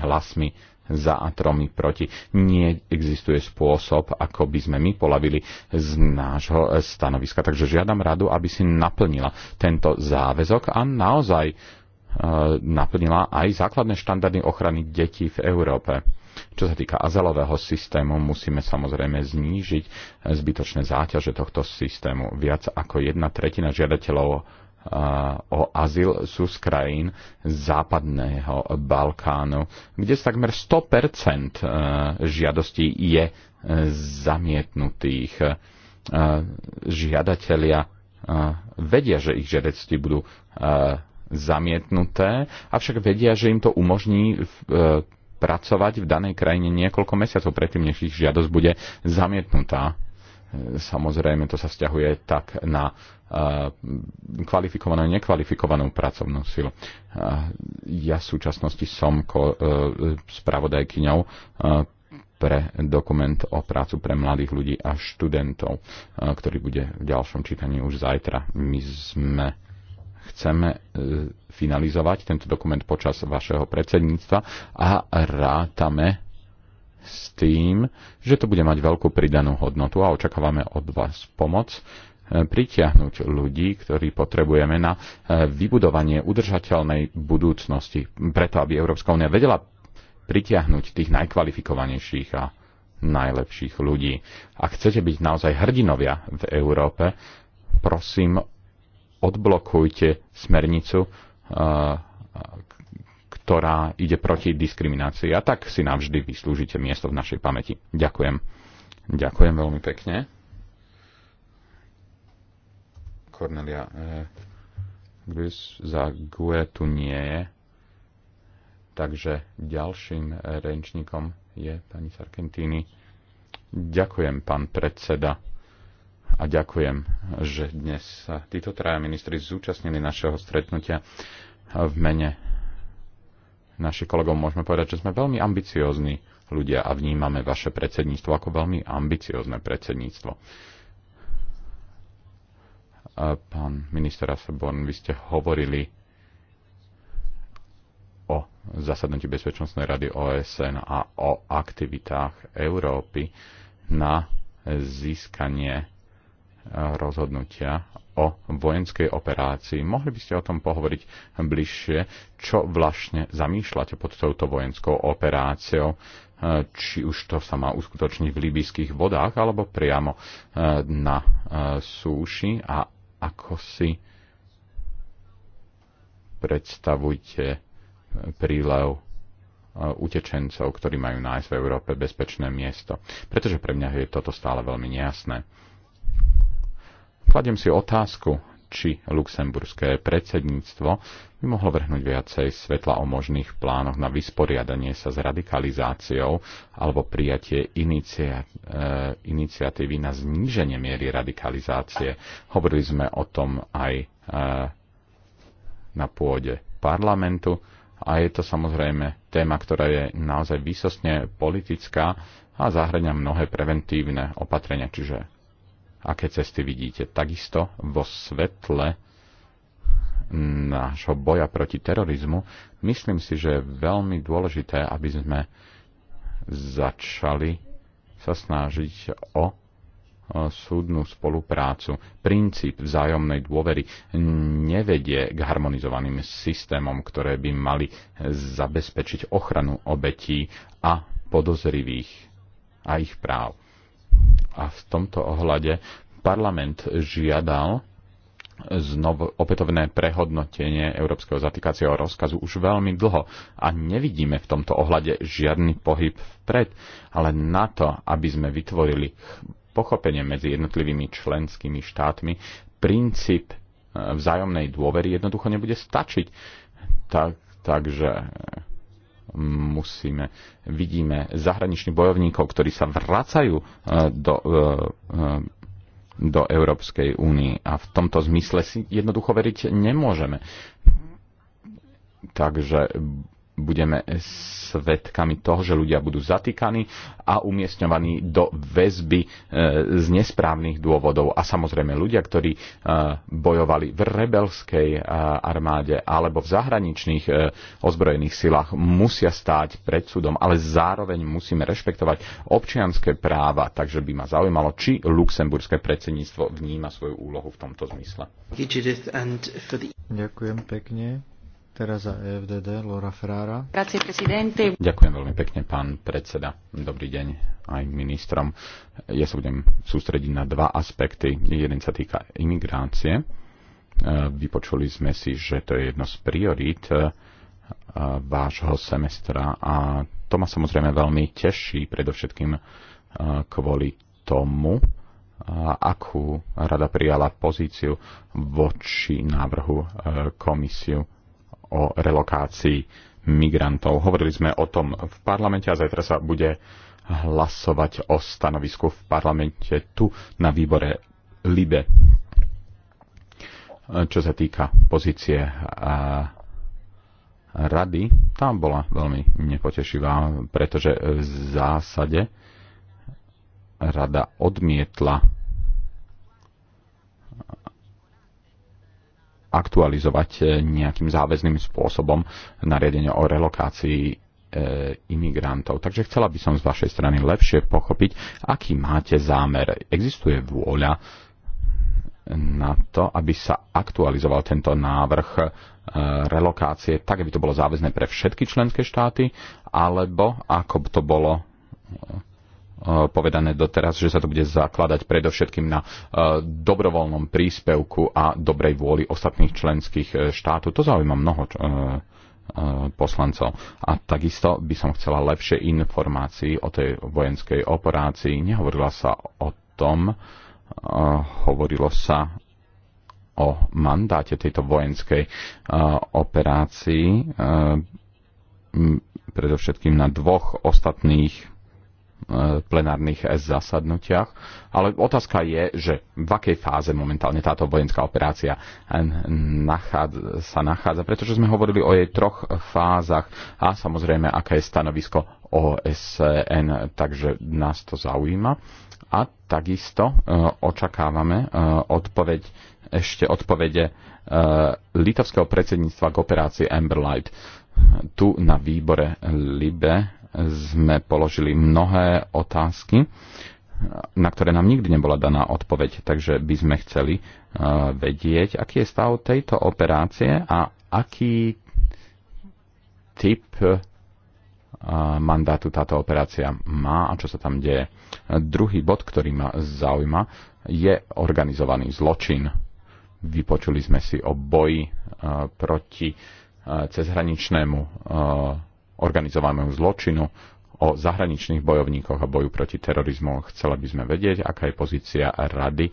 hlasmi za a tromi proti. Nie existuje spôsob, ako by sme my polavili z nášho e, stanoviska. Takže žiadam radu, aby si naplnila tento záväzok a naozaj naplnila aj základné štandardy ochrany detí v Európe. Čo sa týka azylového systému, musíme samozrejme znížiť zbytočné záťaže tohto systému. Viac ako jedna tretina žiadateľov o azyl sú z krajín západného Balkánu, kde takmer 100% e, žiadostí je e, zamietnutých. E, žiadatelia vedia, že ich žiadosti budú zamietnuté, avšak vedia, že im to umožní pracovať v danej krajine niekoľko mesiacov predtým, než ich žiadosť bude zamietnutá. E, samozrejme, to sa vzťahuje tak na e, kvalifikovanú a nekvalifikovanú pracovnú silu. E, ja v súčasnosti som spravodajkyňou pre dokument o prácu pre mladých ľudí a študentov, ktorý bude v ďalšom čítaní už zajtra. My sme chceme e, finalizovať tento dokument počas vašeho predsedníctva a rátame s tým, že to bude mať veľkú pridanú hodnotu a očakávame od vás pomoc e, pritiahnuť ľudí, ktorí potrebujeme na e, vybudovanie udržateľnej budúcnosti, preto aby Európska únia vedela pritiahnuť tých najkvalifikovanejších a najlepších ľudí. Ak chcete byť naozaj hrdinovia v Európe, prosím, odblokujte smernicu, ktorá ide proti diskriminácii. A tak si navždy vyslúžite miesto v našej pamäti. Ďakujem. Ďakujem veľmi pekne. Cornelia eh, za GUE tu nie je. Takže ďalším e, rečníkom je pani Sargentini. Ďakujem, pán predseda a ďakujem, že dnes sa títo traja ministri zúčastnili našeho stretnutia v mene našich kolegov. Môžeme povedať, že sme veľmi ambiciózni ľudia a vnímame vaše predsedníctvo ako veľmi ambiciózne predsedníctvo. Pán minister Aseborn, vy ste hovorili o zasadnutí Bezpečnostnej rady OSN a o aktivitách Európy na získanie rozhodnutia o vojenskej operácii. Mohli by ste o tom pohovoriť bližšie, čo vlastne zamýšľate pod touto vojenskou operáciou, e, či už to sa má uskutočniť v líbyských vodách alebo priamo e, na e, súši a ako si predstavujte prílev utečencov, ktorí majú nájsť v Európe bezpečné miesto. Pretože pre mňa je toto stále veľmi nejasné. Kladiem si otázku, či luxemburské predsedníctvo by mohlo vrhnúť viacej svetla o možných plánoch na vysporiadanie sa s radikalizáciou alebo prijatie inicia, eh, iniciatívy na zníženie miery radikalizácie. Hovorili sme o tom aj eh, na pôde parlamentu a je to samozrejme téma, ktorá je naozaj výsostne politická a zahrania mnohé preventívne opatrenia, čiže aké cesty vidíte. Takisto vo svetle nášho boja proti terorizmu, myslím si, že je veľmi dôležité, aby sme začali sa snažiť o súdnu spoluprácu. Princíp vzájomnej dôvery nevedie k harmonizovaným systémom, ktoré by mali zabezpečiť ochranu obetí a podozrivých a ich práv. A v tomto ohľade parlament žiadal znovu opätovné prehodnotenie Európskeho zatýkacieho rozkazu už veľmi dlho a nevidíme v tomto ohľade žiadny pohyb vpred, ale na to, aby sme vytvorili pochopenie medzi jednotlivými členskými štátmi, princíp e, vzájomnej dôvery jednoducho nebude stačiť. Tak, takže e, musíme, vidíme zahraničných bojovníkov, ktorí sa vracajú e, do, e, e, do Európskej únie. A v tomto zmysle si jednoducho veriť nemôžeme. Takže budeme svetkami toho, že ľudia budú zatýkaní a umiestňovaní do väzby e, z nesprávnych dôvodov. A samozrejme ľudia, ktorí e, bojovali v rebelskej e, armáde alebo v zahraničných ozbrojených silách, musia stáť pred súdom, ale zároveň musíme rešpektovať občianské práva. Takže by ma zaujímalo, či luxemburské predsedníctvo vníma svoju úlohu v tomto zmysle. Ďakujem pekne. Teraz za EFDD, Lora Ferrara. Ďakujem veľmi pekne, pán predseda. Dobrý deň aj ministrom. Ja sa budem sústrediť na dva aspekty. Jeden sa týka imigrácie. E, vypočuli sme si, že to je jedno z priorít e, vášho semestra a to ma samozrejme veľmi teší, predovšetkým e, kvôli tomu, akú rada prijala pozíciu voči návrhu komisiu o relokácii migrantov. Hovorili sme o tom v parlamente a zajtra sa bude hlasovať o stanovisku v parlamente tu na výbore LIBE. Čo sa týka pozície a rady, tam bola veľmi nepotešivá, pretože v zásade rada odmietla aktualizovať e, nejakým záväzným spôsobom nariadenie o relokácii e, imigrantov. Takže chcela by som z vašej strany lepšie pochopiť, aký máte zámer. Existuje vôľa na to, aby sa aktualizoval tento návrh e, relokácie tak, aby to bolo záväzné pre všetky členské štáty, alebo ako to bolo E, povedané doteraz, že sa to bude zakladať predovšetkým na e, dobrovoľnom príspevku a dobrej vôli ostatných členských e, štátov. To zaujíma mnoho poslancov. A takisto by som chcela lepšie informácií o tej vojenskej operácii. Nehovorila sa o tom, hovorilo sa o mandáte tejto vojenskej operácii predovšetkým na dvoch ostatných Eh, plenárnych zasadnutiach. Ale otázka je, že v akej fáze momentálne táto vojenská operácia sa nachádza, pretože sme hovorili o jej troch fázach a samozrejme, aké je stanovisko OSN, takže nás to zaujíma. A takisto eh, očakávame eh, odpoveď, ešte odpovede litovského predsedníctva k operácii Amberlight tu na výbore LIBE sme položili mnohé otázky, na ktoré nám nikdy nebola daná odpoveď, takže by sme chceli eh, vedieť, aký je stav tejto operácie a aký typ eh, mandátu táto operácia má a čo sa tam deje. Druhý bod, ktorý ma zaujíma, je organizovaný zločin. Vypočuli sme si o boji eh, proti cezhraničnému organizovanému zločinu, o zahraničných bojovníkoch a boju proti terorizmu. Chcela by sme vedieť, aká je pozícia rady, e,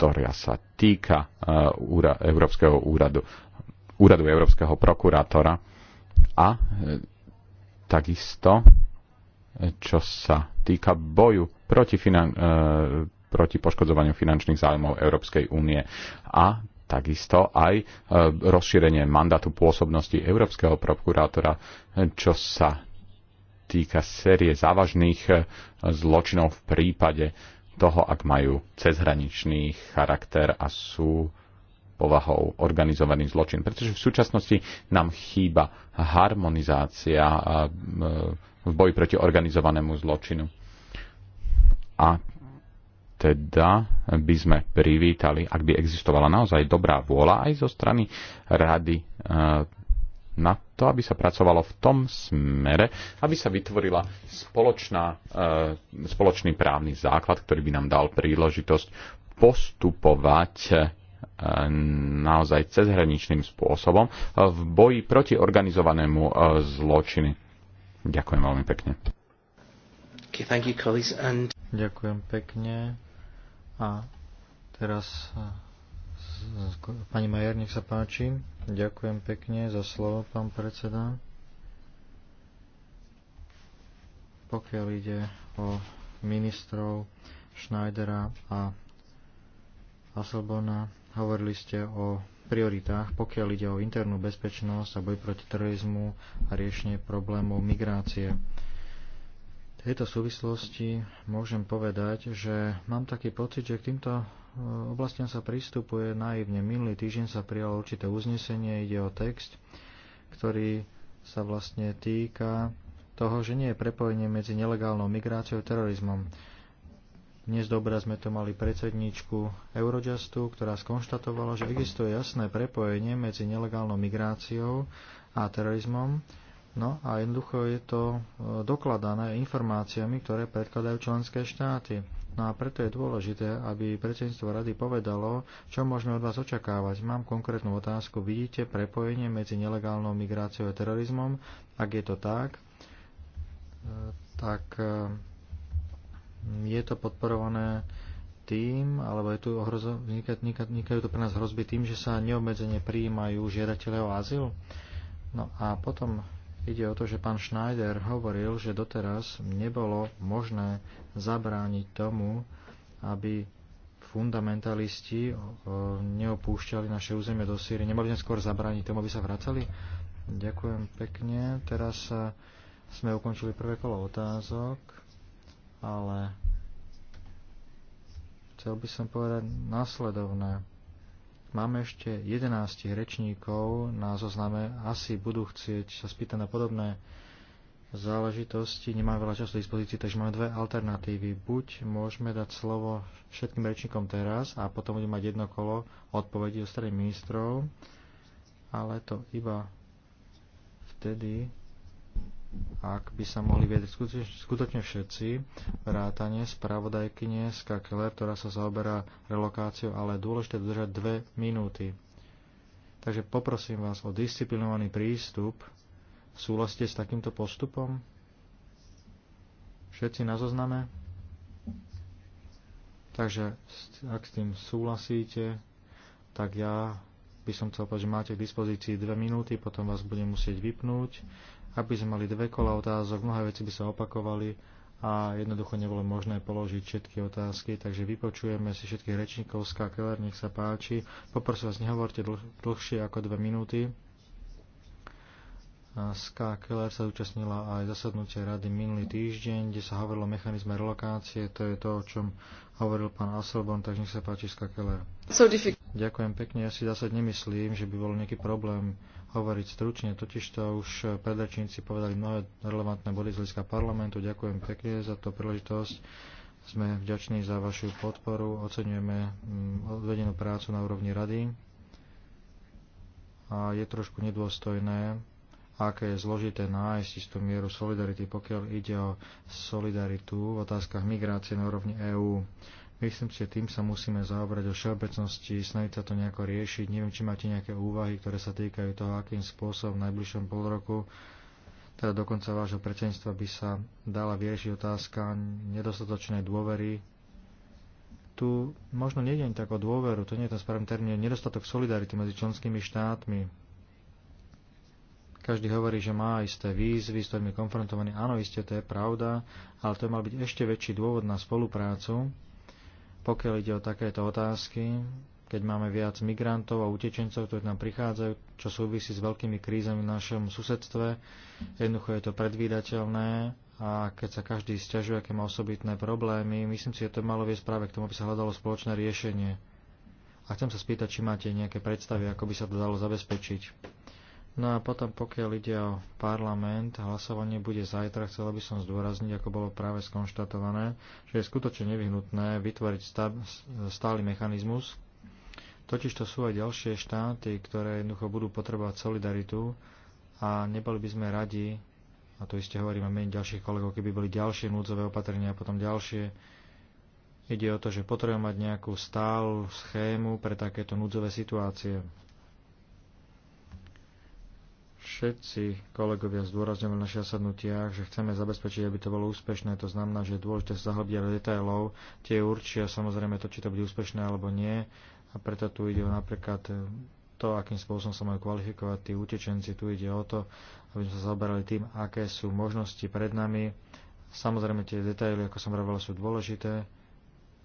ktorá sa týka e, Európskeho úradu, úradu Európskeho prokurátora a e, takisto, čo sa týka boju proti, finan- proti poškodzovaniu finančných zájmov Európskej únie a takisto aj e, rozšírenie mandátu pôsobnosti Európskeho prokurátora, e, čo sa týka série závažných e, zločinov v prípade toho, ak majú cezhraničný charakter a sú povahou organizovaný zločin. Pretože v súčasnosti nám chýba harmonizácia v boji proti organizovanému zločinu. A teda by sme privítali, ak by existovala naozaj dobrá vôľa aj zo strany rady eh, na to, aby sa pracovalo v tom smere, aby sa vytvorila spoločná, eh, spoločný právny základ, ktorý by nám dal príležitosť postupovať eh, naozaj cezhraničným spôsobom v boji proti organizovanému zločiny. Ďakujem veľmi pekne. Okay, you, And... Ďakujem pekne. A teraz e, pani Majer, nech sa páči. Ďakujem pekne za slovo, pán predseda. Pokiaľ ide o ministrov Schneidera a Hasselbona, hovorili ste o prioritách, pokiaľ ide o internú bezpečnosť a boj proti terorizmu a riešenie problémov migrácie tejto súvislosti môžem povedať, že mám taký pocit, že k týmto e, oblastiam sa pristupuje naivne. Minulý týždeň sa prijalo určité uznesenie, ide o text, ktorý sa vlastne týka toho, že nie je prepojenie medzi nelegálnou migráciou a terorizmom. Dnes dobra sme to mali predsedníčku Eurojustu, ktorá skonštatovala, že existuje jasné prepojenie medzi nelegálnou migráciou a terorizmom No a jednoducho je to e, dokladané informáciami, ktoré predkladajú členské štáty. No a preto je dôležité, aby predsedníctvo rady povedalo, čo môžeme od vás očakávať. Mám konkrétnu otázku. Vidíte prepojenie medzi nelegálnou migráciou a terorizmom? Ak je to tak, e, tak e, je to podporované tým, alebo je tu ohrozo, vznikajú to pre nás hrozby tým, že sa neobmedzene prijímajú žiadateľe o azyl. No a potom Ide o to, že pán Schneider hovoril, že doteraz nebolo možné zabrániť tomu, aby fundamentalisti e, neopúšťali naše územie do Sýrie. Nemali sme skôr zabrániť tomu, aby sa vracali? Ďakujem pekne. Teraz e, sme ukončili prvé kolo otázok, ale chcel by som povedať následovné. Máme ešte 11 rečníkov na zozname. Asi budú chcieť sa spýtať na podobné záležitosti. Nemám veľa času k dispozícii, takže máme dve alternatívy. Buď môžeme dať slovo všetkým rečníkom teraz a potom budeme mať jedno kolo odpovedí zo strany ministrov, ale to iba vtedy, ak by sa mohli viedeť skutočne všetci, vrátanie spravodajky Ska Keller, ktorá sa zaoberá relokáciou, ale je dôležité dodržať dve minúty. Takže poprosím vás o disciplinovaný prístup. Súhlasíte s takýmto postupom? Všetci na zozname? Takže ak s tým súhlasíte, tak ja by som chcel povedať, že máte k dispozícii dve minúty, potom vás budem musieť vypnúť aby sme mali dve kola otázok, mnohé veci by sa opakovali a jednoducho nebolo možné položiť všetky otázky, takže vypočujeme si všetkých rečníkov z KKR, nech sa páči. Poprosím vás, nehovorte dlh, dlhšie ako dve minúty. Ska Keller sa zúčastnila aj zasadnutie rady minulý týždeň, kde sa hovorilo o mechanizme relokácie, to je to, o čom hovoril pán Asselborn, takže nech sa páči Ska Keller. So Ďakujem pekne, ja si zase nemyslím, že by bol nejaký problém hovoriť stručne, Totiž to už predrečníci povedali mnohé relevantné body z hľadiska parlamentu. Ďakujem pekne za tú príležitosť. Sme vďační za vašu podporu, oceňujeme mm, odvedenú prácu na úrovni rady a je trošku nedôstojné, aké je zložité nájsť istú mieru solidarity, pokiaľ ide o solidaritu v otázkach migrácie na úrovni EÚ. Myslím si, že tým sa musíme zaobrať o všeobecnosti, snažiť sa to nejako riešiť. Neviem, či máte nejaké úvahy, ktoré sa týkajú toho, akým spôsobom v najbližšom pol roku, teda dokonca vášho predsedníctva by sa dala vyriešiť otázka nedostatočnej dôvery. Tu možno nejde ani tak o dôveru, to nie je ten správny termín, nedostatok solidarity medzi členskými štátmi. Každý hovorí, že má isté výzvy, s ktorými konfrontovaní. Áno, isté, to je pravda, ale to mal byť ešte väčší dôvod na spoluprácu pokiaľ ide o takéto otázky, keď máme viac migrantov a utečencov, ktorí nám prichádzajú, čo súvisí s veľkými krízami v našom susedstve. Jednoducho je to predvídateľné a keď sa každý stiažuje, aké má osobitné problémy, myslím si, že to malo viesť práve k tomu, aby sa hľadalo spoločné riešenie. A chcem sa spýtať, či máte nejaké predstavy, ako by sa to dalo zabezpečiť. No a potom, pokiaľ ide o parlament, hlasovanie bude zajtra. Chcela by som zdôrazniť, ako bolo práve skonštatované, že je skutočne nevyhnutné vytvoriť stály mechanizmus. Totiž to sú aj ďalšie štáty, ktoré jednoducho budú potrebovať solidaritu a neboli by sme radi, a to iste hovorím aj menej ďalších kolegov, keby boli ďalšie núdzové opatrenia a potom ďalšie. Ide o to, že potrebujeme mať nejakú stálu schému pre takéto núdzové situácie všetci kolegovia zdôrazňovali na našich zasadnutiach, že chceme zabezpečiť, aby to bolo úspešné. To znamená, že je dôležité sa zahlbiť do detailov. Tie určia samozrejme to, či to bude úspešné alebo nie. A preto tu ide o napríklad to, akým spôsobom sa majú kvalifikovať tí utečenci. Tu ide o to, aby sme sa zaoberali tým, aké sú možnosti pred nami. Samozrejme tie detaily, ako som hovoril, sú dôležité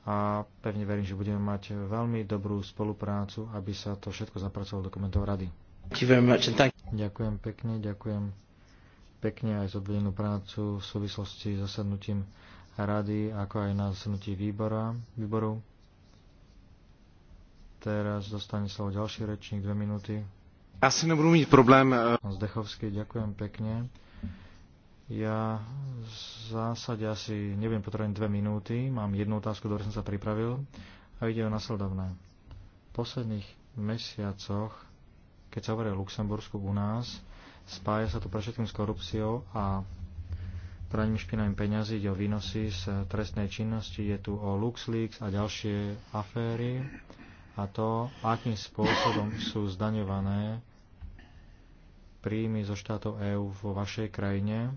a pevne verím, že budeme mať veľmi dobrú spoluprácu, aby sa to všetko zapracovalo do dokumentov rady. Ďakujem pekne, ďakujem pekne aj za odvedenú prácu v súvislosti s zasadnutím rady, ako aj na zasadnutí výbora, výboru. Teraz dostane slovo ďalší rečník, dve minúty. Ja si nebudu mít problém. Eh, Zdechovský, ďakujem pekne. Ja v zásade asi neviem potrebujem dve minúty. Mám jednu otázku, ktorú som sa pripravil. A ide o nasledovné. V posledných mesiacoch keď sa hovorí o Luxembursku u nás, spája sa to pre všetkým s korupciou a praním špinavým peňazí, ide o výnosy z eh, trestnej činnosti, je tu o LuxLeaks a ďalšie aféry a to, akým spôsobom sú zdaňované príjmy zo štátov EÚ vo vašej krajine.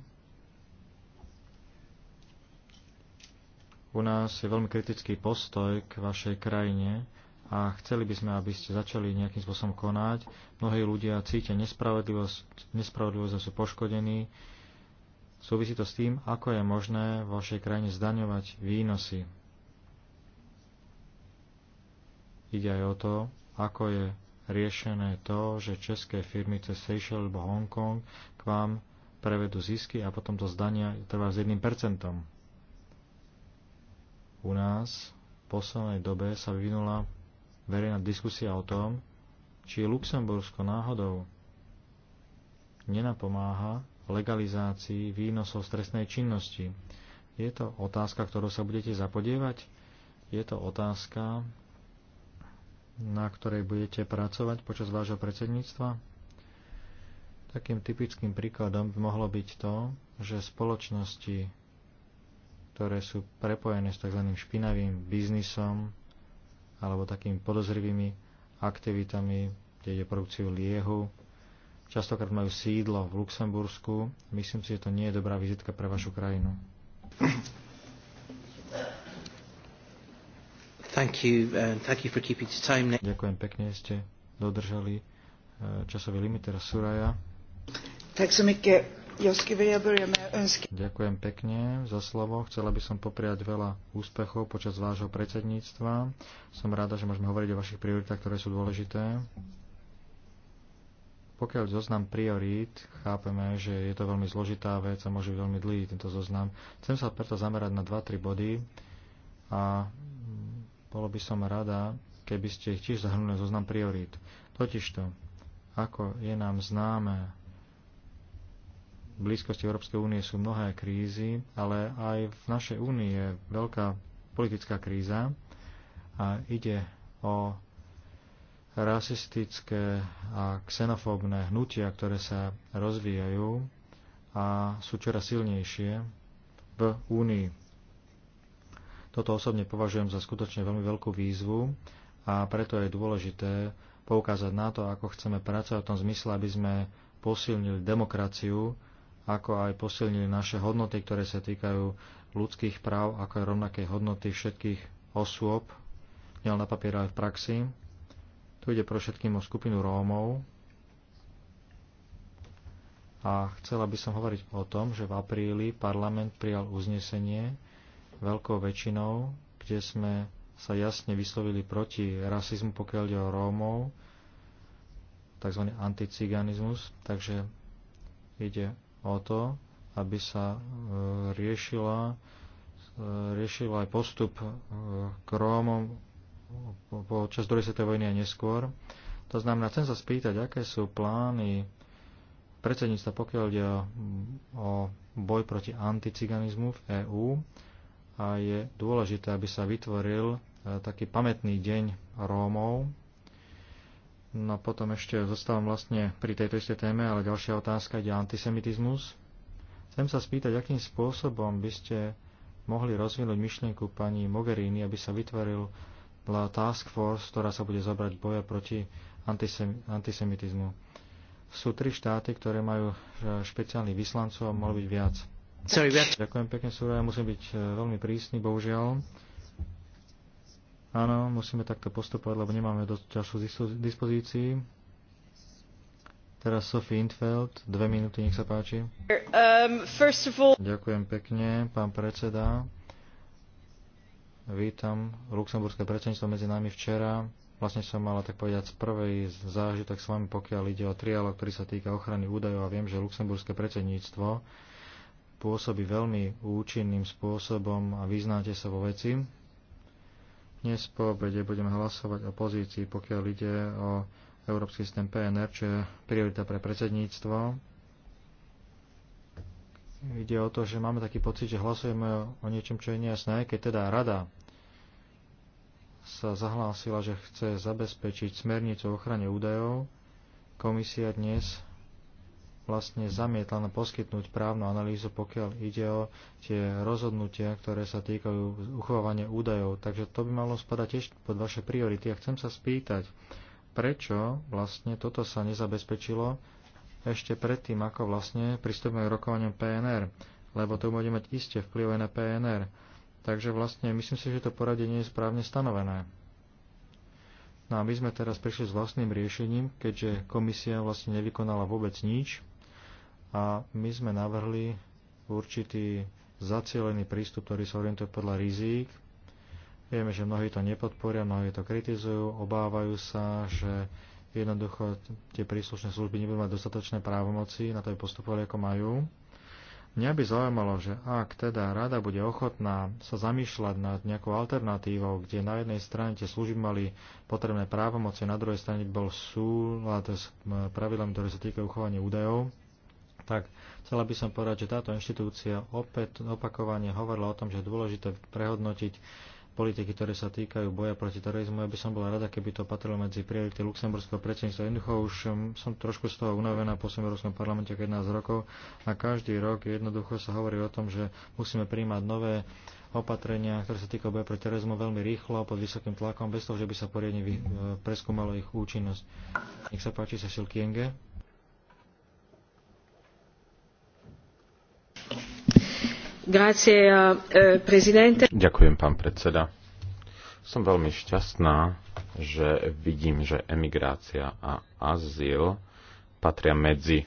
U nás je veľmi kritický postoj k vašej krajine, a chceli by sme, aby ste začali nejakým spôsobom konať. Mnohí ľudia cítia nespravodlivosť, nespravodlivosť a sú poškodení. Súvisí to s tým, ako je možné vo vašej krajine zdaňovať výnosy. Ide aj o to, ako je riešené to, že české firmy cez Seychelles alebo Hongkong k vám prevedú zisky a potom to zdania trvá s 1%. U nás v poslednej dobe sa vyvinula verejná diskusia o tom, či Luxembursko náhodou nenapomáha legalizácii výnosov stresnej činnosti. Je to otázka, ktorú sa budete zapodievať? Je to otázka, na ktorej budete pracovať počas vášho predsedníctva? Takým typickým príkladom by mohlo byť to, že spoločnosti, ktoré sú prepojené s tzv. špinavým biznisom, alebo takými podozrivými aktivitami, kde ide produkciu liehu. Častokrát majú sídlo v Luxembursku. Myslím si, že to nie je dobrá vizitka pre vašu krajinu. Thank you, uh, thank you for keeping the time. Ďakujem pekne, ste dodržali uh, časový limit, teraz Suraja. Tak som mycket. Eh, Ďakujem pekne za slovo. Chcela by som popriať veľa úspechov počas vášho predsedníctva. Som rada, že môžeme hovoriť o vašich prioritách, ktoré sú dôležité. Pokiaľ zoznam priorít, chápeme, že je to veľmi zložitá vec a môže byť veľmi dlhý tento zoznam. Chcem sa preto zamerať na 2-3 body a bolo by som rada, keby ste ich tiež zahrnuli zoznam priorít. Totižto, ako je nám známe, blízkosti Európskej únie sú mnohé krízy, ale aj v našej únii je veľká politická kríza a ide o rasistické a xenofóbne hnutia, ktoré sa rozvíjajú a sú čoraz silnejšie v únii. Toto osobne považujem za skutočne veľmi veľkú výzvu a preto je dôležité poukázať na to, ako chceme pracovať v tom zmysle, aby sme posilnili demokraciu ako aj posilnili naše hodnoty, ktoré sa týkajú ľudských práv, ako aj rovnaké hodnoty všetkých osôb, nielen na papier, ale aj v praxi. Tu ide pro všetkým o skupinu Rómov. A chcela by som hovoriť o tom, že v apríli parlament prijal uznesenie veľkou väčšinou, kde sme sa jasne vyslovili proti rasizmu, pokiaľ ide o Rómov, tzv. anticiganizmus, takže ide o to, aby sa e, riešila, e, riešila aj postup e, k Rómom počas druhej svetovej vojny a neskôr. To znamená, chcem sa spýtať, aké sú plány predsedníctva, pokiaľ ide o boj proti anticiganizmu v EÚ a je dôležité, aby sa vytvoril taký pamätný deň Rómov No potom ešte zostávam vlastne pri tejto istej téme, ale ďalšia otázka ide antisemitizmus. Chcem sa spýtať, akým spôsobom by ste mohli rozvinúť myšlienku pani Mogherini, aby sa vytvoril task force, ktorá sa bude zobrať boja proti antisem- antisemitizmu. Sú tri štáty, ktoré majú špeciálnych vyslancov a mohlo byť viac. Sorry, viac. Ďakujem pekne, Súra. ja musím byť e, veľmi prísny, bohužiaľ. Áno, musíme takto postupovať, lebo nemáme dosť času dispozícii. Teraz Sophie Intfeld, dve minúty, nech sa páči. Um, all... Ďakujem pekne, pán predseda. Vítam luxemburské predsedníctvo medzi nami včera. Vlastne som mala tak povedať z prvej zážitok s vami, pokiaľ ide o triálo, ktorý sa týka ochrany údajov a viem, že luxemburské predsedníctvo pôsobí veľmi účinným spôsobom a vyznáte sa vo veci. Dnes po obede budeme hlasovať o pozícii, pokiaľ ide o Európsky systém PNR, čo je priorita pre predsedníctvo. Ide o to, že máme taký pocit, že hlasujeme o niečom, čo je nejasné, keď teda rada sa zahlásila, že chce zabezpečiť smernicu o ochrane údajov, komisia dnes vlastne zamietla na poskytnúť právnu analýzu, pokiaľ ide o tie rozhodnutia, ktoré sa týkajú uchovávania údajov. Takže to by malo spadať tiež pod vaše priority. A chcem sa spýtať, prečo vlastne toto sa nezabezpečilo ešte predtým, ako vlastne pristúpime k rokovaniu PNR, lebo to bude mať iste vplyv na PNR. Takže vlastne myslím si, že to poradenie je správne stanovené. No a my sme teraz prišli s vlastným riešením, keďže komisia vlastne nevykonala vôbec nič a my sme navrhli určitý zacielený prístup, ktorý sa orientuje podľa rizík. Vieme, že mnohí to nepodporia, mnohí to kritizujú, obávajú sa, že jednoducho tie príslušné služby nebudú mať dostatočné právomoci na to, aby postupovali ako majú. Mňa by zaujímalo, že ak teda rada bude ochotná sa zamýšľať nad nejakou alternatívou, kde na jednej strane tie služby mali potrebné právomoci, na druhej strane bol súlad s pravidlami, ktoré sa týkajú uchovania údajov, tak. Chcela by som povedať, že táto inštitúcia opäť opakovane hovorila o tom, že je dôležité prehodnotiť politiky, ktoré sa týkajú boja proti terorizmu. Ja by som bola rada, keby to patrilo medzi priority luxemburského predsedníctva. Jednoducho už um, som trošku z toho unavená po Európskom parlamente 11 rokov a každý rok jednoducho sa hovorí o tom, že musíme príjmať nové opatrenia, ktoré sa týkajú boja proti terorizmu veľmi rýchlo, pod vysokým tlakom, bez toho, že by sa poriadne uh, preskúmalo ich účinnosť. Nech sa páči, sa Kienge. Eh, eh, Ďakujem, pán predseda. Som veľmi šťastná, že vidím, že emigrácia a azyl patria medzi eh,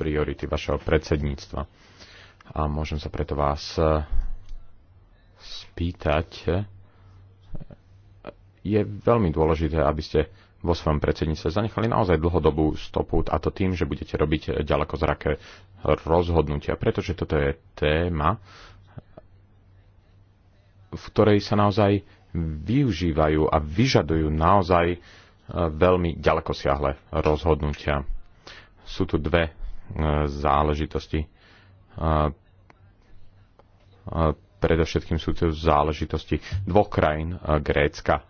priority vašeho predsedníctva. A môžem sa preto vás spýtať. Je veľmi dôležité, aby ste vo svojom predsedníctve zanechali naozaj dlhodobú stopu, a to tým, že budete robiť ďaleko rozhodnutia, pretože toto je téma, v ktorej sa naozaj využívajú a vyžadujú naozaj e, veľmi ďalekosiahle rozhodnutia. Sú tu dve e, záležitosti. E, predovšetkým sú to záležitosti dvoch krajín, Grécka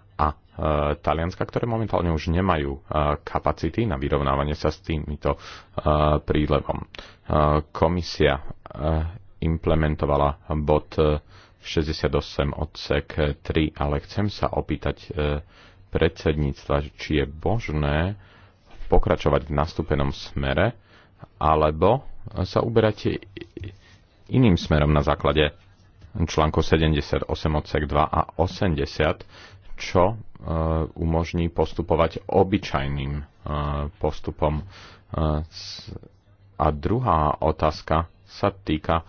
E, Talianska, ktoré momentálne už nemajú e, kapacity na vyrovnávanie sa s týmito e, prílevom. Komisia implementovala bod 68 odsek 3, ale chcem sa opýtať predsedníctva, či je možné pokračovať v nastúpenom smere, alebo sa uberať iným smerom na základe článku 78 odsek 2 a 80, čo e, umožní postupovať obyčajným e, postupom. E, a druhá otázka sa týka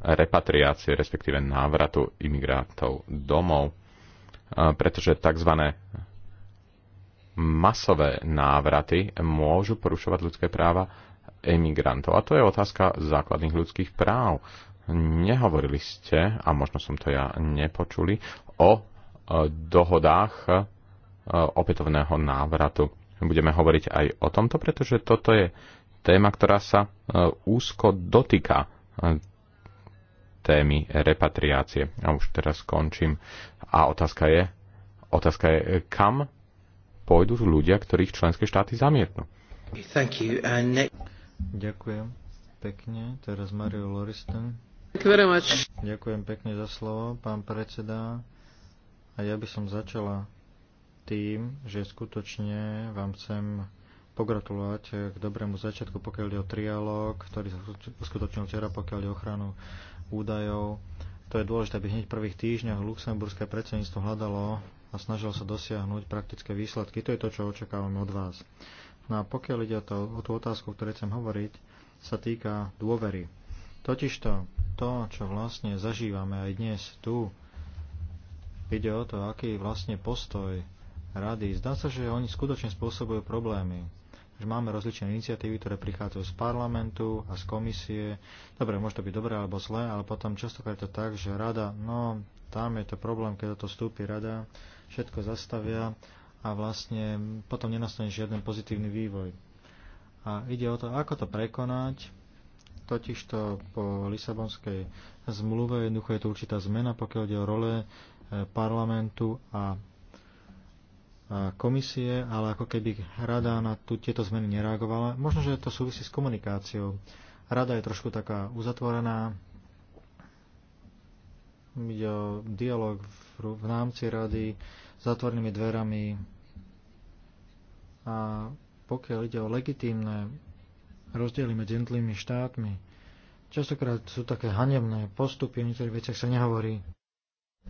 repatriácie, respektíve návratu imigrátov domov, pretože tzv. masové návraty môžu porušovať ľudské práva emigrantov. A to je otázka základných ľudských práv. Nehovorili ste, a možno som to ja nepočuli, o dohodách e, opätovného návratu. Budeme hovoriť aj o tomto, pretože toto je téma, ktorá sa e, úzko dotýka e, témy repatriácie. A už teraz končím. A otázka je, otázka je kam pôjdu ľudia, ktorých členské štáty zamietnú. Uh, Ďakujem pekne. Teraz Mario Loriston. Ďakujem pekne za slovo, pán predseda. A ja by som začala tým, že skutočne vám chcem pogratulovať k dobrému začiatku, pokiaľ ide o trialóg, ktorý sa uskutočnil včera, pokiaľ ide o ochranu údajov. To je dôležité, aby hneď v prvých týždňoch luxemburské predsedníctvo hľadalo a snažilo sa dosiahnuť praktické výsledky. To je to, čo očakávame od vás. No a pokiaľ ide o, to, o tú otázku, o ktorej chcem hovoriť, sa týka dôvery. Totižto to, čo vlastne zažívame aj dnes tu Ide o to, aký je vlastne postoj rady. Zdá sa, že oni skutočne spôsobujú problémy. Že máme rozličné iniciatívy, ktoré prichádzajú z parlamentu a z komisie. Dobre, môže to byť dobré alebo zlé, ale potom častokrát je to tak, že rada, no tam je to problém, keď to vstúpi rada, všetko zastavia a vlastne potom nenastane žiaden pozitívny vývoj. A ide o to, ako to prekonať, totižto po Lisabonskej zmluve, jednoducho je to určitá zmena, pokiaľ ide o role parlamentu a komisie, ale ako keby rada na tu, tieto zmeny nereagovala. Možno, že to súvisí s komunikáciou. Rada je trošku taká uzatvorená. Ide o dialog v, v námci rady s zatvorenými dverami. A pokiaľ ide o legitímne rozdiely medzi jednotlivými štátmi, častokrát sú také hanebné postupy, o niektorých veciach sa nehovorí.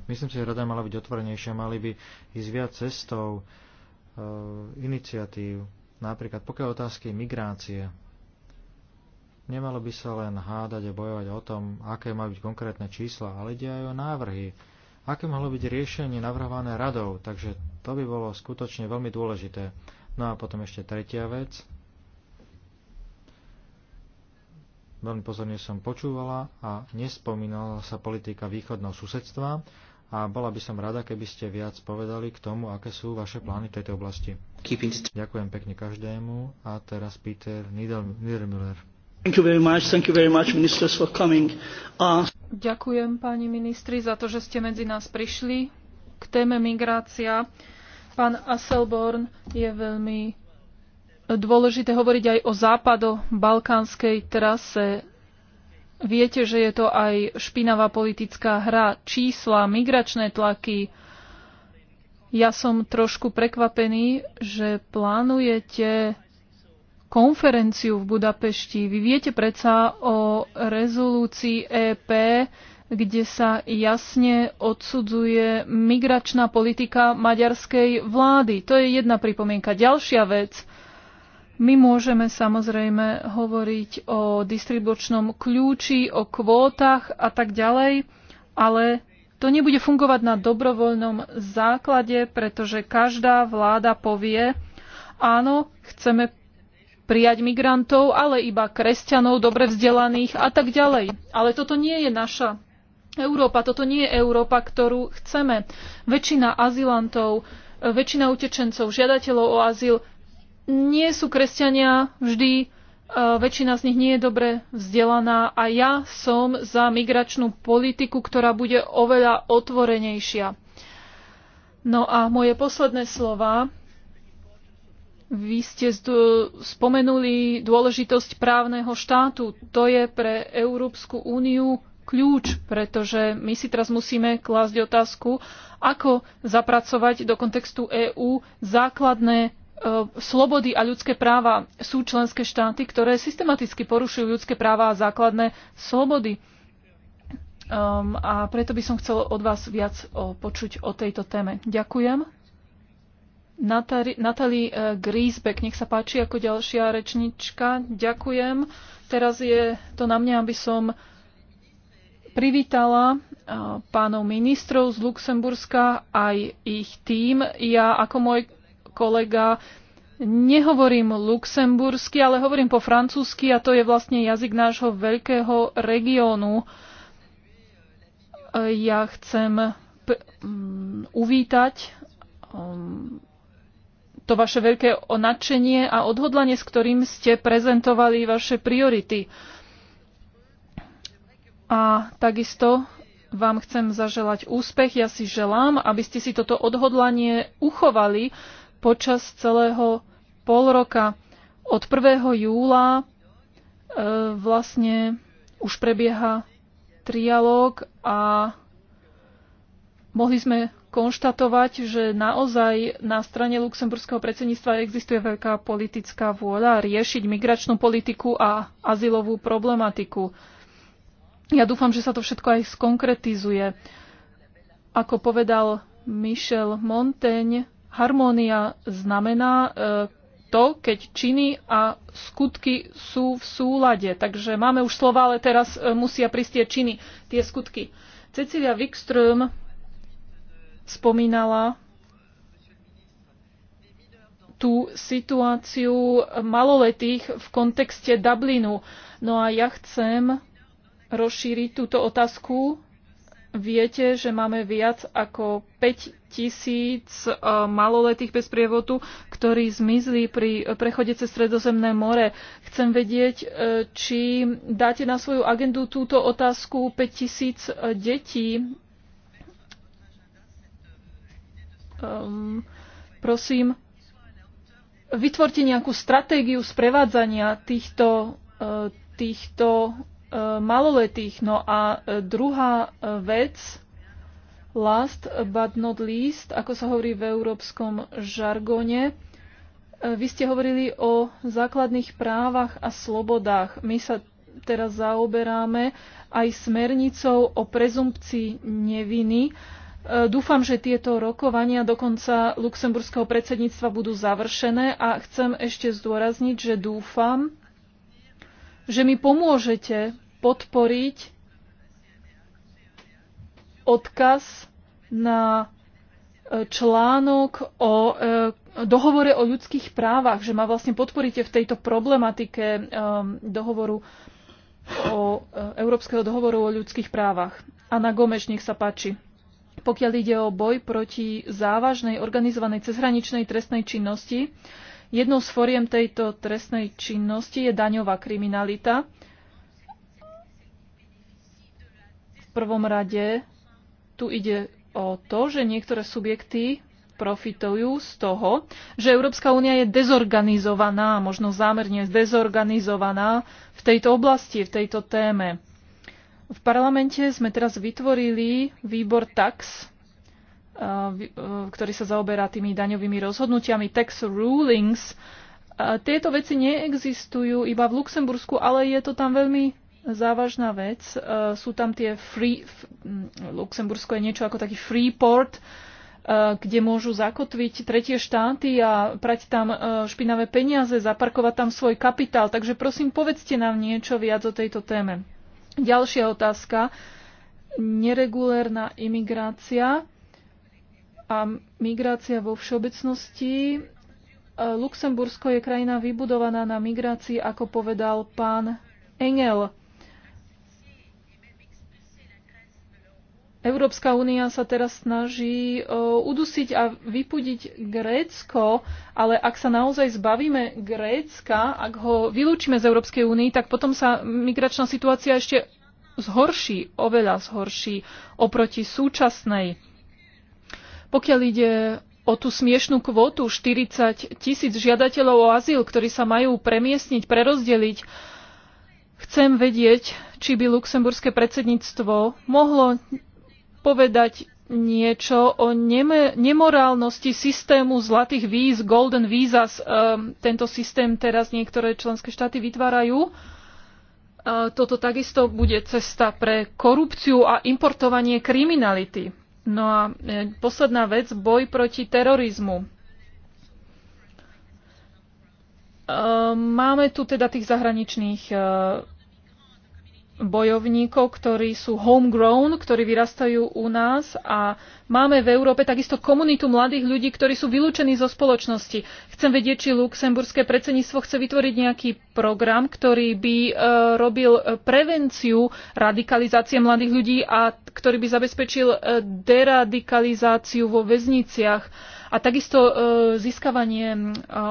Myslím si, že rada mala byť otvorenejšia, mali by ísť viac cestou e, iniciatív, napríklad pokiaľ otázky migrácie. Nemalo by sa len hádať a bojovať o tom, aké majú byť konkrétne čísla, ale ide aj o návrhy, aké mohlo byť riešenie navrhované radou, takže to by bolo skutočne veľmi dôležité. No a potom ešte tretia vec. Veľmi pozorne som počúvala a nespomínala sa politika východného susedstva a bola by som rada, keby ste viac povedali k tomu, aké sú vaše plány v tejto oblasti. Ďakujem pekne každému a teraz Peter Niedermüller. Ďakujem páni ministri za to, že ste medzi nás prišli k téme migrácia. Pán Asselborn je veľmi dôležité hovoriť aj o západo-balkánskej trase Viete, že je to aj špinavá politická hra, čísla, migračné tlaky. Ja som trošku prekvapený, že plánujete konferenciu v Budapešti. Vy viete predsa o rezolúcii EP, kde sa jasne odsudzuje migračná politika maďarskej vlády. To je jedna pripomienka. Ďalšia vec my môžeme samozrejme hovoriť o distribučnom kľúči, o kvótach a tak ďalej, ale to nebude fungovať na dobrovoľnom základe, pretože každá vláda povie, áno, chceme prijať migrantov, ale iba kresťanov, dobre vzdelaných a tak ďalej. Ale toto nie je naša Európa, toto nie je Európa, ktorú chceme. Väčšina azylantov, väčšina utečencov, žiadateľov o azyl nie sú kresťania vždy, e, väčšina z nich nie je dobre vzdelaná a ja som za migračnú politiku, ktorá bude oveľa otvorenejšia. No a moje posledné slova. Vy ste spomenuli dôležitosť právneho štátu. To je pre Európsku úniu kľúč, pretože my si teraz musíme klásť otázku, ako zapracovať do kontextu EÚ základné E, slobody a ľudské práva sú členské štáty, ktoré systematicky porušujú ľudské práva a základné slobody. Um, a preto by som chcel od vás viac o, e, počuť o tejto téme. Ďakujem. Natalie Griesbeck, nech sa páči ako ďalšia rečnička. Ďakujem. Teraz je to na mňa, aby som privítala e, pánov ministrov z Luxemburska aj ich tým. Ja ako môj kolega. Nehovorím luxembursky, ale hovorím po francúzsky a to je vlastne jazyk nášho veľkého regiónu. Ja chcem mm, uvítať mm, to vaše veľké nadšenie a odhodlanie, s ktorým ste prezentovali vaše priority. A takisto vám chcem zaželať úspech. Ja si želám, aby ste si toto odhodlanie uchovali, počas celého pol roka. Od 1. júla e, vlastne už prebieha trialóg a mohli sme konštatovať, že naozaj na strane luxemburského predsedníctva existuje veľká politická vôľa riešiť migračnú politiku a azylovú problematiku. Ja dúfam, že sa to všetko aj skonkretizuje. Ako povedal Michel Montaigne, Harmónia znamená e, to, keď činy a skutky sú v súlade. Takže máme už slova, ale teraz e, musia prísť tie činy, tie skutky. Cecilia Wikström spomínala tú situáciu maloletých v kontexte Dublinu. No a ja chcem rozšíriť túto otázku. Viete, že máme viac ako 5 tisíc eh, maloletých bez prievodu, ktorí zmizli pri prechode cez Stredozemné more. Chcem vedieť, eh, či dáte na svoju agendu túto otázku 5 tisíc eh, detí. Ehm, prosím, vytvorte nejakú stratégiu sprevádzania týchto, týchto maloletých. No a druhá vec, Last but not least, ako sa hovorí v európskom žargone, e, vy ste hovorili o základných právach a slobodách. My sa teraz zaoberáme aj smernicou o prezumpcii neviny. E, dúfam, že tieto rokovania do konca luxemburského predsedníctva budú završené a chcem ešte zdôrazniť, že dúfam, že mi pomôžete podporiť odkaz na e, článok o e, dohovore o ľudských právach, že ma vlastne podporíte v tejto problematike e, dohovoru o Európskeho dohovoru o ľudských právach. Anna Gomeš, nech sa páči. Pokiaľ ide o boj proti závažnej organizovanej cezhraničnej trestnej činnosti, jednou z foriem tejto trestnej činnosti je daňová kriminalita. V prvom rade tu ide o to, že niektoré subjekty profitujú z toho, že Európska únia je dezorganizovaná, možno zámerne dezorganizovaná v tejto oblasti, v tejto téme. V parlamente sme teraz vytvorili výbor tax, ktorý sa zaoberá tými daňovými rozhodnutiami, tax rulings. Tieto veci neexistujú iba v Luxembursku, ale je to tam veľmi závažná vec. E, sú tam tie free... Luxembursko je niečo ako taký free port, e, kde môžu zakotviť tretie štáty a prať tam e, špinavé peniaze, zaparkovať tam svoj kapitál. Takže prosím, povedzte nám niečo viac o tejto téme. Ďalšia otázka. Neregulérna imigrácia a migrácia vo všeobecnosti. Luxembursko je krajina vybudovaná na migrácii, ako povedal pán Engel. Európska únia sa teraz snaží e, udusiť a vypudiť Grécko, ale ak sa naozaj zbavíme Grécka, ak ho vylúčime z Európskej únie, tak potom sa migračná situácia ešte zhorší, oveľa zhorší oproti súčasnej. Pokiaľ ide o tú smiešnú kvotu 40 tisíc žiadateľov o azyl, ktorí sa majú premiestniť, prerozdeliť. Chcem vedieť, či by luxemburské predsedníctvo mohlo povedať niečo o nemorálnosti systému zlatých víz, golden visas. Ehm, tento systém teraz niektoré členské štáty vytvárajú. Ehm, toto takisto bude cesta pre korupciu a importovanie kriminality. No a e, posledná vec, boj proti terorizmu. Ehm, máme tu teda tých zahraničných e, bojovníkov, ktorí sú homegrown, ktorí vyrastajú u nás a máme v Európe takisto komunitu mladých ľudí, ktorí sú vylúčení zo spoločnosti. Chcem vedieť, či luxemburské predsedníctvo chce vytvoriť nejaký program, ktorý by e, robil e, prevenciu radikalizácie mladých ľudí a ktorý by zabezpečil e, deradikalizáciu vo väzniciach a takisto e, získavanie e,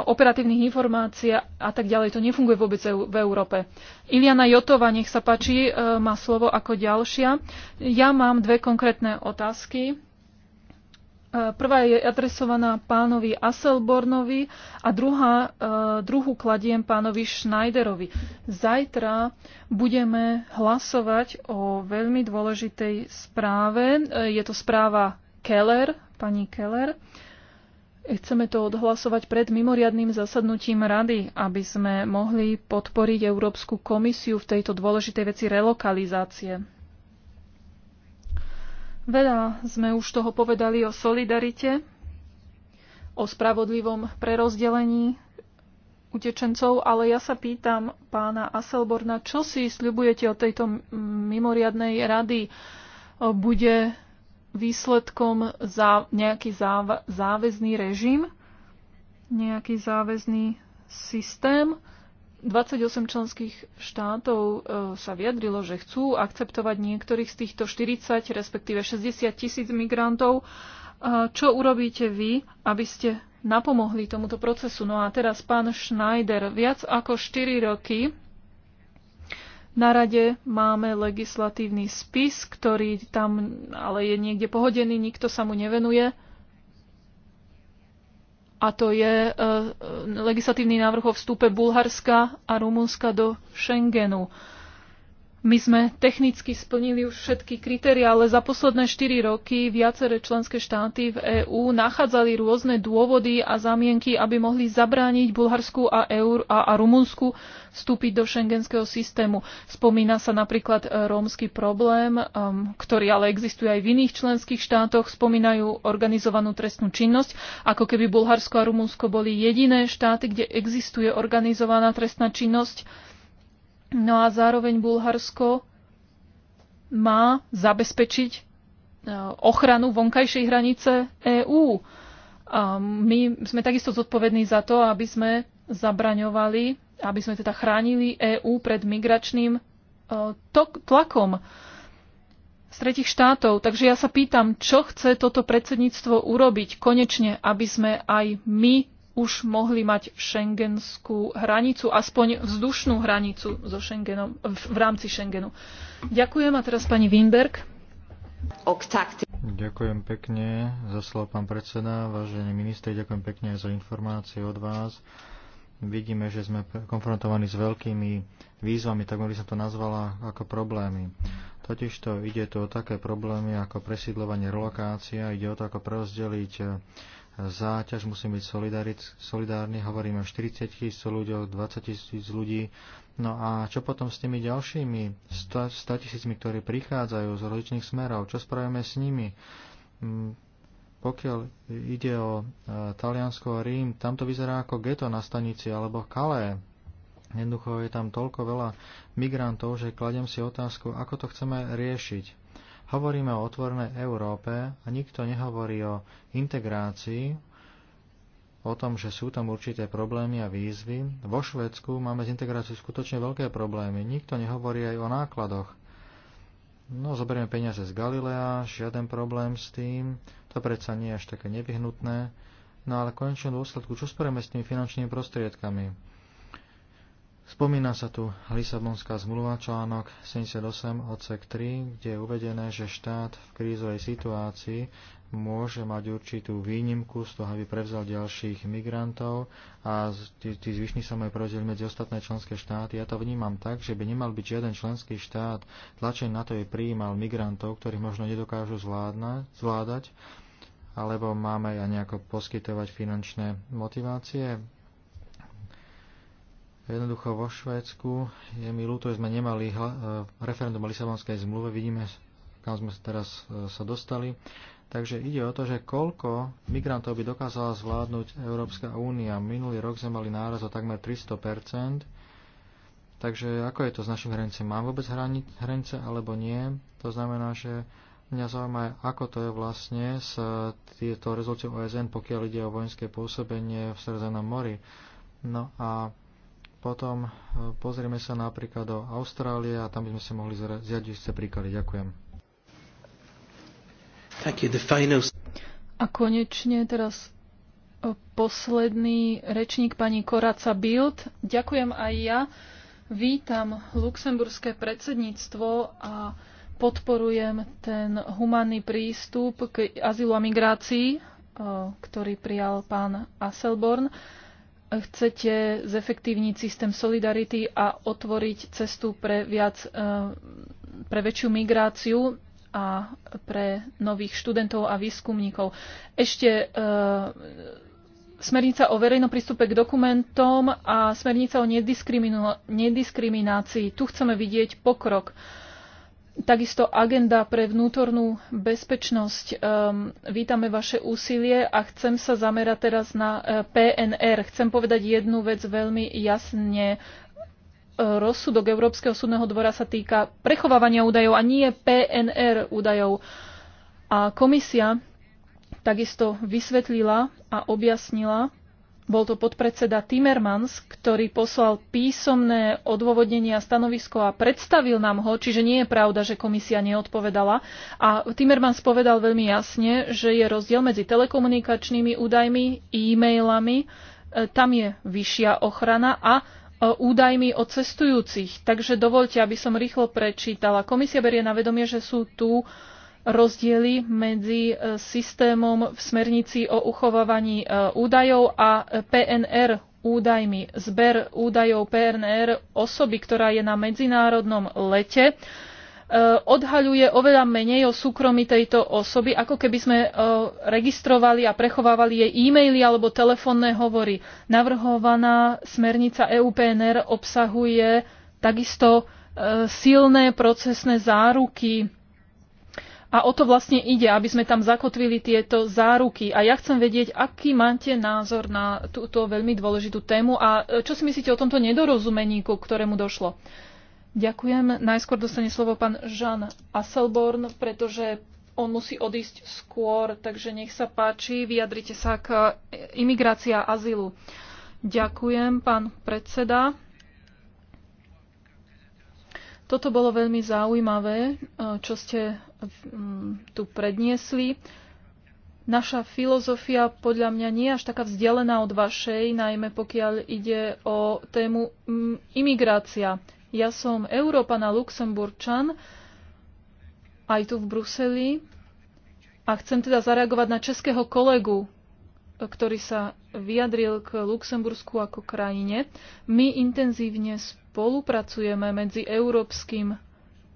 operatívnych informácií a tak ďalej, to nefunguje vôbec v Európe. Iliana Jotova, nech sa páči, e, má slovo ako ďalšia. Ja mám dve konkrétne otázky. Prvá je adresovaná pánovi Asselbornovi a druhá, druhú kladiem pánovi Schneiderovi. Zajtra budeme hlasovať o veľmi dôležitej správe. Je to správa Keller, pani Keller. Chceme to odhlasovať pred mimoriadným zasadnutím rady, aby sme mohli podporiť Európsku komisiu v tejto dôležitej veci relokalizácie. Veľa sme už toho povedali o solidarite, o spravodlivom prerozdelení utečencov, ale ja sa pýtam pána Aselborna, čo si sľubujete od tejto mimoriadnej rady? Bude výsledkom za nejaký záv- záväzný režim, nejaký záväzný systém. 28 členských štátov e, sa vyjadrilo, že chcú akceptovať niektorých z týchto 40, respektíve 60 tisíc migrantov. E, čo urobíte vy, aby ste napomohli tomuto procesu? No a teraz pán Schneider, viac ako 4 roky na rade máme legislatívny spis, ktorý tam ale je niekde pohodený, nikto sa mu nevenuje. A to je e, e legislatívny návrh o vstupe Bulharska a Rumunska do Schengenu. E, my sme technicky splnili už všetky kritéria, ale za posledné 4 roky viaceré členské štáty v EÚ nachádzali rôzne dôvody a zamienky, aby mohli zabrániť Bulharsku a, Eur a, a Rumunsku vstúpiť do šengenského systému. Spomína sa napríklad e, rómsky problém, um, ktorý ale existuje aj v iných členských štátoch. Spomínajú organizovanú trestnú činnosť, ako keby Bulharsko a Rumunsko boli jediné štáty, kde existuje organizovaná trestná činnosť No a zároveň Bulharsko má zabezpečiť e, ochranu vonkajšej hranice EÚ. A my sme takisto zodpovední za to, aby sme zabraňovali, aby sme teda chránili EÚ pred migračným e, tlakom z tretich štátov. Takže ja sa pýtam, čo chce toto predsedníctvo urobiť konečne, aby sme aj my už mohli mať šengenskú hranicu, aspoň vzdušnú hranicu so Schengenom, v, v rámci Schengenu. Ďakujem a teraz pani Winberg. Ďakujem pekne za slovo, pán predseda, vážení ministri, ďakujem pekne aj za informácie od vás. Vidíme, že sme konfrontovaní s veľkými výzvami, tak by som to nazvala ako problémy. Totižto ide tu to o také problémy ako presídlovanie, relokácia, ide o to, ako prerozdeliť eh, záťaž, musíme byť solidárni, hovoríme o 40 tisíc ľudí, 20 tisíc ľudí. No a čo potom s tými ďalšími 100 tisícmi, ktorí prichádzajú z rozličných smerov? Čo spravíme s nimi? Mm, pokiaľ ide o e, Taliansko a Rím, tam to vyzerá ako geto na stanici alebo kalé. Jednoducho je tam toľko veľa migrantov, že kladem si otázku, ako to chceme riešiť. Hovoríme o otvorenej Európe a nikto nehovorí o integrácii, o tom, že sú tam určité problémy a výzvy. Vo Švedsku máme z integráciou skutočne veľké problémy. Nikto nehovorí aj o nákladoch. No, zoberieme peniaze z Galilea, žiaden problém s tým, to predsa nie je až také nevyhnutné. No ale v konečnom dôsledku, čo spravíme s tými finančnými prostriedkami? Spomína sa tu Lisabonská zmluva článok 78 odsek 3, kde je uvedené, že štát v krízovej situácii môže mať určitú výnimku z toho, aby prevzal ďalších migrantov a tí, zvyšní sa majú prevzeli medzi ostatné členské štáty. Ja to vnímam tak, že by nemal byť žiaden členský štát tlačený na to, aby prijímal migrantov, ktorých možno nedokážu zvládať, alebo máme aj nejako poskytovať finančné motivácie Jednoducho vo Švédsku je mi ľúto, že sme nemali e, referendum o Lisabonskej zmluve. Vidíme, kam sme teraz e, sa dostali. Takže ide o to, že koľko migrantov by dokázala zvládnuť Európska únia. Minulý rok sme mali náraz o takmer 300%. Takže ako je to s našim hranicem? Mám vôbec hranice alebo nie? To znamená, že mňa zaujíma, ako to je vlastne s e, tieto rezolúciou OSN, pokiaľ ide o vojenské pôsobenie v Sredozemnom mori. No a potom e, pozrieme sa napríklad do Austrálie a tam by sme sa mohli zjadiť príklady. Ďakujem. A konečne teraz e, posledný rečník pani Koraca Bild. Ďakujem aj ja. Vítam luxemburské predsedníctvo a podporujem ten humanný prístup k azylu a migrácii, e, ktorý prijal pán Asselborn chcete zefektívniť systém solidarity a otvoriť cestu pre, viac, e, pre väčšiu migráciu a pre nových študentov a výskumníkov. Ešte e, smernica o verejnom prístupe k dokumentom a smernica o nediskriminácii. Tu chceme vidieť pokrok. Takisto agenda pre vnútornú bezpečnosť. Um, vítame vaše úsilie a chcem sa zamerať teraz na e, PNR. Chcem povedať jednu vec veľmi jasne. E, rozsudok Európskeho súdneho dvora sa týka prechovávania údajov a nie PNR údajov. A komisia takisto vysvetlila a objasnila, bol to podpredseda Timmermans, ktorý poslal písomné odôvodnenie a stanovisko a predstavil nám ho, čiže nie je pravda, že komisia neodpovedala. A Timmermans povedal veľmi jasne, že je rozdiel medzi telekomunikačnými údajmi, e-mailami, e, tam je vyššia ochrana a e, údajmi o cestujúcich. Takže dovolte, aby som rýchlo prečítala. Komisia berie na vedomie, že sú tu uh, rozdiely medzi e, systémom v smernici o uchovávaní e, údajov a e, PNR údajmi. Zber údajov PNR osoby, ktorá je na medzinárodnom lete, odhaľuje oveľa menej o súkromí tejto osoby, ako keby sme registrovali a prechovávali jej e-maily alebo telefónne hovory. Navrhovaná smernica EUPNR obsahuje takisto silné procesné záruky a o to vlastne ide, aby sme tam zakotvili tieto záruky. A ja chcem vedieť, aký máte názor na túto veľmi dôležitú tému a e, čo si myslíte o tomto nedorozumení, ku ktorému došlo. Ďakujem. Najskôr dostane slovo pán Žan Asselborn, pretože on musí odísť skôr, takže nech sa páči, vyjadrite sa k e, imigrácia azylu. Ďakujem, pán predseda. Toto bolo veľmi zaujímavé, eh, čo ste mm, tu predniesli. Naša filozofia podľa mňa nie je až taká vzdelená od vašej, najmä pokiaľ ide o tému mm, imigrácia. Ja som Európana Luxemburčan, aj tu v Bruseli. A chcem teda zareagovať na českého kolegu, ktorý sa vyjadril k Luxembursku ako krajine. My intenzívne spolupracujeme medzi Európskym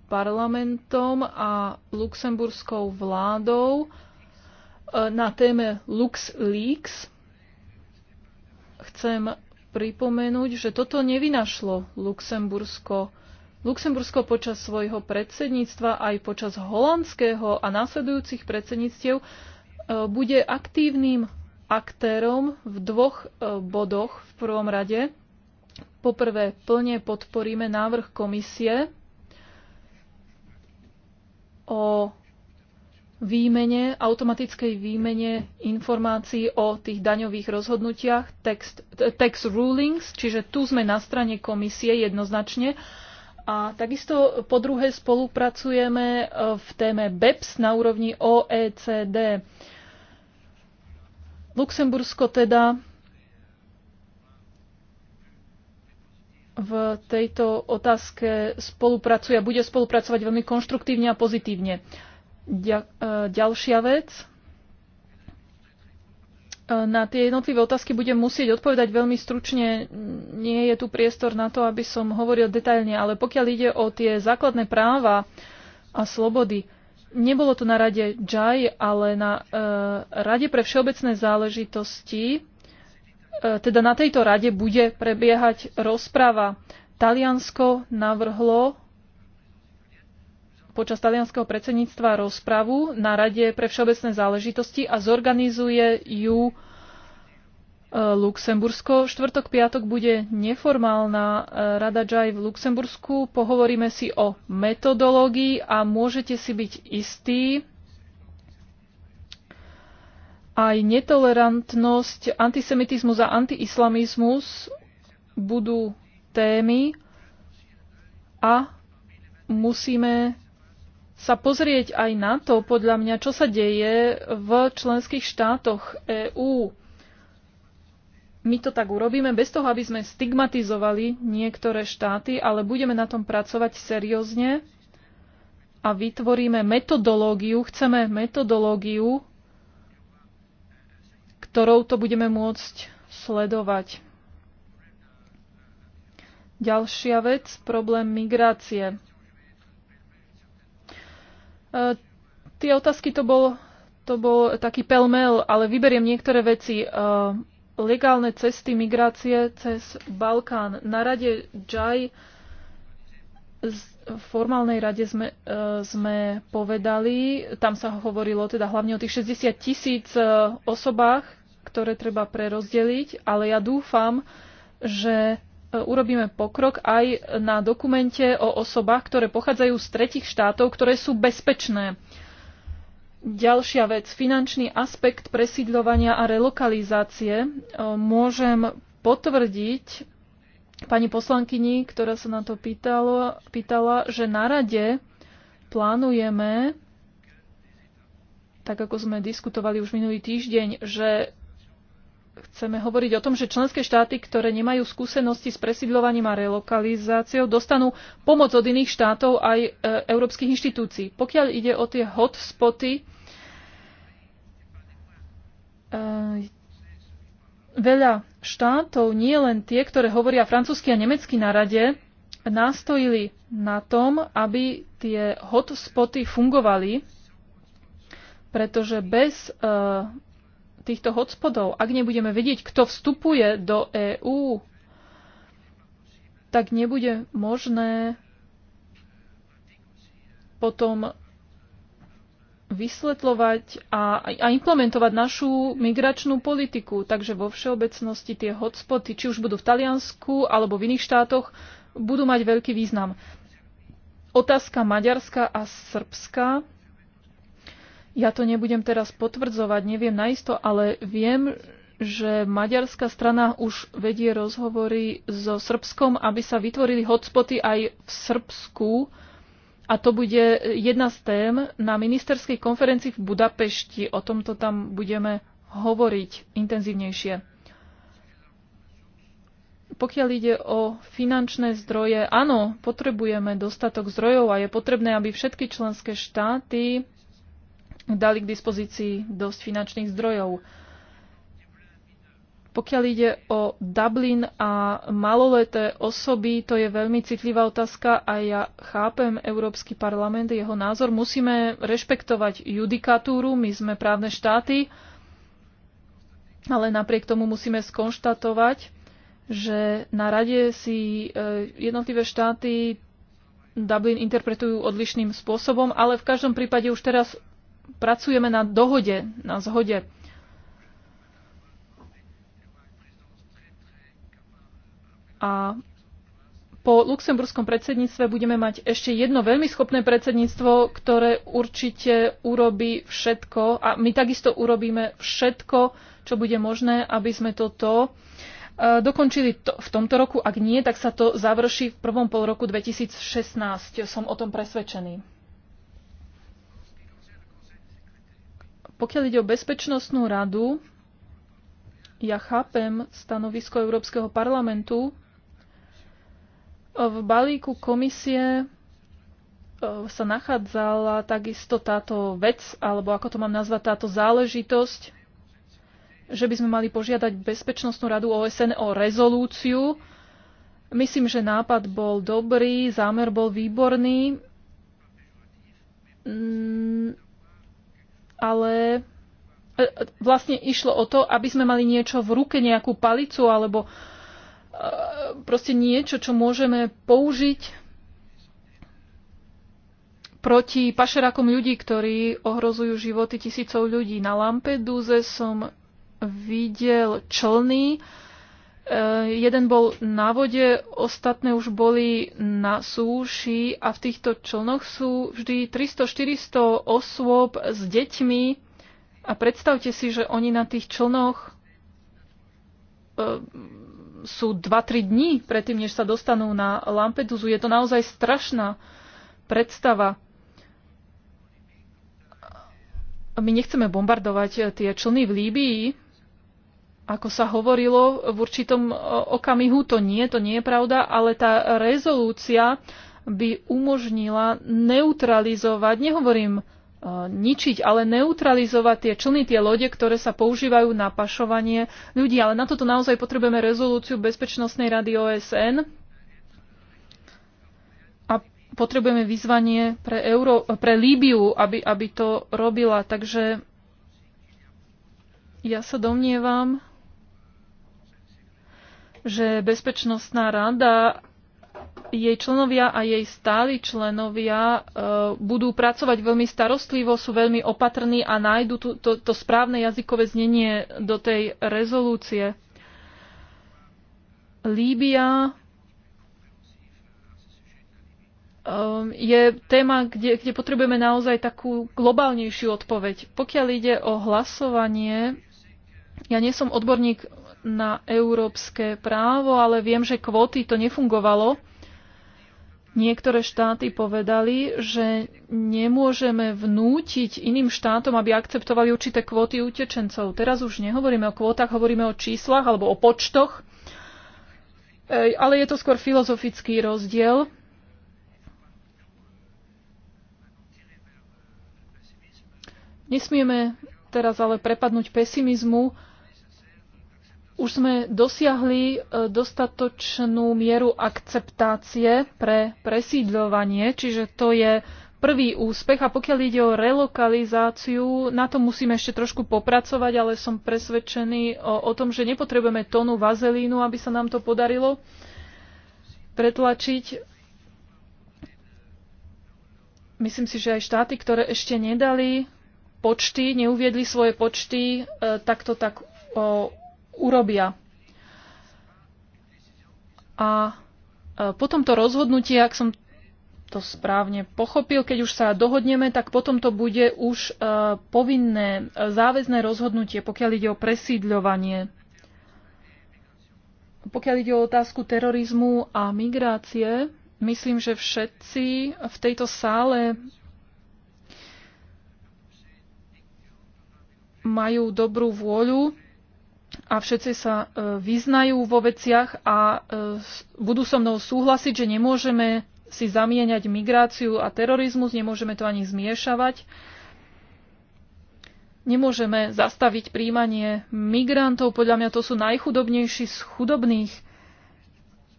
parlamentom a luxemburskou vládou e, na téme LuxLeaks. Chcem pripomenúť, že toto nevynašlo Luxembursko. Luxembursko počas svojho predsedníctva aj počas holandského a následujúcich predsedníctiev e, bude aktívnym aktérom v dvoch e, bodoch v prvom rade. Poprvé, plne podporíme návrh komisie o výmene, automatickej výmene informácií o tých daňových rozhodnutiach, text, tax rulings, čiže tu sme na strane komisie jednoznačne. A takisto po druhé spolupracujeme e, v téme BEPS na úrovni OECD. Luxembursko teda v tejto otázke spolupracuje a bude spolupracovať veľmi konštruktívne a pozitívne. E, ďalšia vec. E, na tie jednotlivé otázky budem musieť odpovedať veľmi stručne. Nie je tu priestor na to, aby som hovoril detailne, ale pokiaľ ide o tie základné práva a slobody, nebolo to na rade JAI, ale na uh, Rade pre všeobecné záležitosti, uh, teda na tejto rade bude prebiehať rozprava. Taliansko navrhlo počas talianského predsedníctva rozpravu na Rade pre všeobecné záležitosti a zorganizuje ju uh, E, Luxembursko. Štvrtok, piatok bude neformálna e, rada Jai v Luxembursku. Pohovoríme si o metodológii a môžete si byť istí, aj netolerantnosť, antisemitizmus a antiislamizmus budú témy a musíme sa pozrieť aj na to, podľa mňa, čo sa deje v členských štátoch EÚ my to tak urobíme bez toho, aby sme stigmatizovali niektoré štáty, ale budeme na tom pracovať seriózne a vytvoríme metodológiu, chceme metodológiu, ktorou to budeme môcť sledovať. Ďalšia vec, problém migrácie. E, tie otázky to bol, to bol taký pelmel, ale vyberiem niektoré veci. E, legálne cesty migrácie cez Balkán. Na rade Džaj v formálnej rade sme, e, sme povedali, tam sa hovorilo teda hlavne o tých 60 tisíc e, osobách, ktoré treba prerozdeliť, ale ja dúfam, že e, urobíme pokrok aj na dokumente o osobách, ktoré pochádzajú z tretich štátov, ktoré sú bezpečné. Ďalšia vec, finančný aspekt presídľovania a relokalizácie. E, môžem potvrdiť pani poslankyni, ktorá sa na to pýtalo, pýtala, že na rade plánujeme, tak ako sme diskutovali už minulý týždeň, že chceme hovoriť o tom, že členské štáty, ktoré nemajú skúsenosti s presídľovaním a relokalizáciou, dostanú pomoc od iných štátov aj e, európskych inštitúcií. Pokiaľ ide o tie hotspoty, E, veľa štátov, nie len tie, ktoré hovoria francúzsky a nemecky na rade, nastojili na tom, aby tie hotspoty fungovali, pretože bez uh, týchto hotspotov, ak nebudeme vedieť, kto vstupuje do EÚ, tak nebude možné potom vysvetľovať a, a implementovať našu migračnú politiku. Takže vo všeobecnosti tie hotspoty, či už budú v Taliansku alebo v iných štátoch, budú mať veľký význam. Otázka Maďarska a Srbska. Ja to nebudem teraz potvrdzovať, neviem naisto, ale viem, že maďarská strana už vedie rozhovory so Srbskom, aby sa vytvorili hotspoty aj v Srbsku, a to bude e, jedna z tém na ministerskej konferencii v Budapešti. O tomto tam budeme hovoriť intenzívnejšie. Pokiaľ ide o finančné zdroje, áno, potrebujeme dostatok zdrojov a je potrebné, aby všetky členské štáty dali k dispozícii dosť finančných zdrojov. Pokiaľ ide o Dublin a maloleté osoby, to je veľmi citlivá otázka a ja chápem Európsky parlament, jeho názor. Musíme rešpektovať judikatúru, my sme právne štáty, ale napriek tomu musíme skonštatovať, že na rade si e, jednotlivé štáty Dublin interpretujú odlišným spôsobom, ale v každom prípade už teraz pracujeme na dohode, na zhode. A po luxemburskom predsedníctve budeme mať ešte jedno veľmi schopné predsedníctvo, ktoré určite urobí všetko a my takisto urobíme všetko, čo bude možné, aby sme toto e, dokončili to, v tomto roku. Ak nie, tak sa to završí v prvom pol roku 2016. Som o tom presvedčený. Pokiaľ ide o bezpečnostnú radu, ja chápem stanovisko Európskeho parlamentu, v balíku komisie e, sa nachádzala takisto táto vec, alebo ako to mám nazvať, táto záležitosť, že by sme mali požiadať Bezpečnostnú radu OSN o rezolúciu. Myslím, že nápad bol dobrý, zámer bol výborný, mm, ale e, e, vlastne išlo o to, aby sme mali niečo v ruke, nejakú palicu alebo proste niečo, čo môžeme použiť proti pašerakom ľudí, ktorí ohrozujú životy tisícov ľudí. Na Lampeduze som videl člny. E, jeden bol na vode, ostatné už boli na súši a v týchto člnoch sú vždy 300-400 osôb s deťmi a predstavte si, že oni na tých člnoch e, sú 2-3 dní predtým, než sa dostanú na Lampedusu. Je to naozaj strašná predstava. My nechceme bombardovať eh, tie člny v Líbii, ako sa hovorilo v určitom eh, okamihu, to nie, to nie je pravda, ale tá rezolúcia by umožnila neutralizovať, nehovorím Eh, ničiť, ale neutralizovať tie člny, tie lode, ktoré sa používajú na pašovanie ľudí. Ale na toto naozaj potrebujeme rezolúciu Bezpečnostnej rady OSN a potrebujeme vyzvanie pre, Euró- eh, pre Líbiu, aby, aby to robila. Takže ja sa domnievam, že Bezpečnostná rada jej členovia a jej stáli členovia e, budú pracovať veľmi starostlivo, sú veľmi opatrní a nájdu tu, to, to správne jazykové znenie do tej rezolúcie. Líbia ehm, je téma, kde, kde potrebujeme naozaj takú globálnejšiu odpoveď. Pokiaľ ide o hlasovanie, ja nie som odborník na európske právo, ale viem, že kvóty to nefungovalo Niektoré štáty povedali, že nemôžeme vnútiť iným štátom, aby akceptovali určité kvóty utečencov. Teraz už nehovoríme o kvótach, hovoríme o číslach alebo o počtoch, ale je to skôr filozofický rozdiel. Nesmieme teraz ale prepadnúť pesimizmu, už sme dosiahli e, dostatočnú mieru akceptácie pre presídľovanie, čiže to je prvý úspech a pokiaľ ide o relokalizáciu, na to musíme ešte trošku popracovať, ale som presvedčený o, o tom, že nepotrebujeme tónu vazelínu, aby sa nám to podarilo pretlačiť. Myslím si, že aj štáty, ktoré ešte nedali počty, neuviedli svoje počty, e, tak to tak o, urobia. A e, po tomto rozhodnutí, ak som to správne pochopil, keď už sa dohodneme, tak potom to bude už e, povinné e, záväzné rozhodnutie, pokiaľ ide o presídľovanie. Pokiaľ ide o otázku terorizmu a migrácie, myslím, že všetci v tejto sále majú dobrú vôľu a všetci sa e, vyznajú vo veciach a e, budú so mnou súhlasiť, že nemôžeme si zamieňať migráciu a terorizmus, nemôžeme to ani zmiešavať. Nemôžeme zastaviť príjmanie migrantov, podľa mňa to sú najchudobnejší z chudobných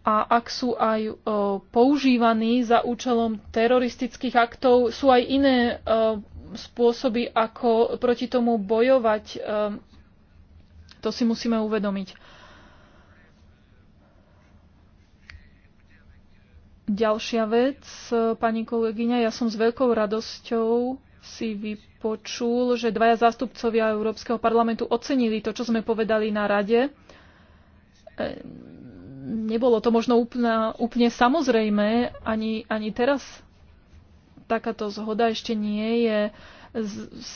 a ak sú aj o, e, používaní za účelom teroristických aktov, sú aj iné o, spôsoby, ako proti tomu bojovať. O, to si musíme uvedomiť. Ďalšia vec, pani kolegyňa, ja som s veľkou radosťou si vypočul, že dvaja zástupcovia Európskeho parlamentu ocenili to, čo sme povedali na rade. E, nebolo to možno úplne, úplne samozrejme, ani, ani teraz takáto zhoda ešte nie je uh,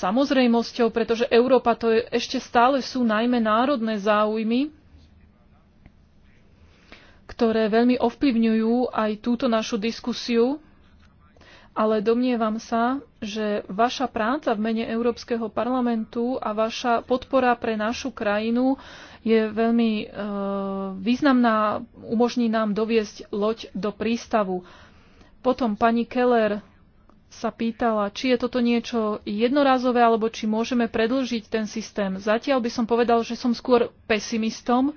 samozrejmosťou, pretože Európa to je, ešte stále sú najmä národné záujmy, ktoré veľmi ovplyvňujú aj túto našu diskusiu, ale domnievam sa, že vaša práca v mene Európskeho parlamentu a vaša podpora pre našu krajinu je veľmi e, významná, umožní nám doviesť loď do prístavu. Potom pani Keller sa pýtala, či je toto niečo jednorazové, alebo či môžeme predlžiť ten systém. Zatiaľ by som povedal, že som skôr pesimistom.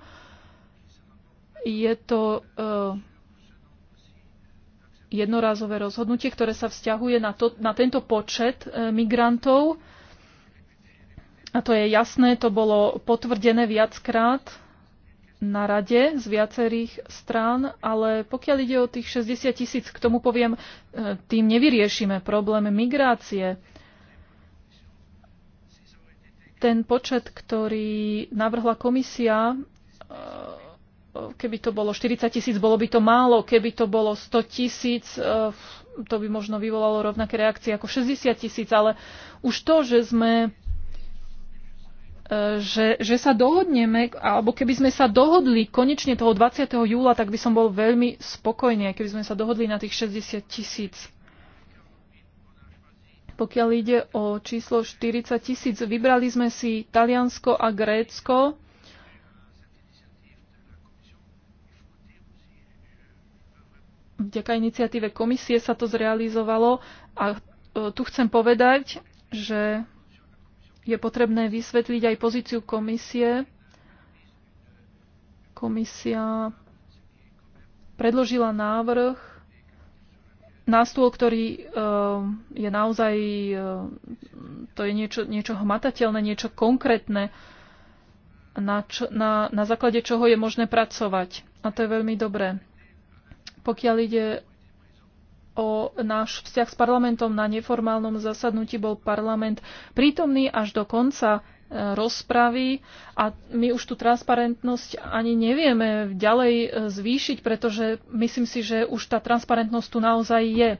Je to uh, jednorazové rozhodnutie, ktoré sa vzťahuje na, to, na tento počet uh, migrantov. A to je jasné, to bolo potvrdené viackrát na rade z viacerých strán, ale pokiaľ ide o tých 60 tisíc, k tomu poviem, e, tým nevyriešime problém migrácie. Ten počet, ktorý navrhla komisia, e, keby to bolo 40 tisíc, bolo by to málo, keby to bolo 100 tisíc, e, to by možno vyvolalo rovnaké reakcie ako 60 tisíc, ale už to, že sme že, že sa dohodneme, alebo keby sme sa dohodli konečne toho 20. júla, tak by som bol veľmi spokojný, keby sme sa dohodli na tých 60 tisíc. Pokiaľ ide o číslo 40 tisíc, vybrali sme si Taliansko a Grécko. Vďaka iniciatíve komisie sa to zrealizovalo a e, tu chcem povedať, že je potrebné vysvetliť aj pozíciu komisie. Komisia predložila návrh na stôl, ktorý eh, je naozaj, eh, to je niečo, niečo hmatateľné, niečo konkrétne, na, čo, na, na základe čoho je možné pracovať. A to je veľmi dobré. Pokiaľ ide o náš vzťah s parlamentom. Na neformálnom zasadnutí bol parlament prítomný až do konca e, rozpravy a my už tú transparentnosť ani nevieme ďalej e, zvýšiť, pretože myslím si, že už tá transparentnosť tu naozaj je.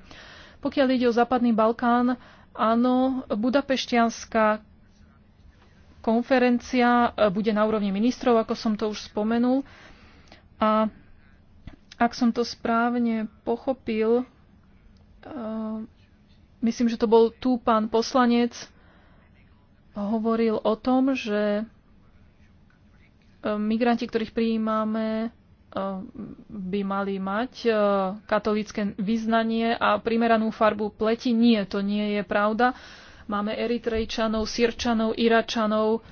Pokiaľ ide o Západný Balkán, áno, budapešťanská konferencia e, bude na úrovni ministrov, ako som to už spomenul. A ak som to správne pochopil, Ehm, myslím, že to bol tu pán poslanec, hovoril o tom, že ehm, migranti, ktorých prijímame, ehm, by mali mať katolické vyznanie a primeranú farbu pleti. Nie, to nie je pravda. Máme Eritrejčanov, Sirčanov, Iračanov,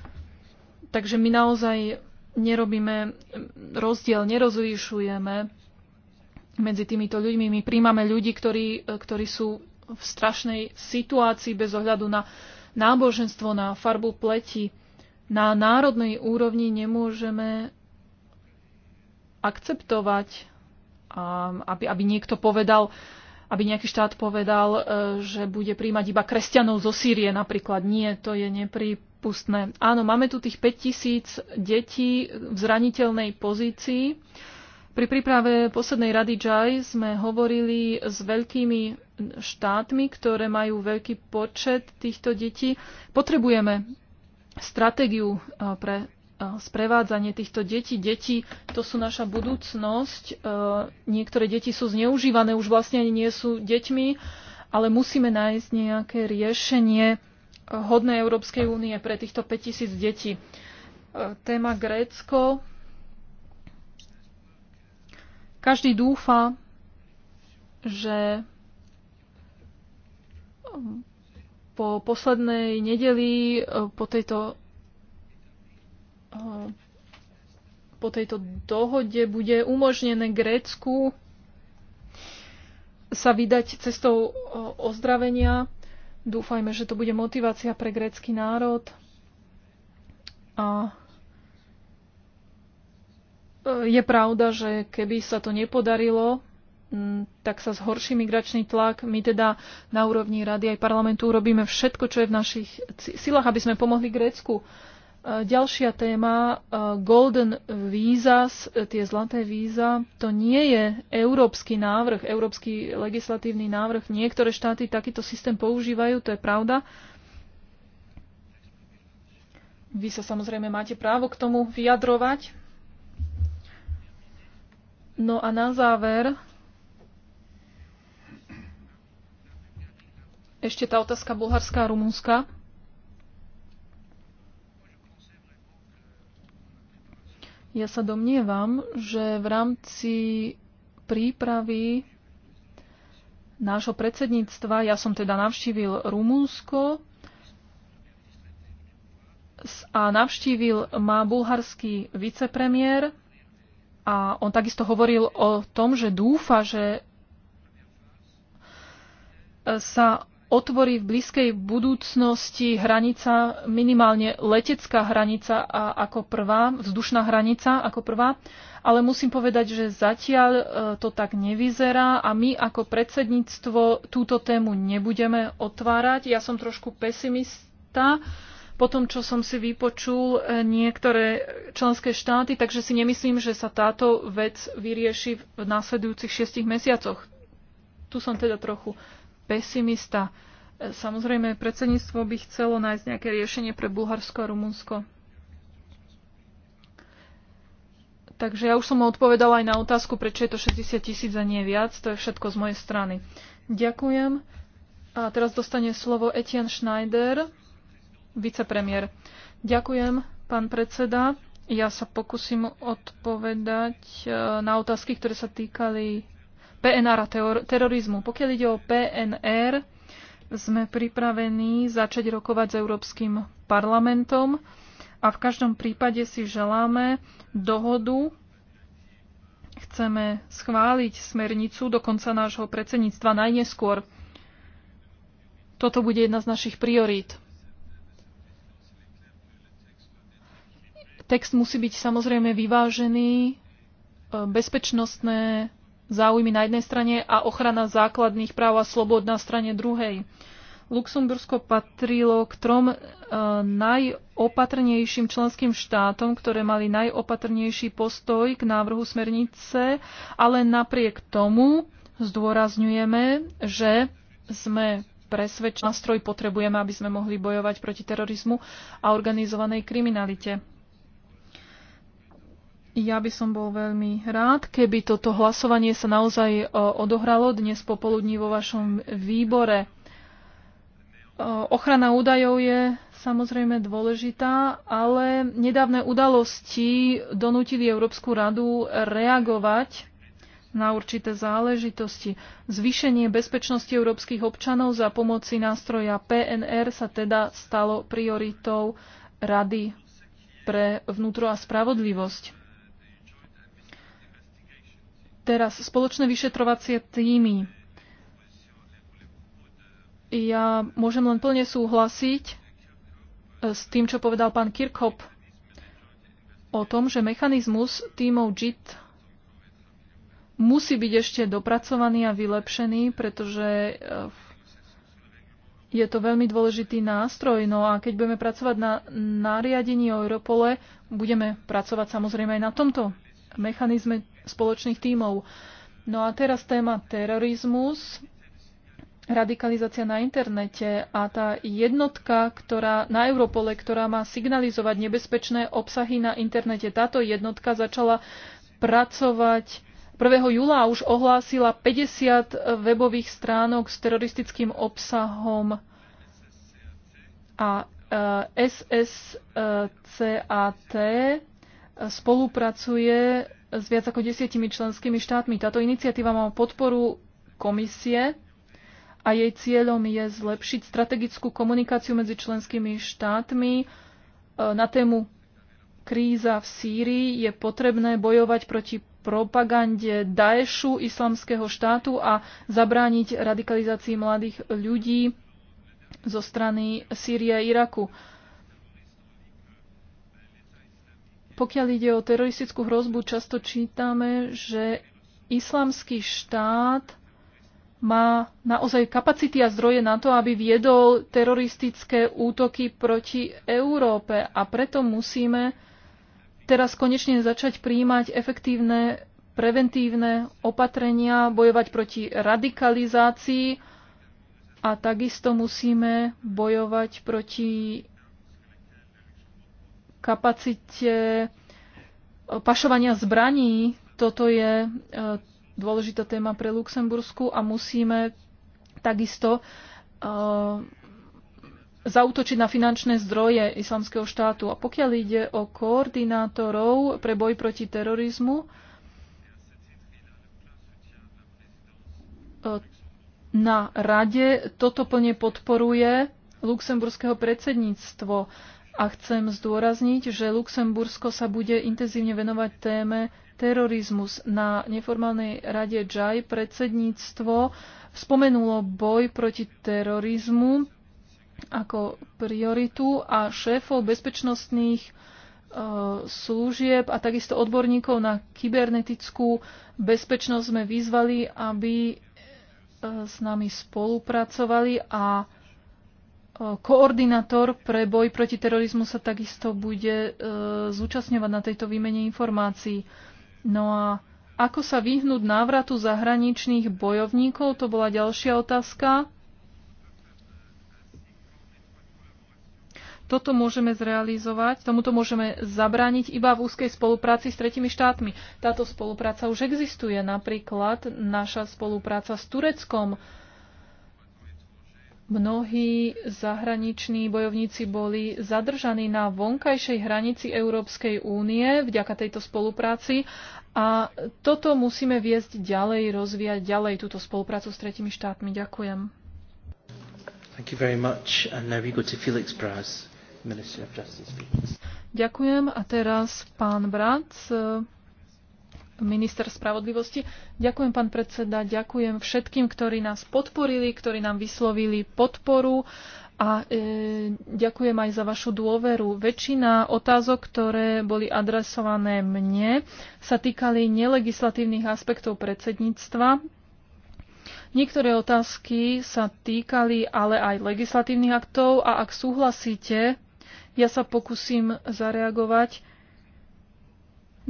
takže my naozaj nerobíme rozdiel, nerozlišujeme medzi týmito ľuďmi. My príjmame ľudí, ktorí, e, ktorí sú v strašnej situácii bez ohľadu na náboženstvo, na farbu pleti. Na národnej úrovni nemôžeme akceptovať, aby, aby niekto povedal, aby nejaký štát povedal, e, že bude príjmať iba kresťanov zo Sýrie napríklad. Nie, to je neprípustné. Áno, máme tu tých 5000 detí v zraniteľnej pozícii pri príprave poslednej rady JAI sme hovorili s veľkými štátmi, ktoré majú veľký počet týchto detí. Potrebujeme stratégiu eh, pre eh, sprevádzanie týchto detí. Deti to sú naša budúcnosť. Eh, niektoré deti sú zneužívané, už vlastne ani nie sú deťmi, ale musíme nájsť nejaké riešenie hodné Európskej únie pre týchto 5000 detí. Téma Grécko každý dúfa, že po poslednej nedeli, po tejto, po tejto dohode bude umožnené Grécku sa vydať cestou ozdravenia. Dúfajme, že to bude motivácia pre grécky národ. A E, je pravda, že keby sa to nepodarilo, tak sa zhorší migračný tlak. My teda na úrovni rady aj parlamentu urobíme všetko, čo je v našich silách, aby sme pomohli Grécku. E, ďalšia téma, e, Golden Visas, tie zlaté víza, to nie je európsky návrh, európsky legislatívny návrh. Niektoré štáty takýto systém používajú, to je pravda. Vy sa samozrejme máte právo k tomu vyjadrovať, No a na záver ešte tá otázka Bulharská a Rumúnska. Ja sa domnievam, že v rámci prípravy nášho predsedníctva, ja som teda navštívil Rumúnsko a navštívil ma bulharský vicepremiér a on takisto hovoril o tom, že dúfa, že sa otvorí v blízkej budúcnosti hranica, minimálne letecká hranica a ako prvá, vzdušná hranica ako prvá, ale musím povedať, že zatiaľ e, to tak nevyzerá a my ako predsedníctvo túto tému nebudeme otvárať. Ja som trošku pesimista, po tom, čo som si vypočul e, niektoré členské štáty, takže si nemyslím, že sa táto vec vyrieši v následujúcich šiestich mesiacoch. Tu som teda trochu pesimista. E, samozrejme, predsedníctvo by chcelo nájsť nejaké riešenie pre Bulharsko a Rumunsko. Takže ja už som odpovedala aj na otázku, prečo je to 60 tisíc a nie viac. To je všetko z mojej strany. Ďakujem. A teraz dostane slovo Etienne Schneider vicepremier. Ďakujem, pán predseda. Ja sa pokúsim odpovedať e, na otázky, ktoré sa týkali PNR a terorizmu. Pokiaľ ide o PNR, sme pripravení začať rokovať s Európskym parlamentom a v každom prípade si želáme dohodu. Chceme schváliť smernicu do konca nášho predsedníctva najneskôr. Toto bude jedna z našich priorít. Text musí byť samozrejme vyvážený, e, bezpečnostné záujmy na jednej strane a ochrana základných práv a slobod na strane druhej. Luxembursko patrilo k trom e, najopatrnejším členským štátom, ktoré mali najopatrnejší postoj k návrhu smernice, ale napriek tomu zdôrazňujeme, že sme presvedčení, nástroj potrebujeme, aby sme mohli bojovať proti terorizmu a organizovanej kriminalite. Ja by som bol veľmi rád, keby toto hlasovanie sa naozaj e, odohralo dnes popoludní vo vašom výbore. E, ochrana údajov je samozrejme dôležitá, ale nedávne udalosti donútili Európsku radu reagovať na určité záležitosti. Zvýšenie bezpečnosti európskych občanov za pomoci nástroja PNR sa teda stalo prioritou Rady pre vnútro a spravodlivosť. Teraz spoločné vyšetrovacie týmy. Ja môžem len plne súhlasiť e, s tým, čo povedal pán Kirchhoff o tom, že mechanizmus týmov JIT musí byť ešte dopracovaný a vylepšený, pretože e, je to veľmi dôležitý nástroj. No a keď budeme pracovať na nariadení o Europole, budeme pracovať samozrejme aj na tomto mechanizme spoločných tímov. No a teraz téma terorizmus, radikalizácia na internete a tá jednotka, ktorá na Europole, ktorá má signalizovať nebezpečné obsahy na internete, táto jednotka začala pracovať 1. júla už ohlásila 50 webových stránok s teroristickým obsahom a e, SSCAT e, spolupracuje s viac ako desiatimi členskými štátmi. Táto iniciatíva má podporu komisie a jej cieľom je zlepšiť strategickú komunikáciu medzi členskými štátmi e, na tému kríza v Sýrii. Je potrebné bojovať proti propagande Daešu, islamského štátu a zabrániť radikalizácii mladých ľudí zo strany Sýrie a Iraku. Pokiaľ ide o teroristickú hrozbu, často čítame, že islamský štát má naozaj kapacity a zdroje na to, aby viedol teroristické útoky proti Európe a preto musíme teraz konečne začať príjmať efektívne preventívne opatrenia, bojovať proti radikalizácii a takisto musíme bojovať proti kapacite e, pašovania zbraní. Toto je e, dôležitá téma pre Luxembursku a musíme takisto e, zautočiť na finančné zdroje islamského štátu. A pokiaľ ide o koordinátorov pre boj proti terorizmu, na rade toto plne podporuje luxemburského predsedníctvo. A chcem zdôrazniť, že Luxembursko sa bude intenzívne venovať téme terorizmus. Na neformálnej rade JAI predsedníctvo spomenulo boj proti terorizmu ako prioritu a šéfov bezpečnostných e, služieb a takisto odborníkov na kybernetickú bezpečnosť sme vyzvali, aby e, s nami spolupracovali a Koordinátor pre boj proti terorizmu sa takisto bude e, zúčastňovať na tejto výmene informácií. No a ako sa vyhnúť návratu zahraničných bojovníkov, to bola ďalšia otázka. Toto môžeme zrealizovať, tomuto môžeme zabrániť iba v úzkej spolupráci s tretimi štátmi. Táto spolupráca už existuje, napríklad naša spolupráca s Tureckom, Mnohí zahraniční bojovníci boli zadržaní na vonkajšej hranici Európskej únie vďaka tejto spolupráci a toto musíme viesť ďalej, rozvíjať ďalej túto spoluprácu s tretimi štátmi. Ďakujem. Thank you very much. And now we go to Felix Braz, Minister of Justice. Ďakujem. A teraz pán Brac, minister spravodlivosti. Ďakujem, pán predseda, ďakujem všetkým, ktorí nás podporili, ktorí nám vyslovili podporu a e, ďakujem aj za vašu dôveru. Väčšina otázok, ktoré boli adresované mne, sa týkali nelegislatívnych aspektov predsedníctva. Niektoré otázky sa týkali ale aj legislatívnych aktov a ak súhlasíte, ja sa pokúsim zareagovať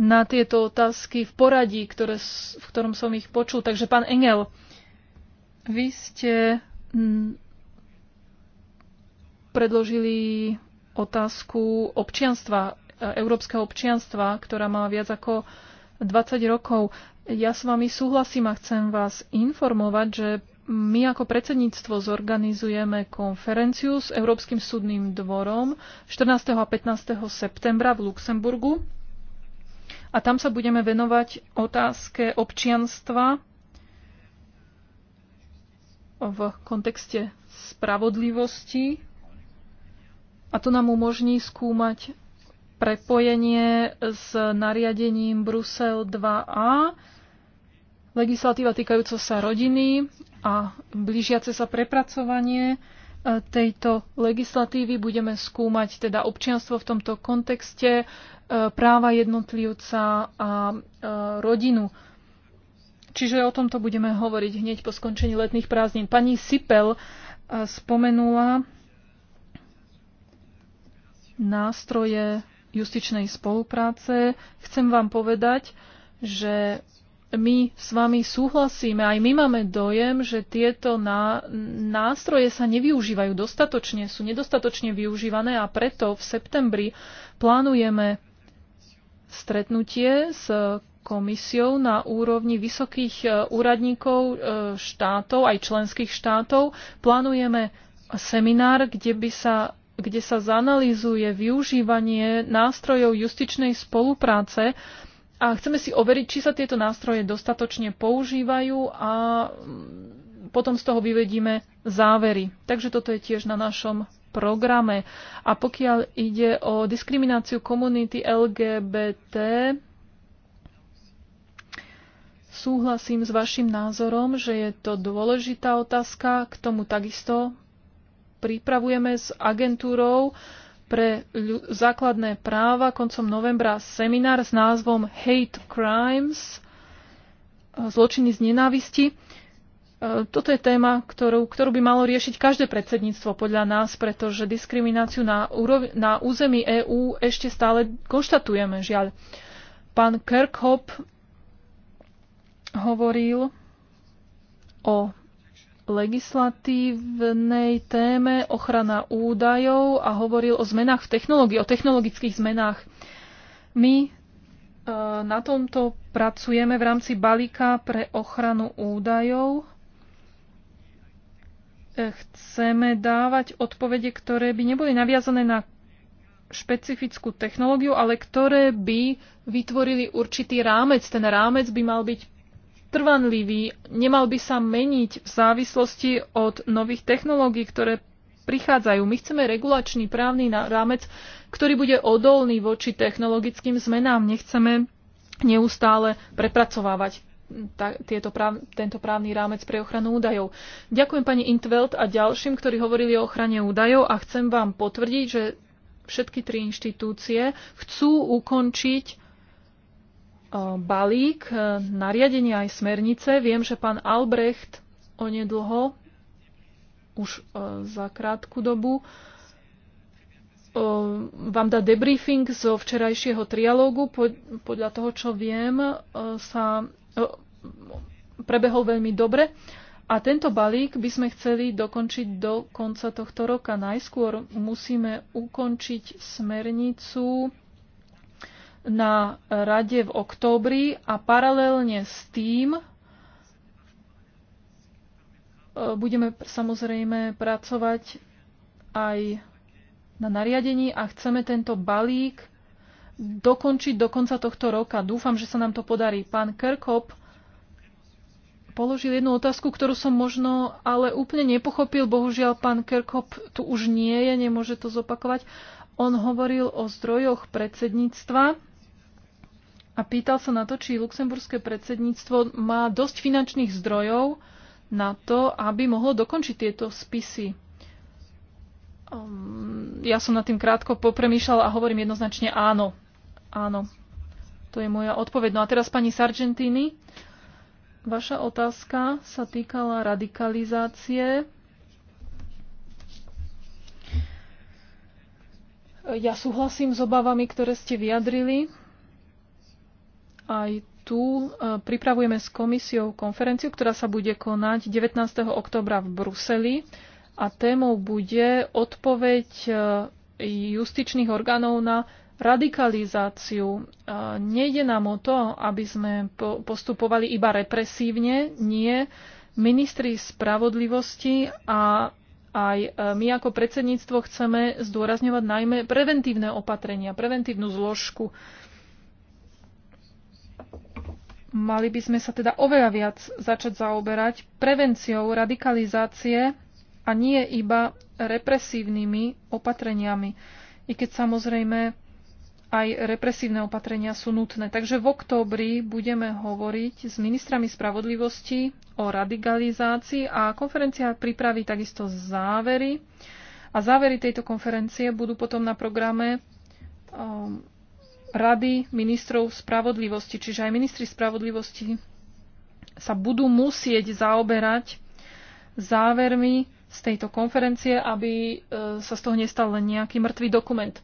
na tieto otázky v poradí, ktoré, v ktorom som ich počul. Takže pán Engel, vy ste mm, predložili otázku občianstva, e, európskeho občianstva, ktorá má viac ako 20 rokov. Ja s vami súhlasím a chcem vás informovať, že my ako predsedníctvo zorganizujeme konferenciu s Európskym súdnym dvorom 14. a 15. septembra v Luxemburgu a tam sa budeme venovať otázke občianstva v kontexte spravodlivosti a to nám umožní skúmať prepojenie s nariadením Brusel 2a, legislatíva týkajúca sa rodiny a blížiace sa prepracovanie tejto legislatívy. Budeme skúmať teda občianstvo v tomto kontexte, e, práva jednotlivca a e, rodinu. Čiže o tomto budeme hovoriť hneď po skončení letných prázdnin. Pani Sipel e, spomenula nástroje justičnej spolupráce. Chcem vám povedať, že my s vami súhlasíme, aj my máme dojem, že tieto nástroje sa nevyužívajú dostatočne, sú nedostatočne využívané a preto v septembri plánujeme stretnutie s komisiou na úrovni vysokých e, úradníkov e, štátov, aj členských štátov. Plánujeme seminár, kde, by sa, kde sa zanalizuje využívanie nástrojov justičnej spolupráce a chceme si overiť, či sa tieto nástroje dostatočne používajú a mm, potom z toho vyvedíme závery. Takže toto je tiež na našom programe. A pokiaľ ide o diskrimináciu komunity LGBT, súhlasím s vašim názorom, že je to dôležitá otázka. K tomu takisto pripravujeme s agentúrou pre základné práva koncom novembra seminár s názvom Hate Crimes, e, zločiny z nenávisti. E, toto je téma, ktorú, ktorú by malo riešiť každé predsedníctvo podľa nás, pretože diskrimináciu na, úrov, na území EÚ ešte stále konštatujeme, žiaľ. Pán Kirkhope hovoril o legislatívnej téme ochrana údajov a hovoril o zmenách v technológii, o technologických zmenách. My e, na tomto pracujeme v rámci balíka pre ochranu údajov. E, chceme dávať odpovede, ktoré by neboli naviazané na špecifickú technológiu, ale ktoré by vytvorili určitý rámec. Ten rámec by mal byť trvanlivý, nemal by sa meniť v závislosti od nových technológií, ktoré prichádzajú. My chceme regulačný právny rámec, ktorý bude odolný voči technologickým zmenám. Nechceme neustále prepracovávať tá, tieto práv, tento právny rámec pre ochranu údajov. Ďakujem pani Intveld a ďalším, ktorí hovorili o ochrane údajov a chcem vám potvrdiť, že všetky tri inštitúcie chcú ukončiť E, balík e, nariadenia aj smernice. Viem, že pán Albrecht onedlho, už e, za krátku dobu, vám dá debriefing zo včerajšieho trialógu. Podľa toho, čo viem, sa prebehol veľmi dobre. A tento balík by sme chceli dokončiť do konca tohto roka. Najskôr musíme ukončiť smernicu na rade v októbri a paralelne s tým e, budeme samozrejme pracovať aj na nariadení a chceme tento balík dokončiť do konca tohto roka. Dúfam, že sa nám to podarí. Pán Kerkop položil jednu otázku, ktorú som možno ale úplne nepochopil. Bohužiaľ, pán Kerkop tu už nie je, nemôže to zopakovať. On hovoril o zdrojoch predsedníctva a pýtal sa na to, či luxemburské predsedníctvo má dosť finančných zdrojov na to, aby mohlo dokončiť tieto spisy. Um, ja som nad tým krátko popremýšľal a hovorím jednoznačne áno. Áno. To je moja odpoveď. No a teraz pani Sargentini, vaša otázka sa týkala radikalizácie. Ja súhlasím s obavami, ktoré ste vyjadrili aj tu e, pripravujeme s komisiou konferenciu, ktorá sa bude konať 19. oktobra v Bruseli a témou bude odpoveď e, justičných orgánov na radikalizáciu. E, nejde nám o to, aby sme postupovali iba represívne, nie. Ministri spravodlivosti a aj my ako predsedníctvo chceme zdôrazňovať najmä preventívne opatrenia, preventívnu zložku Mali by sme sa teda oveľa viac začať zaoberať prevenciou radikalizácie a nie iba represívnymi opatreniami. I keď samozrejme aj represívne opatrenia sú nutné. Takže v októbri budeme hovoriť s ministrami spravodlivosti o radikalizácii a konferencia pripraví takisto závery. A závery tejto konferencie budú potom na programe um, Rady ministrov spravodlivosti. Čiže aj ministri spravodlivosti sa budú musieť zaoberať závermi z tejto konferencie, aby e, sa z toho nestal len nejaký mŕtvý dokument.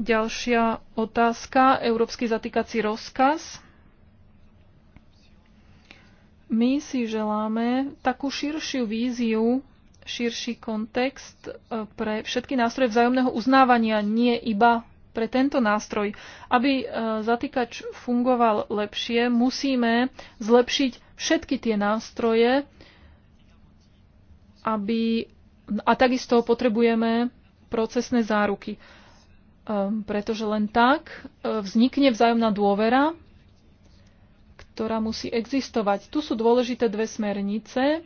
Ďalšia otázka. Európsky zatýkací rozkaz. My si želáme takú širšiu víziu širší kontext e, pre všetky nástroje vzájomného uznávania, nie iba pre tento nástroj. Aby e, zatýkač fungoval lepšie, musíme zlepšiť všetky tie nástroje, aby, a takisto potrebujeme procesné záruky. E, pretože len tak e, vznikne vzájomná dôvera, ktorá musí existovať. Tu sú dôležité dve smernice,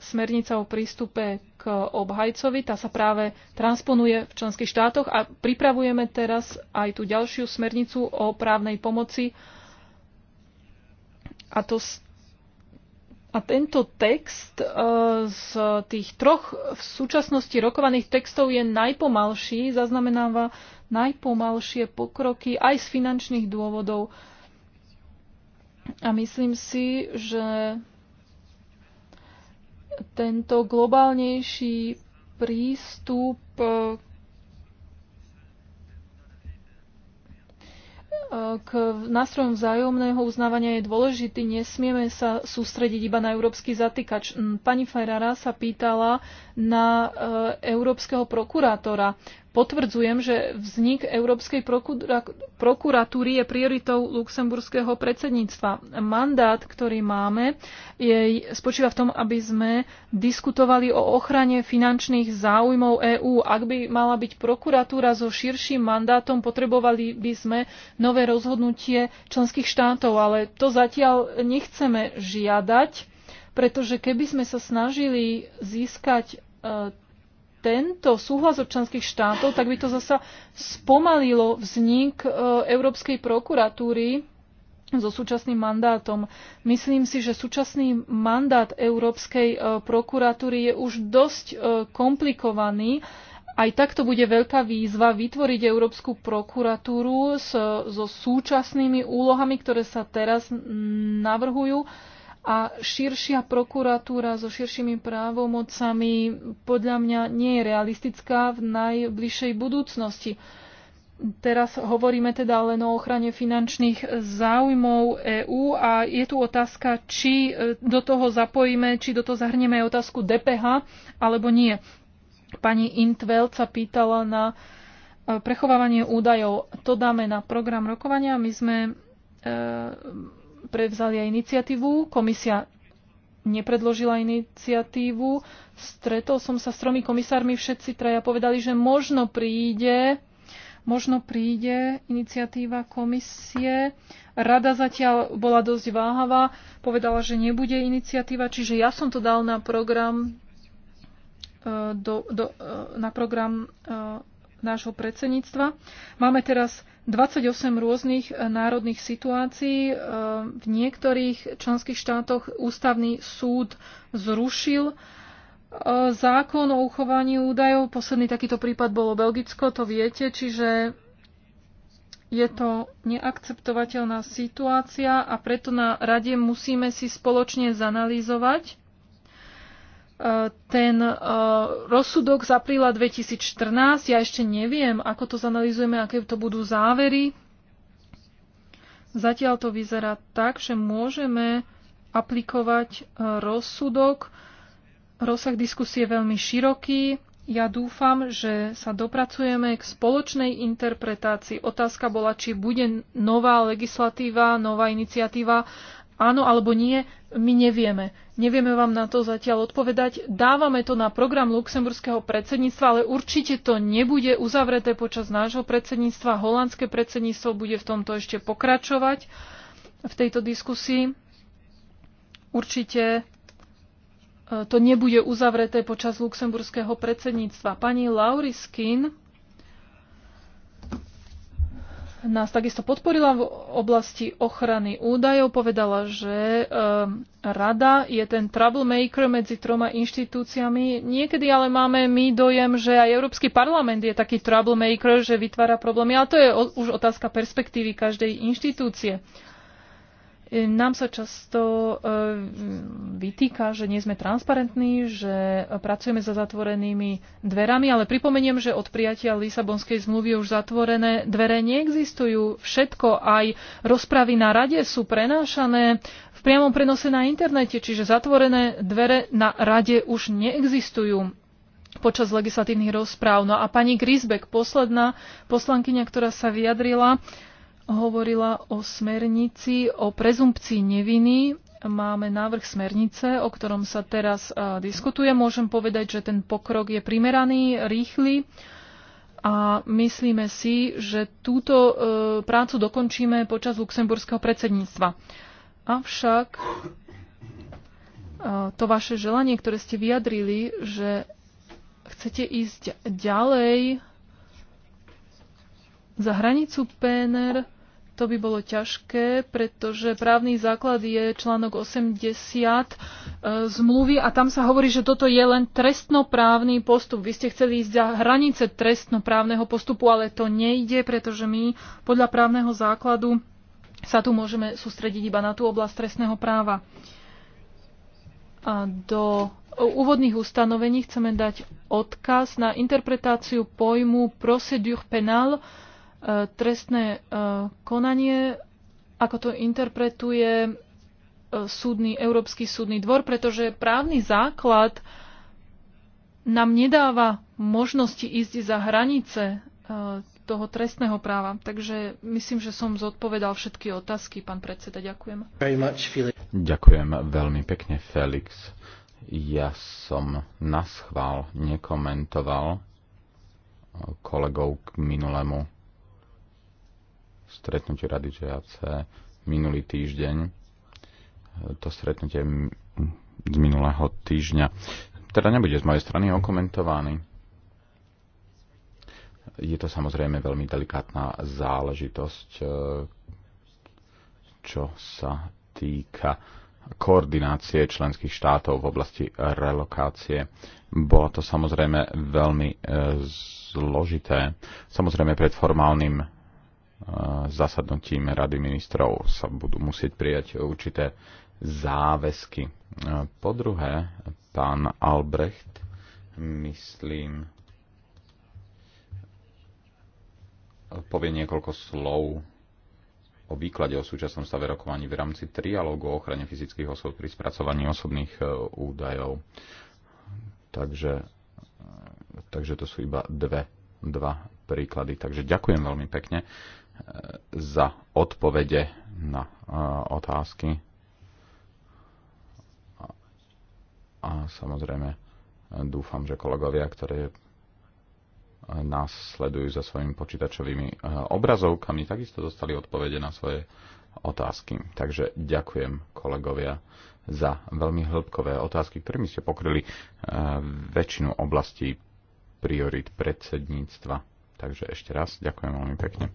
smernica o prístupe k obhajcovi. Tá sa práve transponuje v členských štátoch a pripravujeme teraz aj tú ďalšiu smernicu o právnej pomoci. A, to, a tento text e, z tých troch v súčasnosti rokovaných textov je najpomalší, zaznamenáva najpomalšie pokroky aj z finančných dôvodov. A myslím si, že tento globálnejší prístup e, k nástrojom vzájomného uznávania je dôležitý. Nesmieme sa sústrediť iba na európsky zatýkač. Pani Ferrara sa pýtala na e, európskeho prokurátora potvrdzujem, že vznik Európskej prokuratúry je prioritou luxemburského predsedníctva. Mandát, ktorý máme, spočíva v tom, aby sme diskutovali o ochrane finančných záujmov EÚ. Ak by mala byť prokuratúra so širším mandátom, potrebovali by sme nové rozhodnutie členských štátov, ale to zatiaľ nechceme žiadať, pretože keby sme sa snažili získať e, tento súhlas občanských štátov, tak by to zasa spomalilo vznik e, Európskej prokuratúry so súčasným mandátom. Myslím si, že súčasný mandát Európskej e, prokuratúry je už dosť e, komplikovaný. Aj takto bude veľká výzva vytvoriť Európsku prokuratúru so, so súčasnými úlohami, ktoré sa teraz navrhujú. Uh, a širšia prokuratúra so širšími právomocami podľa mňa nie je realistická v najbližšej budúcnosti. Teraz hovoríme teda len o ochrane finančných záujmov EÚ a je tu otázka, či e, do toho zapojíme, či do toho zahrnieme aj otázku DPH alebo nie. Pani Intveld sa pýtala na e, prechovávanie údajov. To dáme na program rokovania. My sme e, prevzali aj iniciatívu. Komisia nepredložila iniciatívu. Stretol som sa s tromi komisármi, všetci traja povedali, že možno príde, možno príde iniciatíva komisie. Rada zatiaľ bola dosť váhavá, povedala, že nebude iniciatíva, čiže ja som to dal na program e, do, do, e, na program e, nášho predsedníctva. Máme teraz 28 rôznych eh, národných situácií. Eh, v niektorých členských štátoch ústavný súd zrušil eh, zákon o uchovaní údajov. Posledný takýto prípad bolo Belgicko, to viete, čiže je to neakceptovateľná situácia a preto na rade musíme si spoločne zanalýzovať, ten e, rozsudok z apríla 2014, ja ešte neviem, ako to zanalizujeme, aké to budú závery. Zatiaľ to vyzerá tak, že môžeme aplikovať e, rozsudok. Rozsah diskusie je veľmi široký. Ja dúfam, že sa dopracujeme k spoločnej interpretácii. Otázka bola, či bude nová legislatíva, nová iniciatíva áno alebo nie, my nevieme. Nevieme vám na to zatiaľ odpovedať. Dávame to na program luxemburského predsedníctva, ale určite to nebude uzavreté počas nášho predsedníctva. Holandské predsedníctvo bude v tomto ešte pokračovať v tejto diskusii. Určite e, to nebude uzavreté počas luxemburského predsedníctva. Pani Lauriskin nás takisto podporila v oblasti ochrany údajov. Povedala, že um, rada je ten troublemaker medzi troma inštitúciami. Niekedy ale máme my dojem, že aj Európsky parlament je taký troublemaker, že vytvára problémy. Ale to je o, už otázka perspektívy každej inštitúcie. Uh, nám sa často e, vytýka, že nie sme transparentní, že pracujeme za zatvorenými dverami, ale pripomeniem, že od prijatia Lisabonskej zmluvy už zatvorené dvere neexistujú. Všetko, aj rozpravy na rade sú prenášané v priamom prenose na internete, čiže zatvorené dvere na rade už neexistujú počas legislatívnych rozpráv. No a pani Grisbeck, posledná poslankyňa, ktorá sa vyjadrila, uh, hovorila o smernici, o prezumpcii neviny. Máme návrh smernice, o ktorom sa teraz diskutuje. Môžem povedať, že ten pokrok je primeraný, rýchly a myslíme si, že túto e, prácu dokončíme počas luxemburského predsedníctva. Avšak e, to vaše želanie, ktoré ste vyjadrili, že chcete ísť ďalej za hranicu PNR, to by bolo ťažké, pretože právny základ je článok 80 e, zmluvy a tam sa hovorí, že toto je len trestnoprávny postup. Vy ste chceli ísť za hranice trestnoprávneho postupu, ale to nejde, pretože my podľa právneho základu sa tu môžeme sústrediť iba na tú oblasť trestného práva. A do úvodných ustanovení chceme dať odkaz na interpretáciu pojmu procedure penal, E, trestné e, konanie, ako to interpretuje e, súdny, Európsky súdny dvor, pretože právny základ nám nedáva možnosti ísť za hranice toho trestného práva. Takže myslím, že som zodpovedal všetky otázky, pán predseda. Ďakujem. Much, Ďakujem veľmi pekne, Felix. Ja som na schvál nekomentoval kolegov k minulému stretnutie Rady GAC minulý týždeň, to stretnutie z minulého týždňa. Teda nebude z mojej strany okomentovaný. Je to samozrejme veľmi delikátna záležitosť, e, čo sa týka koordinácie členských štátov v oblasti relokácie. Bolo to samozrejme veľmi e, zložité. Samozrejme pred formálnym zasadnutím Rady ministrov sa budú musieť prijať určité záväzky. Po druhé, pán Albrecht, myslím, povie niekoľko slov o výklade o súčasnom stave rokovaní v rámci trialógu o ochrane fyzických osôb pri spracovaní osobných e, údajov. Takže, e, takže to sú iba dve, dva príklady. Takže ďakujem veľmi pekne za odpovede na e, otázky. A samozrejme e, dúfam, že kolegovia, ktoré e, nás sledujú za svojimi počítačovými obrazovkami, takisto dostali odpovede na svoje otázky. Takže ďakujem kolegovia za veľmi hĺbkové otázky, ktorými ste pokryli väčšinu oblastí priorit predsedníctva. Takže ešte raz ďakujem veľmi pekne.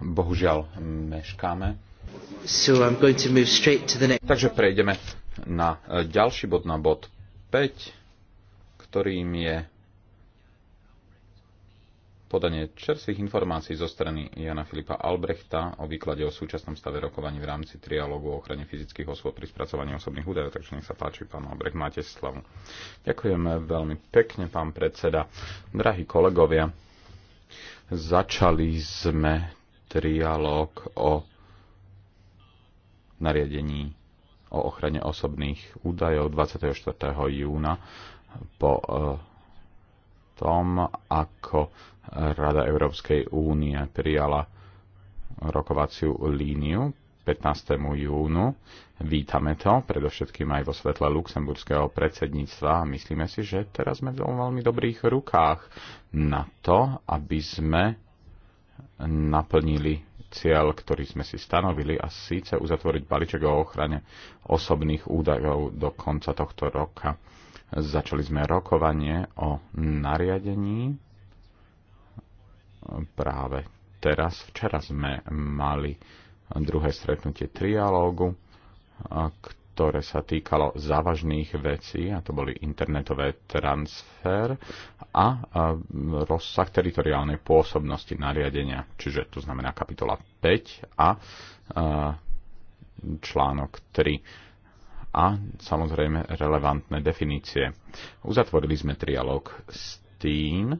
Bohužiaľ, meškáme. So next... Takže prejdeme na e, ďalší bod, na bod 5, ktorým je podanie čerstvých informácií zo strany Jana Filipa Albrechta o výklade o súčasnom stave rokovaní v rámci trialógu o ochrane fyzických osôb pri spracovaní osobných údajov. Takže nech sa páči, pán Albrecht, máte slavu. Ďakujem veľmi pekne, pán predseda. Drahí kolegovia, začali sme trialóg o nariadení o ochrane osobných údajov 24. júna po eh, tom, ako Rada Európskej únie prijala rokovaciu líniu 15. júnu. Vítame to, predovšetkým aj vo svetle luxemburského predsedníctva. Myslíme si, že teraz sme v veľmi dobrých rukách na to, aby sme naplnili cieľ, ktorý sme si stanovili a síce uzatvoriť balíček o ochrane osobných údajov do konca tohto roka. Začali sme rokovanie o nariadení. Práve teraz, včera sme mali druhé stretnutie trialógu, ktoré sa týkalo závažných vecí, a to boli internetové transfer a rozsah teritoriálnej pôsobnosti nariadenia, čiže to znamená kapitola 5 a článok 3 a samozrejme relevantné definície. Uzatvorili sme trialog s tým,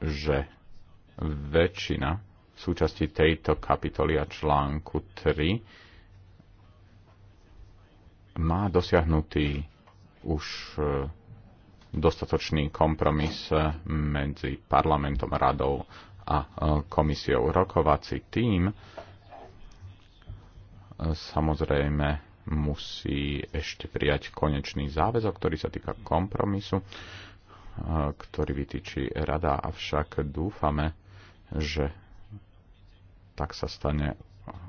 že väčšina súčasti tejto kapitoly a článku 3 má dosiahnutý už e, dostatočný kompromis e, medzi parlamentom, radou a e, komisiou. Rokovací tým samozrejme musí ešte prijať konečný záväzok, ktorý sa týka kompromisu, e, ktorý vytýči rada, avšak dúfame, že tak sa stane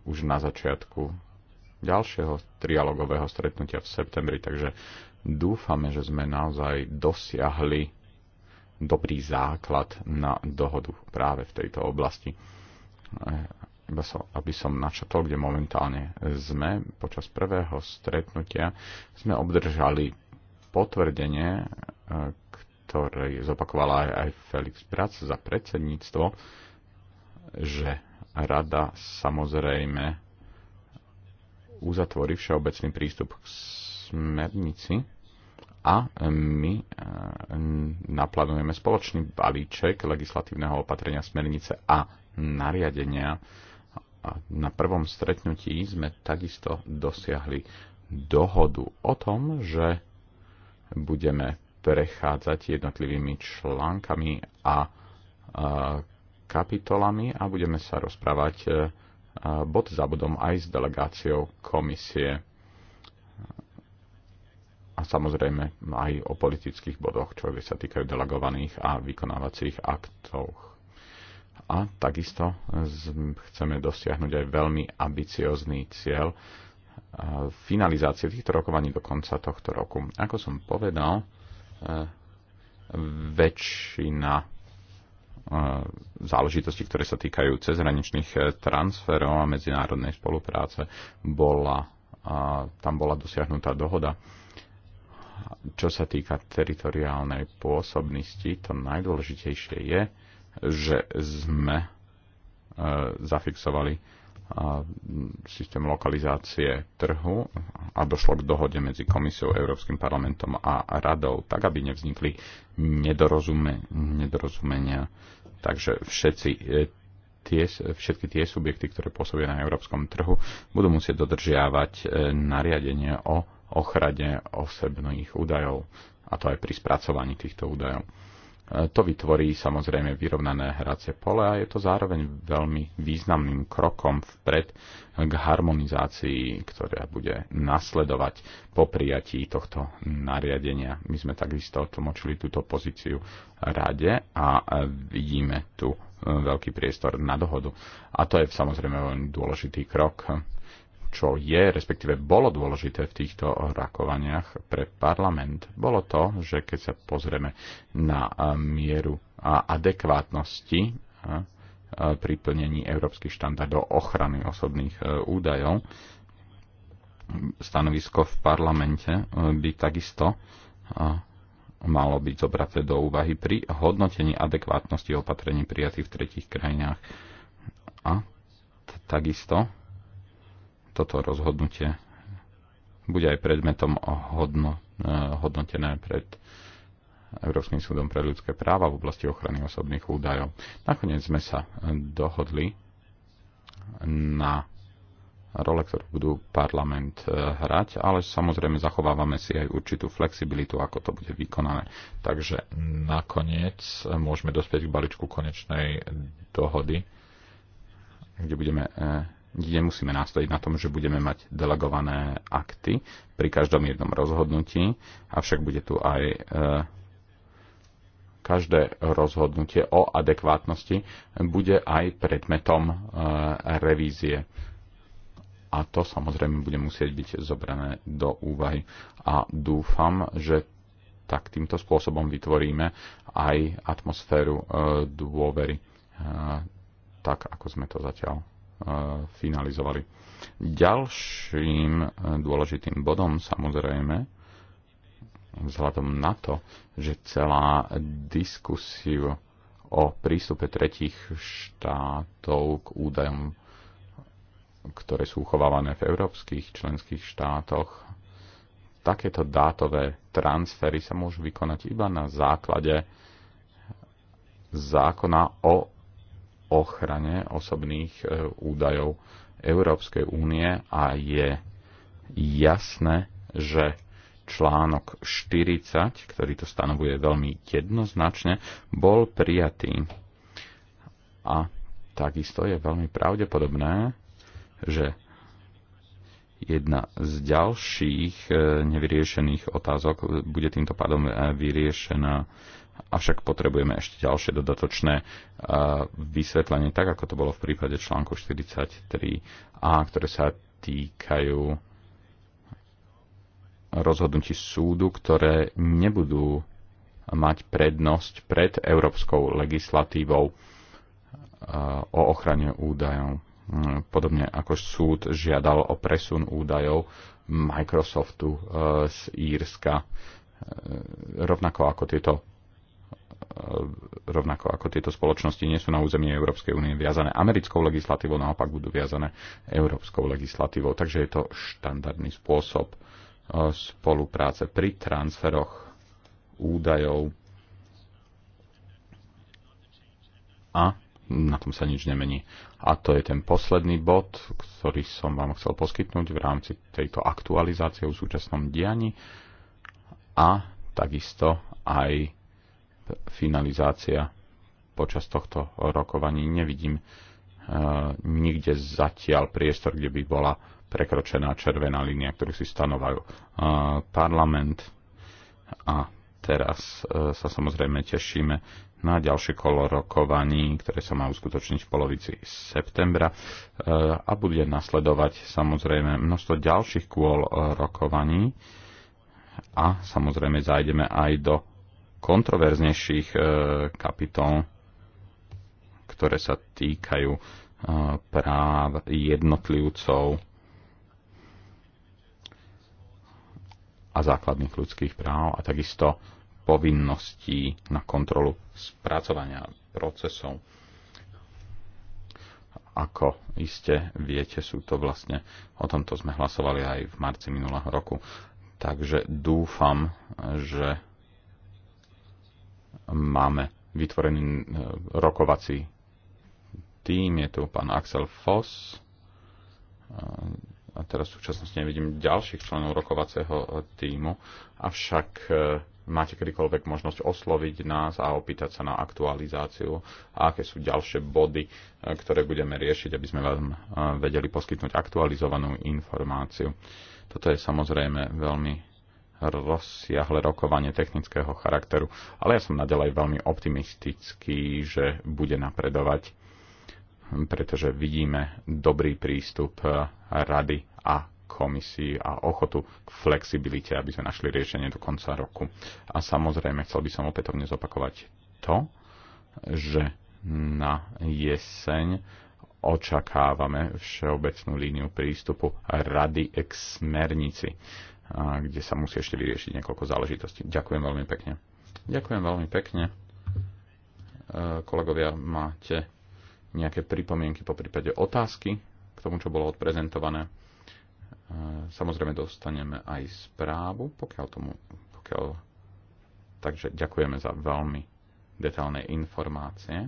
už na začiatku ďalšieho trialogového stretnutia v septembri, takže dúfame, že sme naozaj dosiahli dobrý základ na dohodu práve v tejto oblasti e, iba so, aby som načatol, kde momentálne sme. Počas prvého stretnutia sme obdržali potvrdenie, e, ktoré zopakovala aj, aj Felix Prac za predsedníctvo, že rada samozrejme uzatvorí všeobecný prístup k smernici a my e, naplánujeme spoločný balíček legislatívneho opatrenia smernice a nariadenia a na prvom stretnutí sme takisto dosiahli dohodu o tom, že budeme prechádzať jednotlivými článkami a kapitolami a budeme sa rozprávať e, bod za bodom aj s delegáciou komisie a samozrejme aj o politických bodoch, čo sa týkajú delegovaných a vykonávacích aktov a takisto eh, chceme dosiahnuť aj veľmi ambiciózny cieľ eh, finalizácie týchto rokovaní do konca tohto roku. Ako som povedal, eh, väčšina záležitosti, ktoré sa týkajú cezhraničných transferov a medzinárodnej spolupráce, bola, tam bola dosiahnutá dohoda. Čo sa týka teritoriálnej pôsobnosti, to najdôležitejšie je, že sme e, zafixovali e, systém lokalizácie trhu a došlo k dohode medzi Komisiou, Európskym parlamentom a Radou, tak aby nevznikli nedorozume, nedorozumenia. Takže všetci e, tie, všetky tie subjekty, ktoré pôsobia na európskom trhu, budú musieť dodržiavať nariadenie o ochrane osobných údajov, a to aj pri spracovaní týchto údajov. To vytvorí samozrejme vyrovnané hracie pole a je to zároveň veľmi významným krokom vpred k harmonizácii, ktorá bude nasledovať po prijatí tohto nariadenia. My sme takisto tlmočili túto pozíciu rade a vidíme tu veľký priestor na dohodu. A to je samozrejme veľmi dôležitý krok čo je, respektíve bolo dôležité v týchto rakovaniach pre parlament, bolo to, že keď sa pozrieme na eh, mieru a adekvátnosti eh, pri plnení európskych štandardov ochrany osobných eh, údajov, stanovisko v parlamente by takisto malo byť zobraté do úvahy pri hodnotení adekvátnosti opatrení prijatých v tretich krajinách. A takisto toto rozhodnutie bude aj predmetom hodno, eh, hodnotené pred Európskym súdom pre ľudské práva v oblasti ochrany osobných údajov. Nakoniec sme sa eh, dohodli na role, ktorú budú parlament eh, hrať, ale samozrejme zachovávame si aj určitú flexibilitu, ako to bude vykonané. Takže nakoniec môžeme dospieť k baličku konečnej dohody, kde budeme nemusíme nastojiť na tom, že budeme mať delegované akty pri každom jednom rozhodnutí, avšak bude tu aj e, každé rozhodnutie o adekvátnosti bude aj predmetom e, revízie. A to samozrejme bude musieť byť zobrané do úvahy. A dúfam, že tak týmto spôsobom vytvoríme aj atmosféru e, dôvery, e, tak ako sme to zatiaľ finalizovali. Ďalším e, dôležitým bodom samozrejme, vzhľadom na to, že celá diskusiu o prístupe tretich štátov k údajom, ktoré sú uchovávané v európskych členských štátoch, takéto dátové transfery sa môžu vykonať iba na základe zákona o ochrane osobných e, údajov Európskej únie a je jasné, že článok 40, ktorý to stanovuje veľmi jednoznačne, bol prijatý. A takisto je veľmi pravdepodobné, že jedna z ďalších e, nevyriešených otázok bude týmto pádom e, vyriešená avšak potrebujeme ešte ďalšie dodatočné vysvetlenie, tak ako to bolo v prípade článku 43a, ktoré sa týkajú rozhodnutí súdu, ktoré nebudú mať prednosť pred európskou legislatívou o ochrane údajov. Podobne ako súd žiadal o presun údajov Microsoftu e, z Írska, e, rovnako ako tieto E, rovnako ako tieto spoločnosti nie sú na území Európskej únie viazané americkou legislatívou, naopak budú viazané európskou legislatívou. Takže je to štandardný spôsob e, spolupráce pri transferoch údajov a na tom sa nič nemení. A to je ten posledný bod, ktorý som vám chcel poskytnúť v rámci tejto aktualizácie v súčasnom dianí a takisto aj finalizácia počas tohto rokovaní. Nevidím e, nikde zatiaľ priestor, kde by bola prekročená červená línia, ktorú si stanovajú e, parlament. A teraz e, sa samozrejme tešíme na ďalšie kolo rokovaní, ktoré sa má uskutočniť v polovici septembra e, a bude nasledovať samozrejme množstvo ďalších kôl e, rokovaní a samozrejme zájdeme aj do kontroverznejších e, kapitol, ktoré sa týkajú e, práv jednotlivcov a základných ľudských práv a takisto povinností na kontrolu spracovania procesov. Ako iste viete, sú to vlastne, o tomto sme hlasovali aj v marci minulého roku. Takže dúfam, že máme vytvorený e, rokovací tým, je tu pán Axel Foss e, a teraz v súčasnosti nevidím ďalších členov rokovacieho e, týmu, avšak máte kedykoľvek možnosť osloviť nás a opýtať sa na aktualizáciu a aké sú ďalšie body, ktoré budeme riešiť, aby sme vám vedeli poskytnúť aktualizovanú informáciu. Toto je samozrejme veľmi rozsiahle rokovanie technického charakteru, ale ja som naďalej veľmi optimistický, že bude napredovať, pretože vidíme dobrý prístup eh, rady a komisii a ochotu k flexibilite, aby sme našli riešenie do konca roku. A samozrejme, chcel by som opätovne zopakovať to, že na jeseň očakávame všeobecnú líniu prístupu rady k smernici kde sa musí ešte vyriešiť niekoľko záležitostí. Ďakujem veľmi pekne. Ďakujem veľmi pekne. E, kolegovia, máte nejaké pripomienky, po prípade otázky k tomu, čo bolo odprezentované. E, samozrejme dostaneme aj správu, pokiaľ tomu, pokiaľ... Takže ďakujeme za veľmi detailné informácie.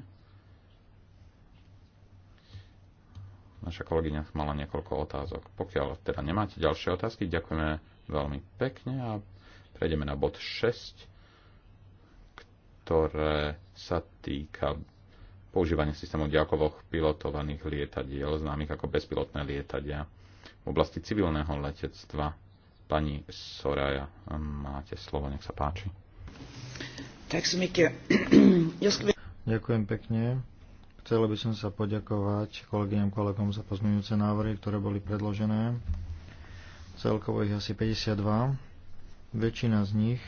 Naša kolegyňa mala niekoľko otázok. Pokiaľ teda nemáte ďalšie otázky, ďakujeme veľmi pekne a prejdeme na bod 6, ktoré sa týka používania systémov ďakovoch pilotovaných lietadiel, známych ako bezpilotné lietadia. V oblasti civilného letectva pani Soraya, máte slovo, nech sa páči. Ďakujem pekne. Chcel by som sa poďakovať kolegyňam kolegom za pozmeňujúce návrhy, ktoré boli predložené celkovo ich asi 52. Väčšina z nich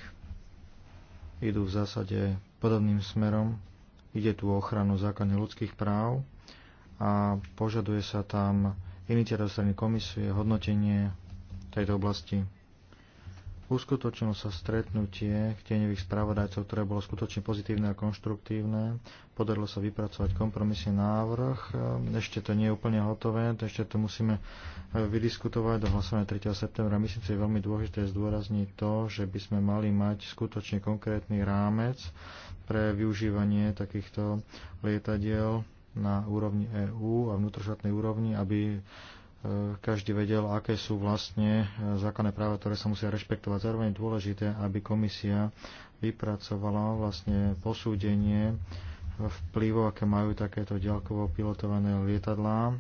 idú v zásade podobným smerom. Ide tu o ochranu základných ľudských práv a požaduje sa tam iniciatíva komisie, hodnotenie tejto oblasti. Uskutočnilo sa stretnutie tieňových spravodajcov, ktoré bolo skutočne pozitívne a konštruktívne. Podarilo sa vypracovať kompromisný návrh. Ehm, ešte to nie je úplne hotové, ešte to musíme ehm, vydiskutovať do hlasovania 3. septembra. Myslím si, je veľmi dôležité zdôrazniť to, že by sme mali mať skutočne konkrétny rámec pre využívanie takýchto lietadiel na úrovni EÚ a vnútrošatnej úrovni, aby každý vedel, aké sú vlastne eh, zákonné práva, ktoré sa musia rešpektovať. Zároveň je dôležité, aby komisia vypracovala vlastne posúdenie vplyvu, aké majú takéto ďalkovo pilotované lietadlá.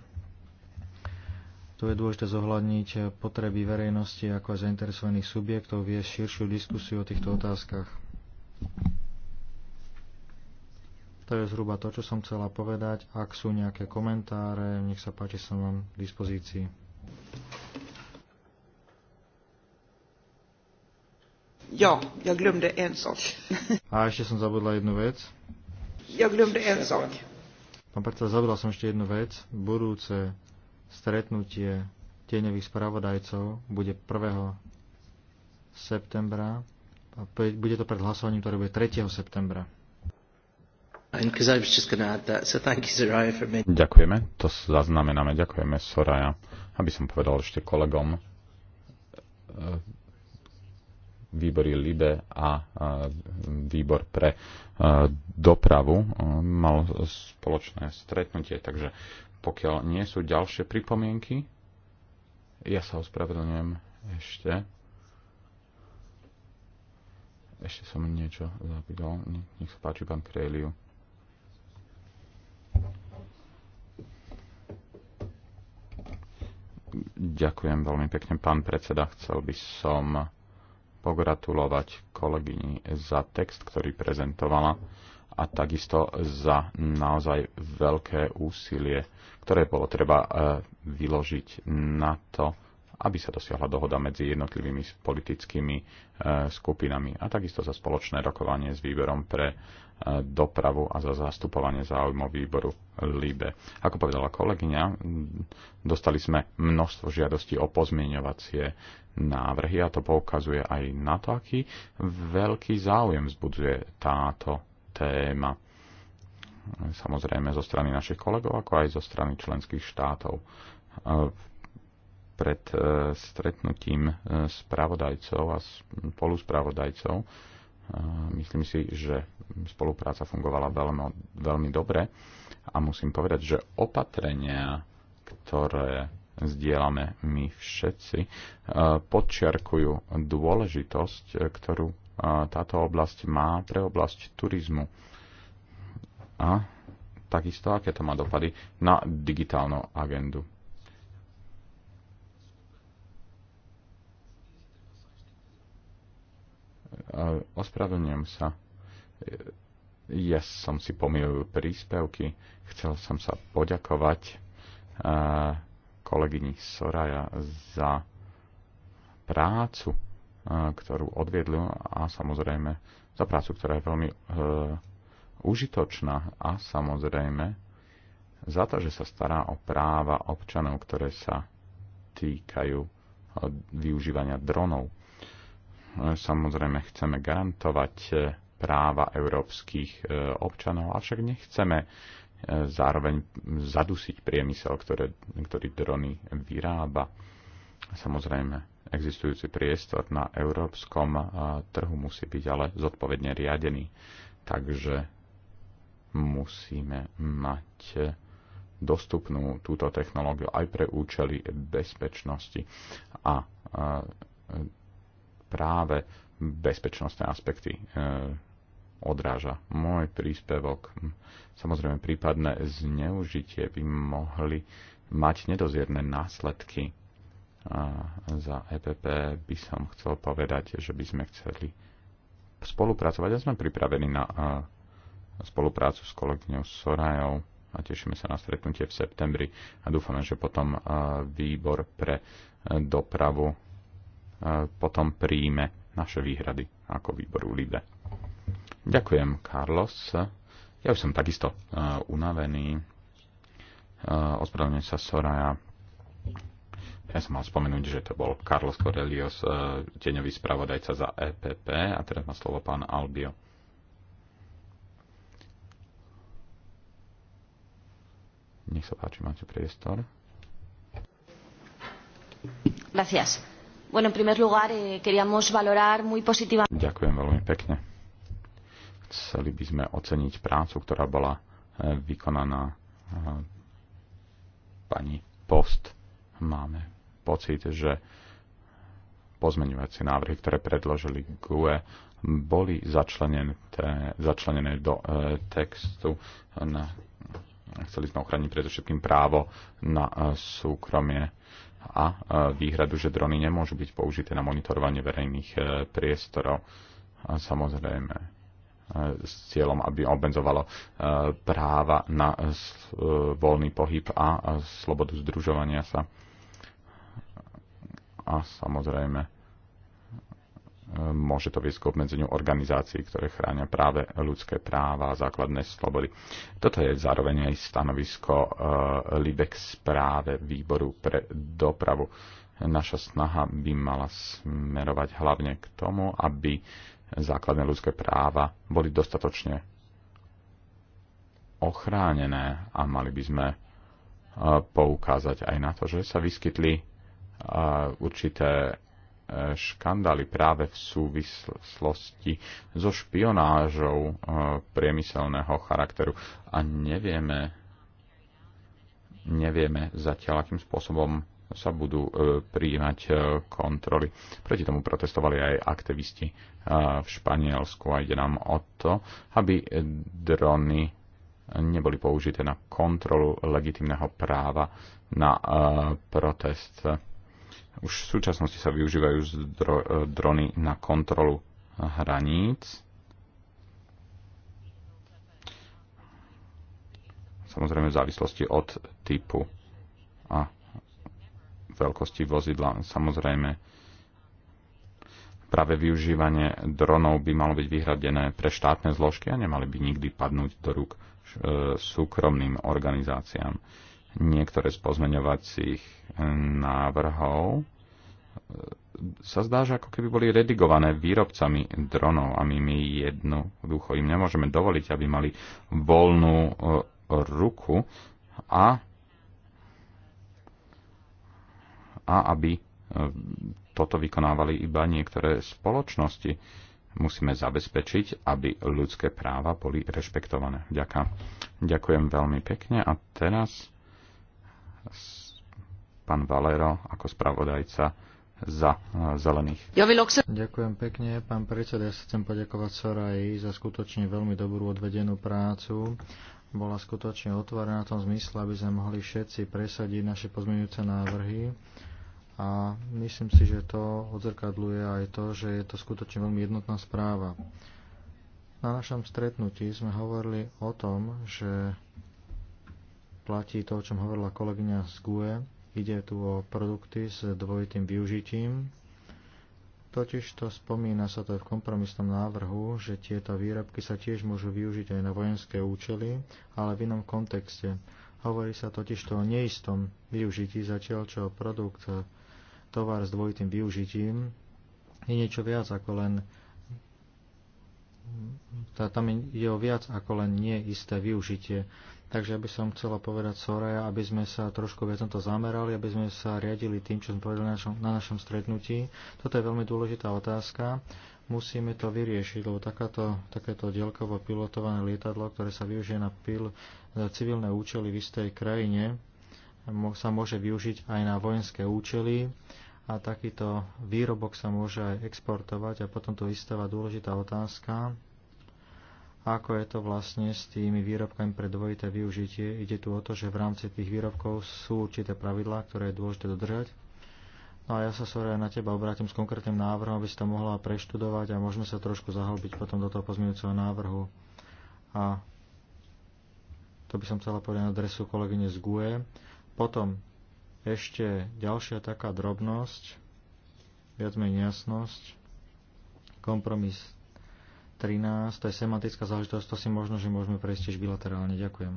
Tu je dôležité zohľadniť potreby verejnosti ako aj zainteresovaných subjektov, viesť širšiu diskusiu o týchto otázkach. To je zhruba to, čo som chcela povedať. Ak sú nejaké komentáre, nech sa páči, som vám k dispozícii. Ja, ja glömde en sak. A ešte som zabudla jednu vec. Ja glömde en sak. Pán predseda, zabudla som ešte jednu vec. Budúce stretnutie tieňových spravodajcov bude 1. septembra a bude to pred hlasovaním, ktoré bude 3. septembra. Ďakujeme, to zaznamenáme. Ďakujeme, Soraya. Aby som povedal ešte kolegom, e, výbory LIBE a e, výbor pre e, dopravu mal spoločné stretnutie, takže pokiaľ nie sú ďalšie pripomienky, ja sa ospravedlňujem ešte. Ešte som niečo zapýtal. Nech sa páči, pán Kreliu. Ďakujem veľmi pekne, pán predseda. Chcel by som pogratulovať kolegyni za text, ktorý prezentovala a takisto za naozaj veľké úsilie, ktoré bolo treba eh, vyložiť na to, aby sa dosiahla dohoda medzi jednotlivými politickými e, skupinami a takisto za spoločné rokovanie s výberom pre e, dopravu a za zastupovanie záujmov výboru LIBE. Ako povedala kolegyňa, dostali sme množstvo žiadostí o pozmieňovacie návrhy a to poukazuje aj na to, aký veľký záujem vzbudzuje táto téma. Samozrejme zo strany našich kolegov, ako aj zo strany členských štátov e, pred e, stretnutím e, spravodajcov a spoluspravodajcov. E, myslím si, že spolupráca fungovala veľmi, veľmi dobre a musím povedať, že opatrenia, ktoré zdieľame my všetci, podčiarkujú dôležitosť, ktorú táto oblasť má pre oblasť turizmu. A takisto, aké to má dopady na digitálnu agendu. Ospravedlňujem sa. Ja som si pomýlil príspevky. Chcel som sa poďakovať e, kolegyni Soraja za prácu, e, ktorú odviedli a samozrejme za prácu, ktorá je veľmi e, užitočná a samozrejme za to, že sa stará o práva občanov, ktoré sa týkajú využívania dronov. Samozrejme, chceme garantovať e, práva európskych e, občanov, avšak nechceme e, zároveň zadusiť priemysel, ktoré, ktorý drony vyrába. Samozrejme, existujúci priestor na európskom trhu musí byť ale zodpovedne riadený. Takže musíme mať dostupnú túto technológiu aj pre účely bezpečnosti a práve bezpečnostné aspekty e, odráža. Môj príspevok, samozrejme prípadné zneužitie by mohli mať nedozierne následky. A za EPP by som chcel povedať, že by sme chceli spolupracovať a sme pripravení na e, spoluprácu s kolegyňou Sorajou a tešíme sa na stretnutie v septembri a dúfame, že potom e, výbor pre dopravu E, potom príjme naše výhrady ako výboru LIBE. Ďakujem, Carlos. Ja už som takisto uh, unavený. Uh, ospravedlňujem sa, Soraya. Ja som mal spomenúť, že to bol Carlos Corelios, uh, deňový spravodajca za EPP a teraz má slovo pán Albio. Nech sa páči, máte priestor. Gracias. Bueno, en primer lugar, eh, queríamos valorar muy positivamente. Ďakujem veľmi pekne. Chceli by sme oceniť prácu, ktorá bola eh, vykonaná eh, pani Post. Máme pocit, že pozmeňovacie návrhy, ktoré predložili GUE, boli začlenené, začlenené do eh, textu eh, na chceli sme ochraniť predovšetkým právo na súkromie a výhradu, že drony nemôžu byť použité na monitorovanie verejných e, priestorov. A samozrejme e, s cieľom, aby obmedzovalo e, práva na voľný pohyb a slobodu združovania sa. A samozrejme môže to viesť k obmedzeniu organizácií, ktoré chránia práve ľudské práva a základné slobody. Toto je zároveň aj stanovisko e, LIBEX práve, výboru pre dopravu. Naša snaha by mala smerovať hlavne k tomu, aby základné ľudské práva boli dostatočne ochránené a mali by sme e, poukázať aj na to, že sa vyskytli e, určité škandály práve v súvislosti so špionážou eh, priemyselného charakteru. A nevieme, nevieme zatiaľ, akým spôsobom sa budú eh, prijímať eh, kontroly. Proti tomu protestovali aj aktivisti v Španielsku a ide nám o to, aby drony neboli použité na kontrolu legitimného práva na protest už v súčasnosti sa využívajú dro- e, drony na kontrolu hraníc. Samozrejme v závislosti od typu a veľkosti vozidla. Samozrejme práve využívanie dronov by malo byť vyhradené pre štátne zložky a nemali by nikdy padnúť do rúk e, súkromným organizáciám niektoré z pozmeňovacích návrhov sa zdá, že ako keby boli redigované výrobcami dronov a my, my jednoducho im nemôžeme dovoliť, aby mali voľnú e, ruku a, a aby e, toto vykonávali iba niektoré spoločnosti. Musíme zabezpečiť, aby ľudské práva boli rešpektované. Ďakujem. Ďakujem veľmi pekne a teraz pán Valero ako spravodajca za eh, zelených. Ďakujem pekne, pán predseda. Ja sa chcem poďakovať soraj za skutočne veľmi dobrú odvedenú prácu. Bola skutočne otvorená v tom zmysle, aby sme mohli všetci presadiť naše pozmeňujúce návrhy. A myslím si, že to odzrkadluje aj to, že je to skutočne veľmi jednotná správa. Na našom stretnutí sme hovorili o tom, že platí to, o čom hovorila kolegyňa z GUE. Ide tu o produkty s dvojitým využitím. Totiž to spomína sa to aj v kompromisnom návrhu, že tieto výrobky sa tiež môžu využiť aj na vojenské účely, ale v inom kontexte. Hovorí sa totiž to o neistom využití, zatiaľ čo produkt, tovar s dvojitým využitím je niečo viac ako len tá, tam je o viac ako len neisté využitie. Takže ja by som chcela povedať Soraya, aby sme sa trošku viac na to zamerali, aby sme sa riadili tým, čo sme povedali na našom, na našom stretnutí. Toto je veľmi dôležitá otázka. Musíme to vyriešiť, lebo takáto, takéto dielkovo pilotované lietadlo, ktoré sa využije na, pil, na civilné účely v istej krajine, sa môže využiť aj na vojenské účely a takýto výrobok sa môže aj exportovať a potom tu vystáva dôležitá otázka, ako je to vlastne s tými výrobkami pre dvojité využitie. Ide tu o to, že v rámci tých výrobkov sú určité pravidlá, ktoré je dôležité dodržať. No a ja sa Soraya na teba obrátim s konkrétnym návrhom, aby si to mohla preštudovať a môžeme sa trošku zahlbiť potom do toho pozmeňujúceho návrhu. A to by som chcela povedať na adresu kolegyne z GUE. Potom ešte ďalšia taká drobnosť, viac menej jasnosť, kompromis 13, to je semantická záležitosť, to si možno, že môžeme prejsť tiež bilaterálne. Ďakujem.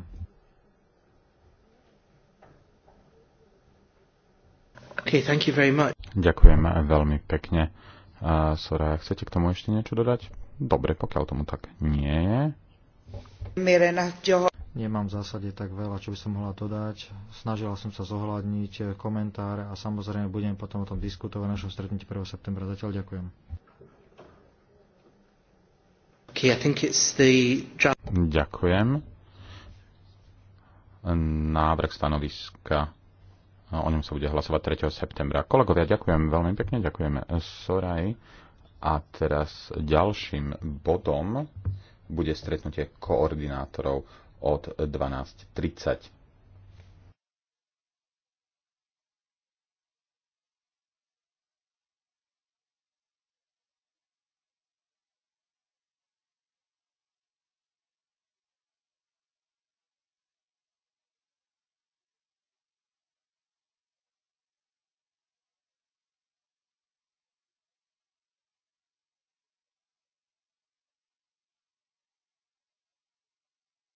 Okay, thank you very much. Ďakujem veľmi pekne. Uh, Sora, chcete k tomu ešte niečo dodať? Dobre, pokiaľ tomu tak nie je. Nemám v zásade tak veľa, čo by som mohla dodať. Snažila som sa zohľadniť eh, komentáre a samozrejme budem potom o tom diskutovať na našom stretnutí 1. septembra. Zatiaľ ďakujem. Ďakujem. Návrh stanoviska no, o ňom sa bude hlasovať 3. septembra. Kolegovia, ďakujem veľmi pekne, ďakujeme Soraj. A teraz ďalším bodom bude stretnutie koordinátorov od 12.30.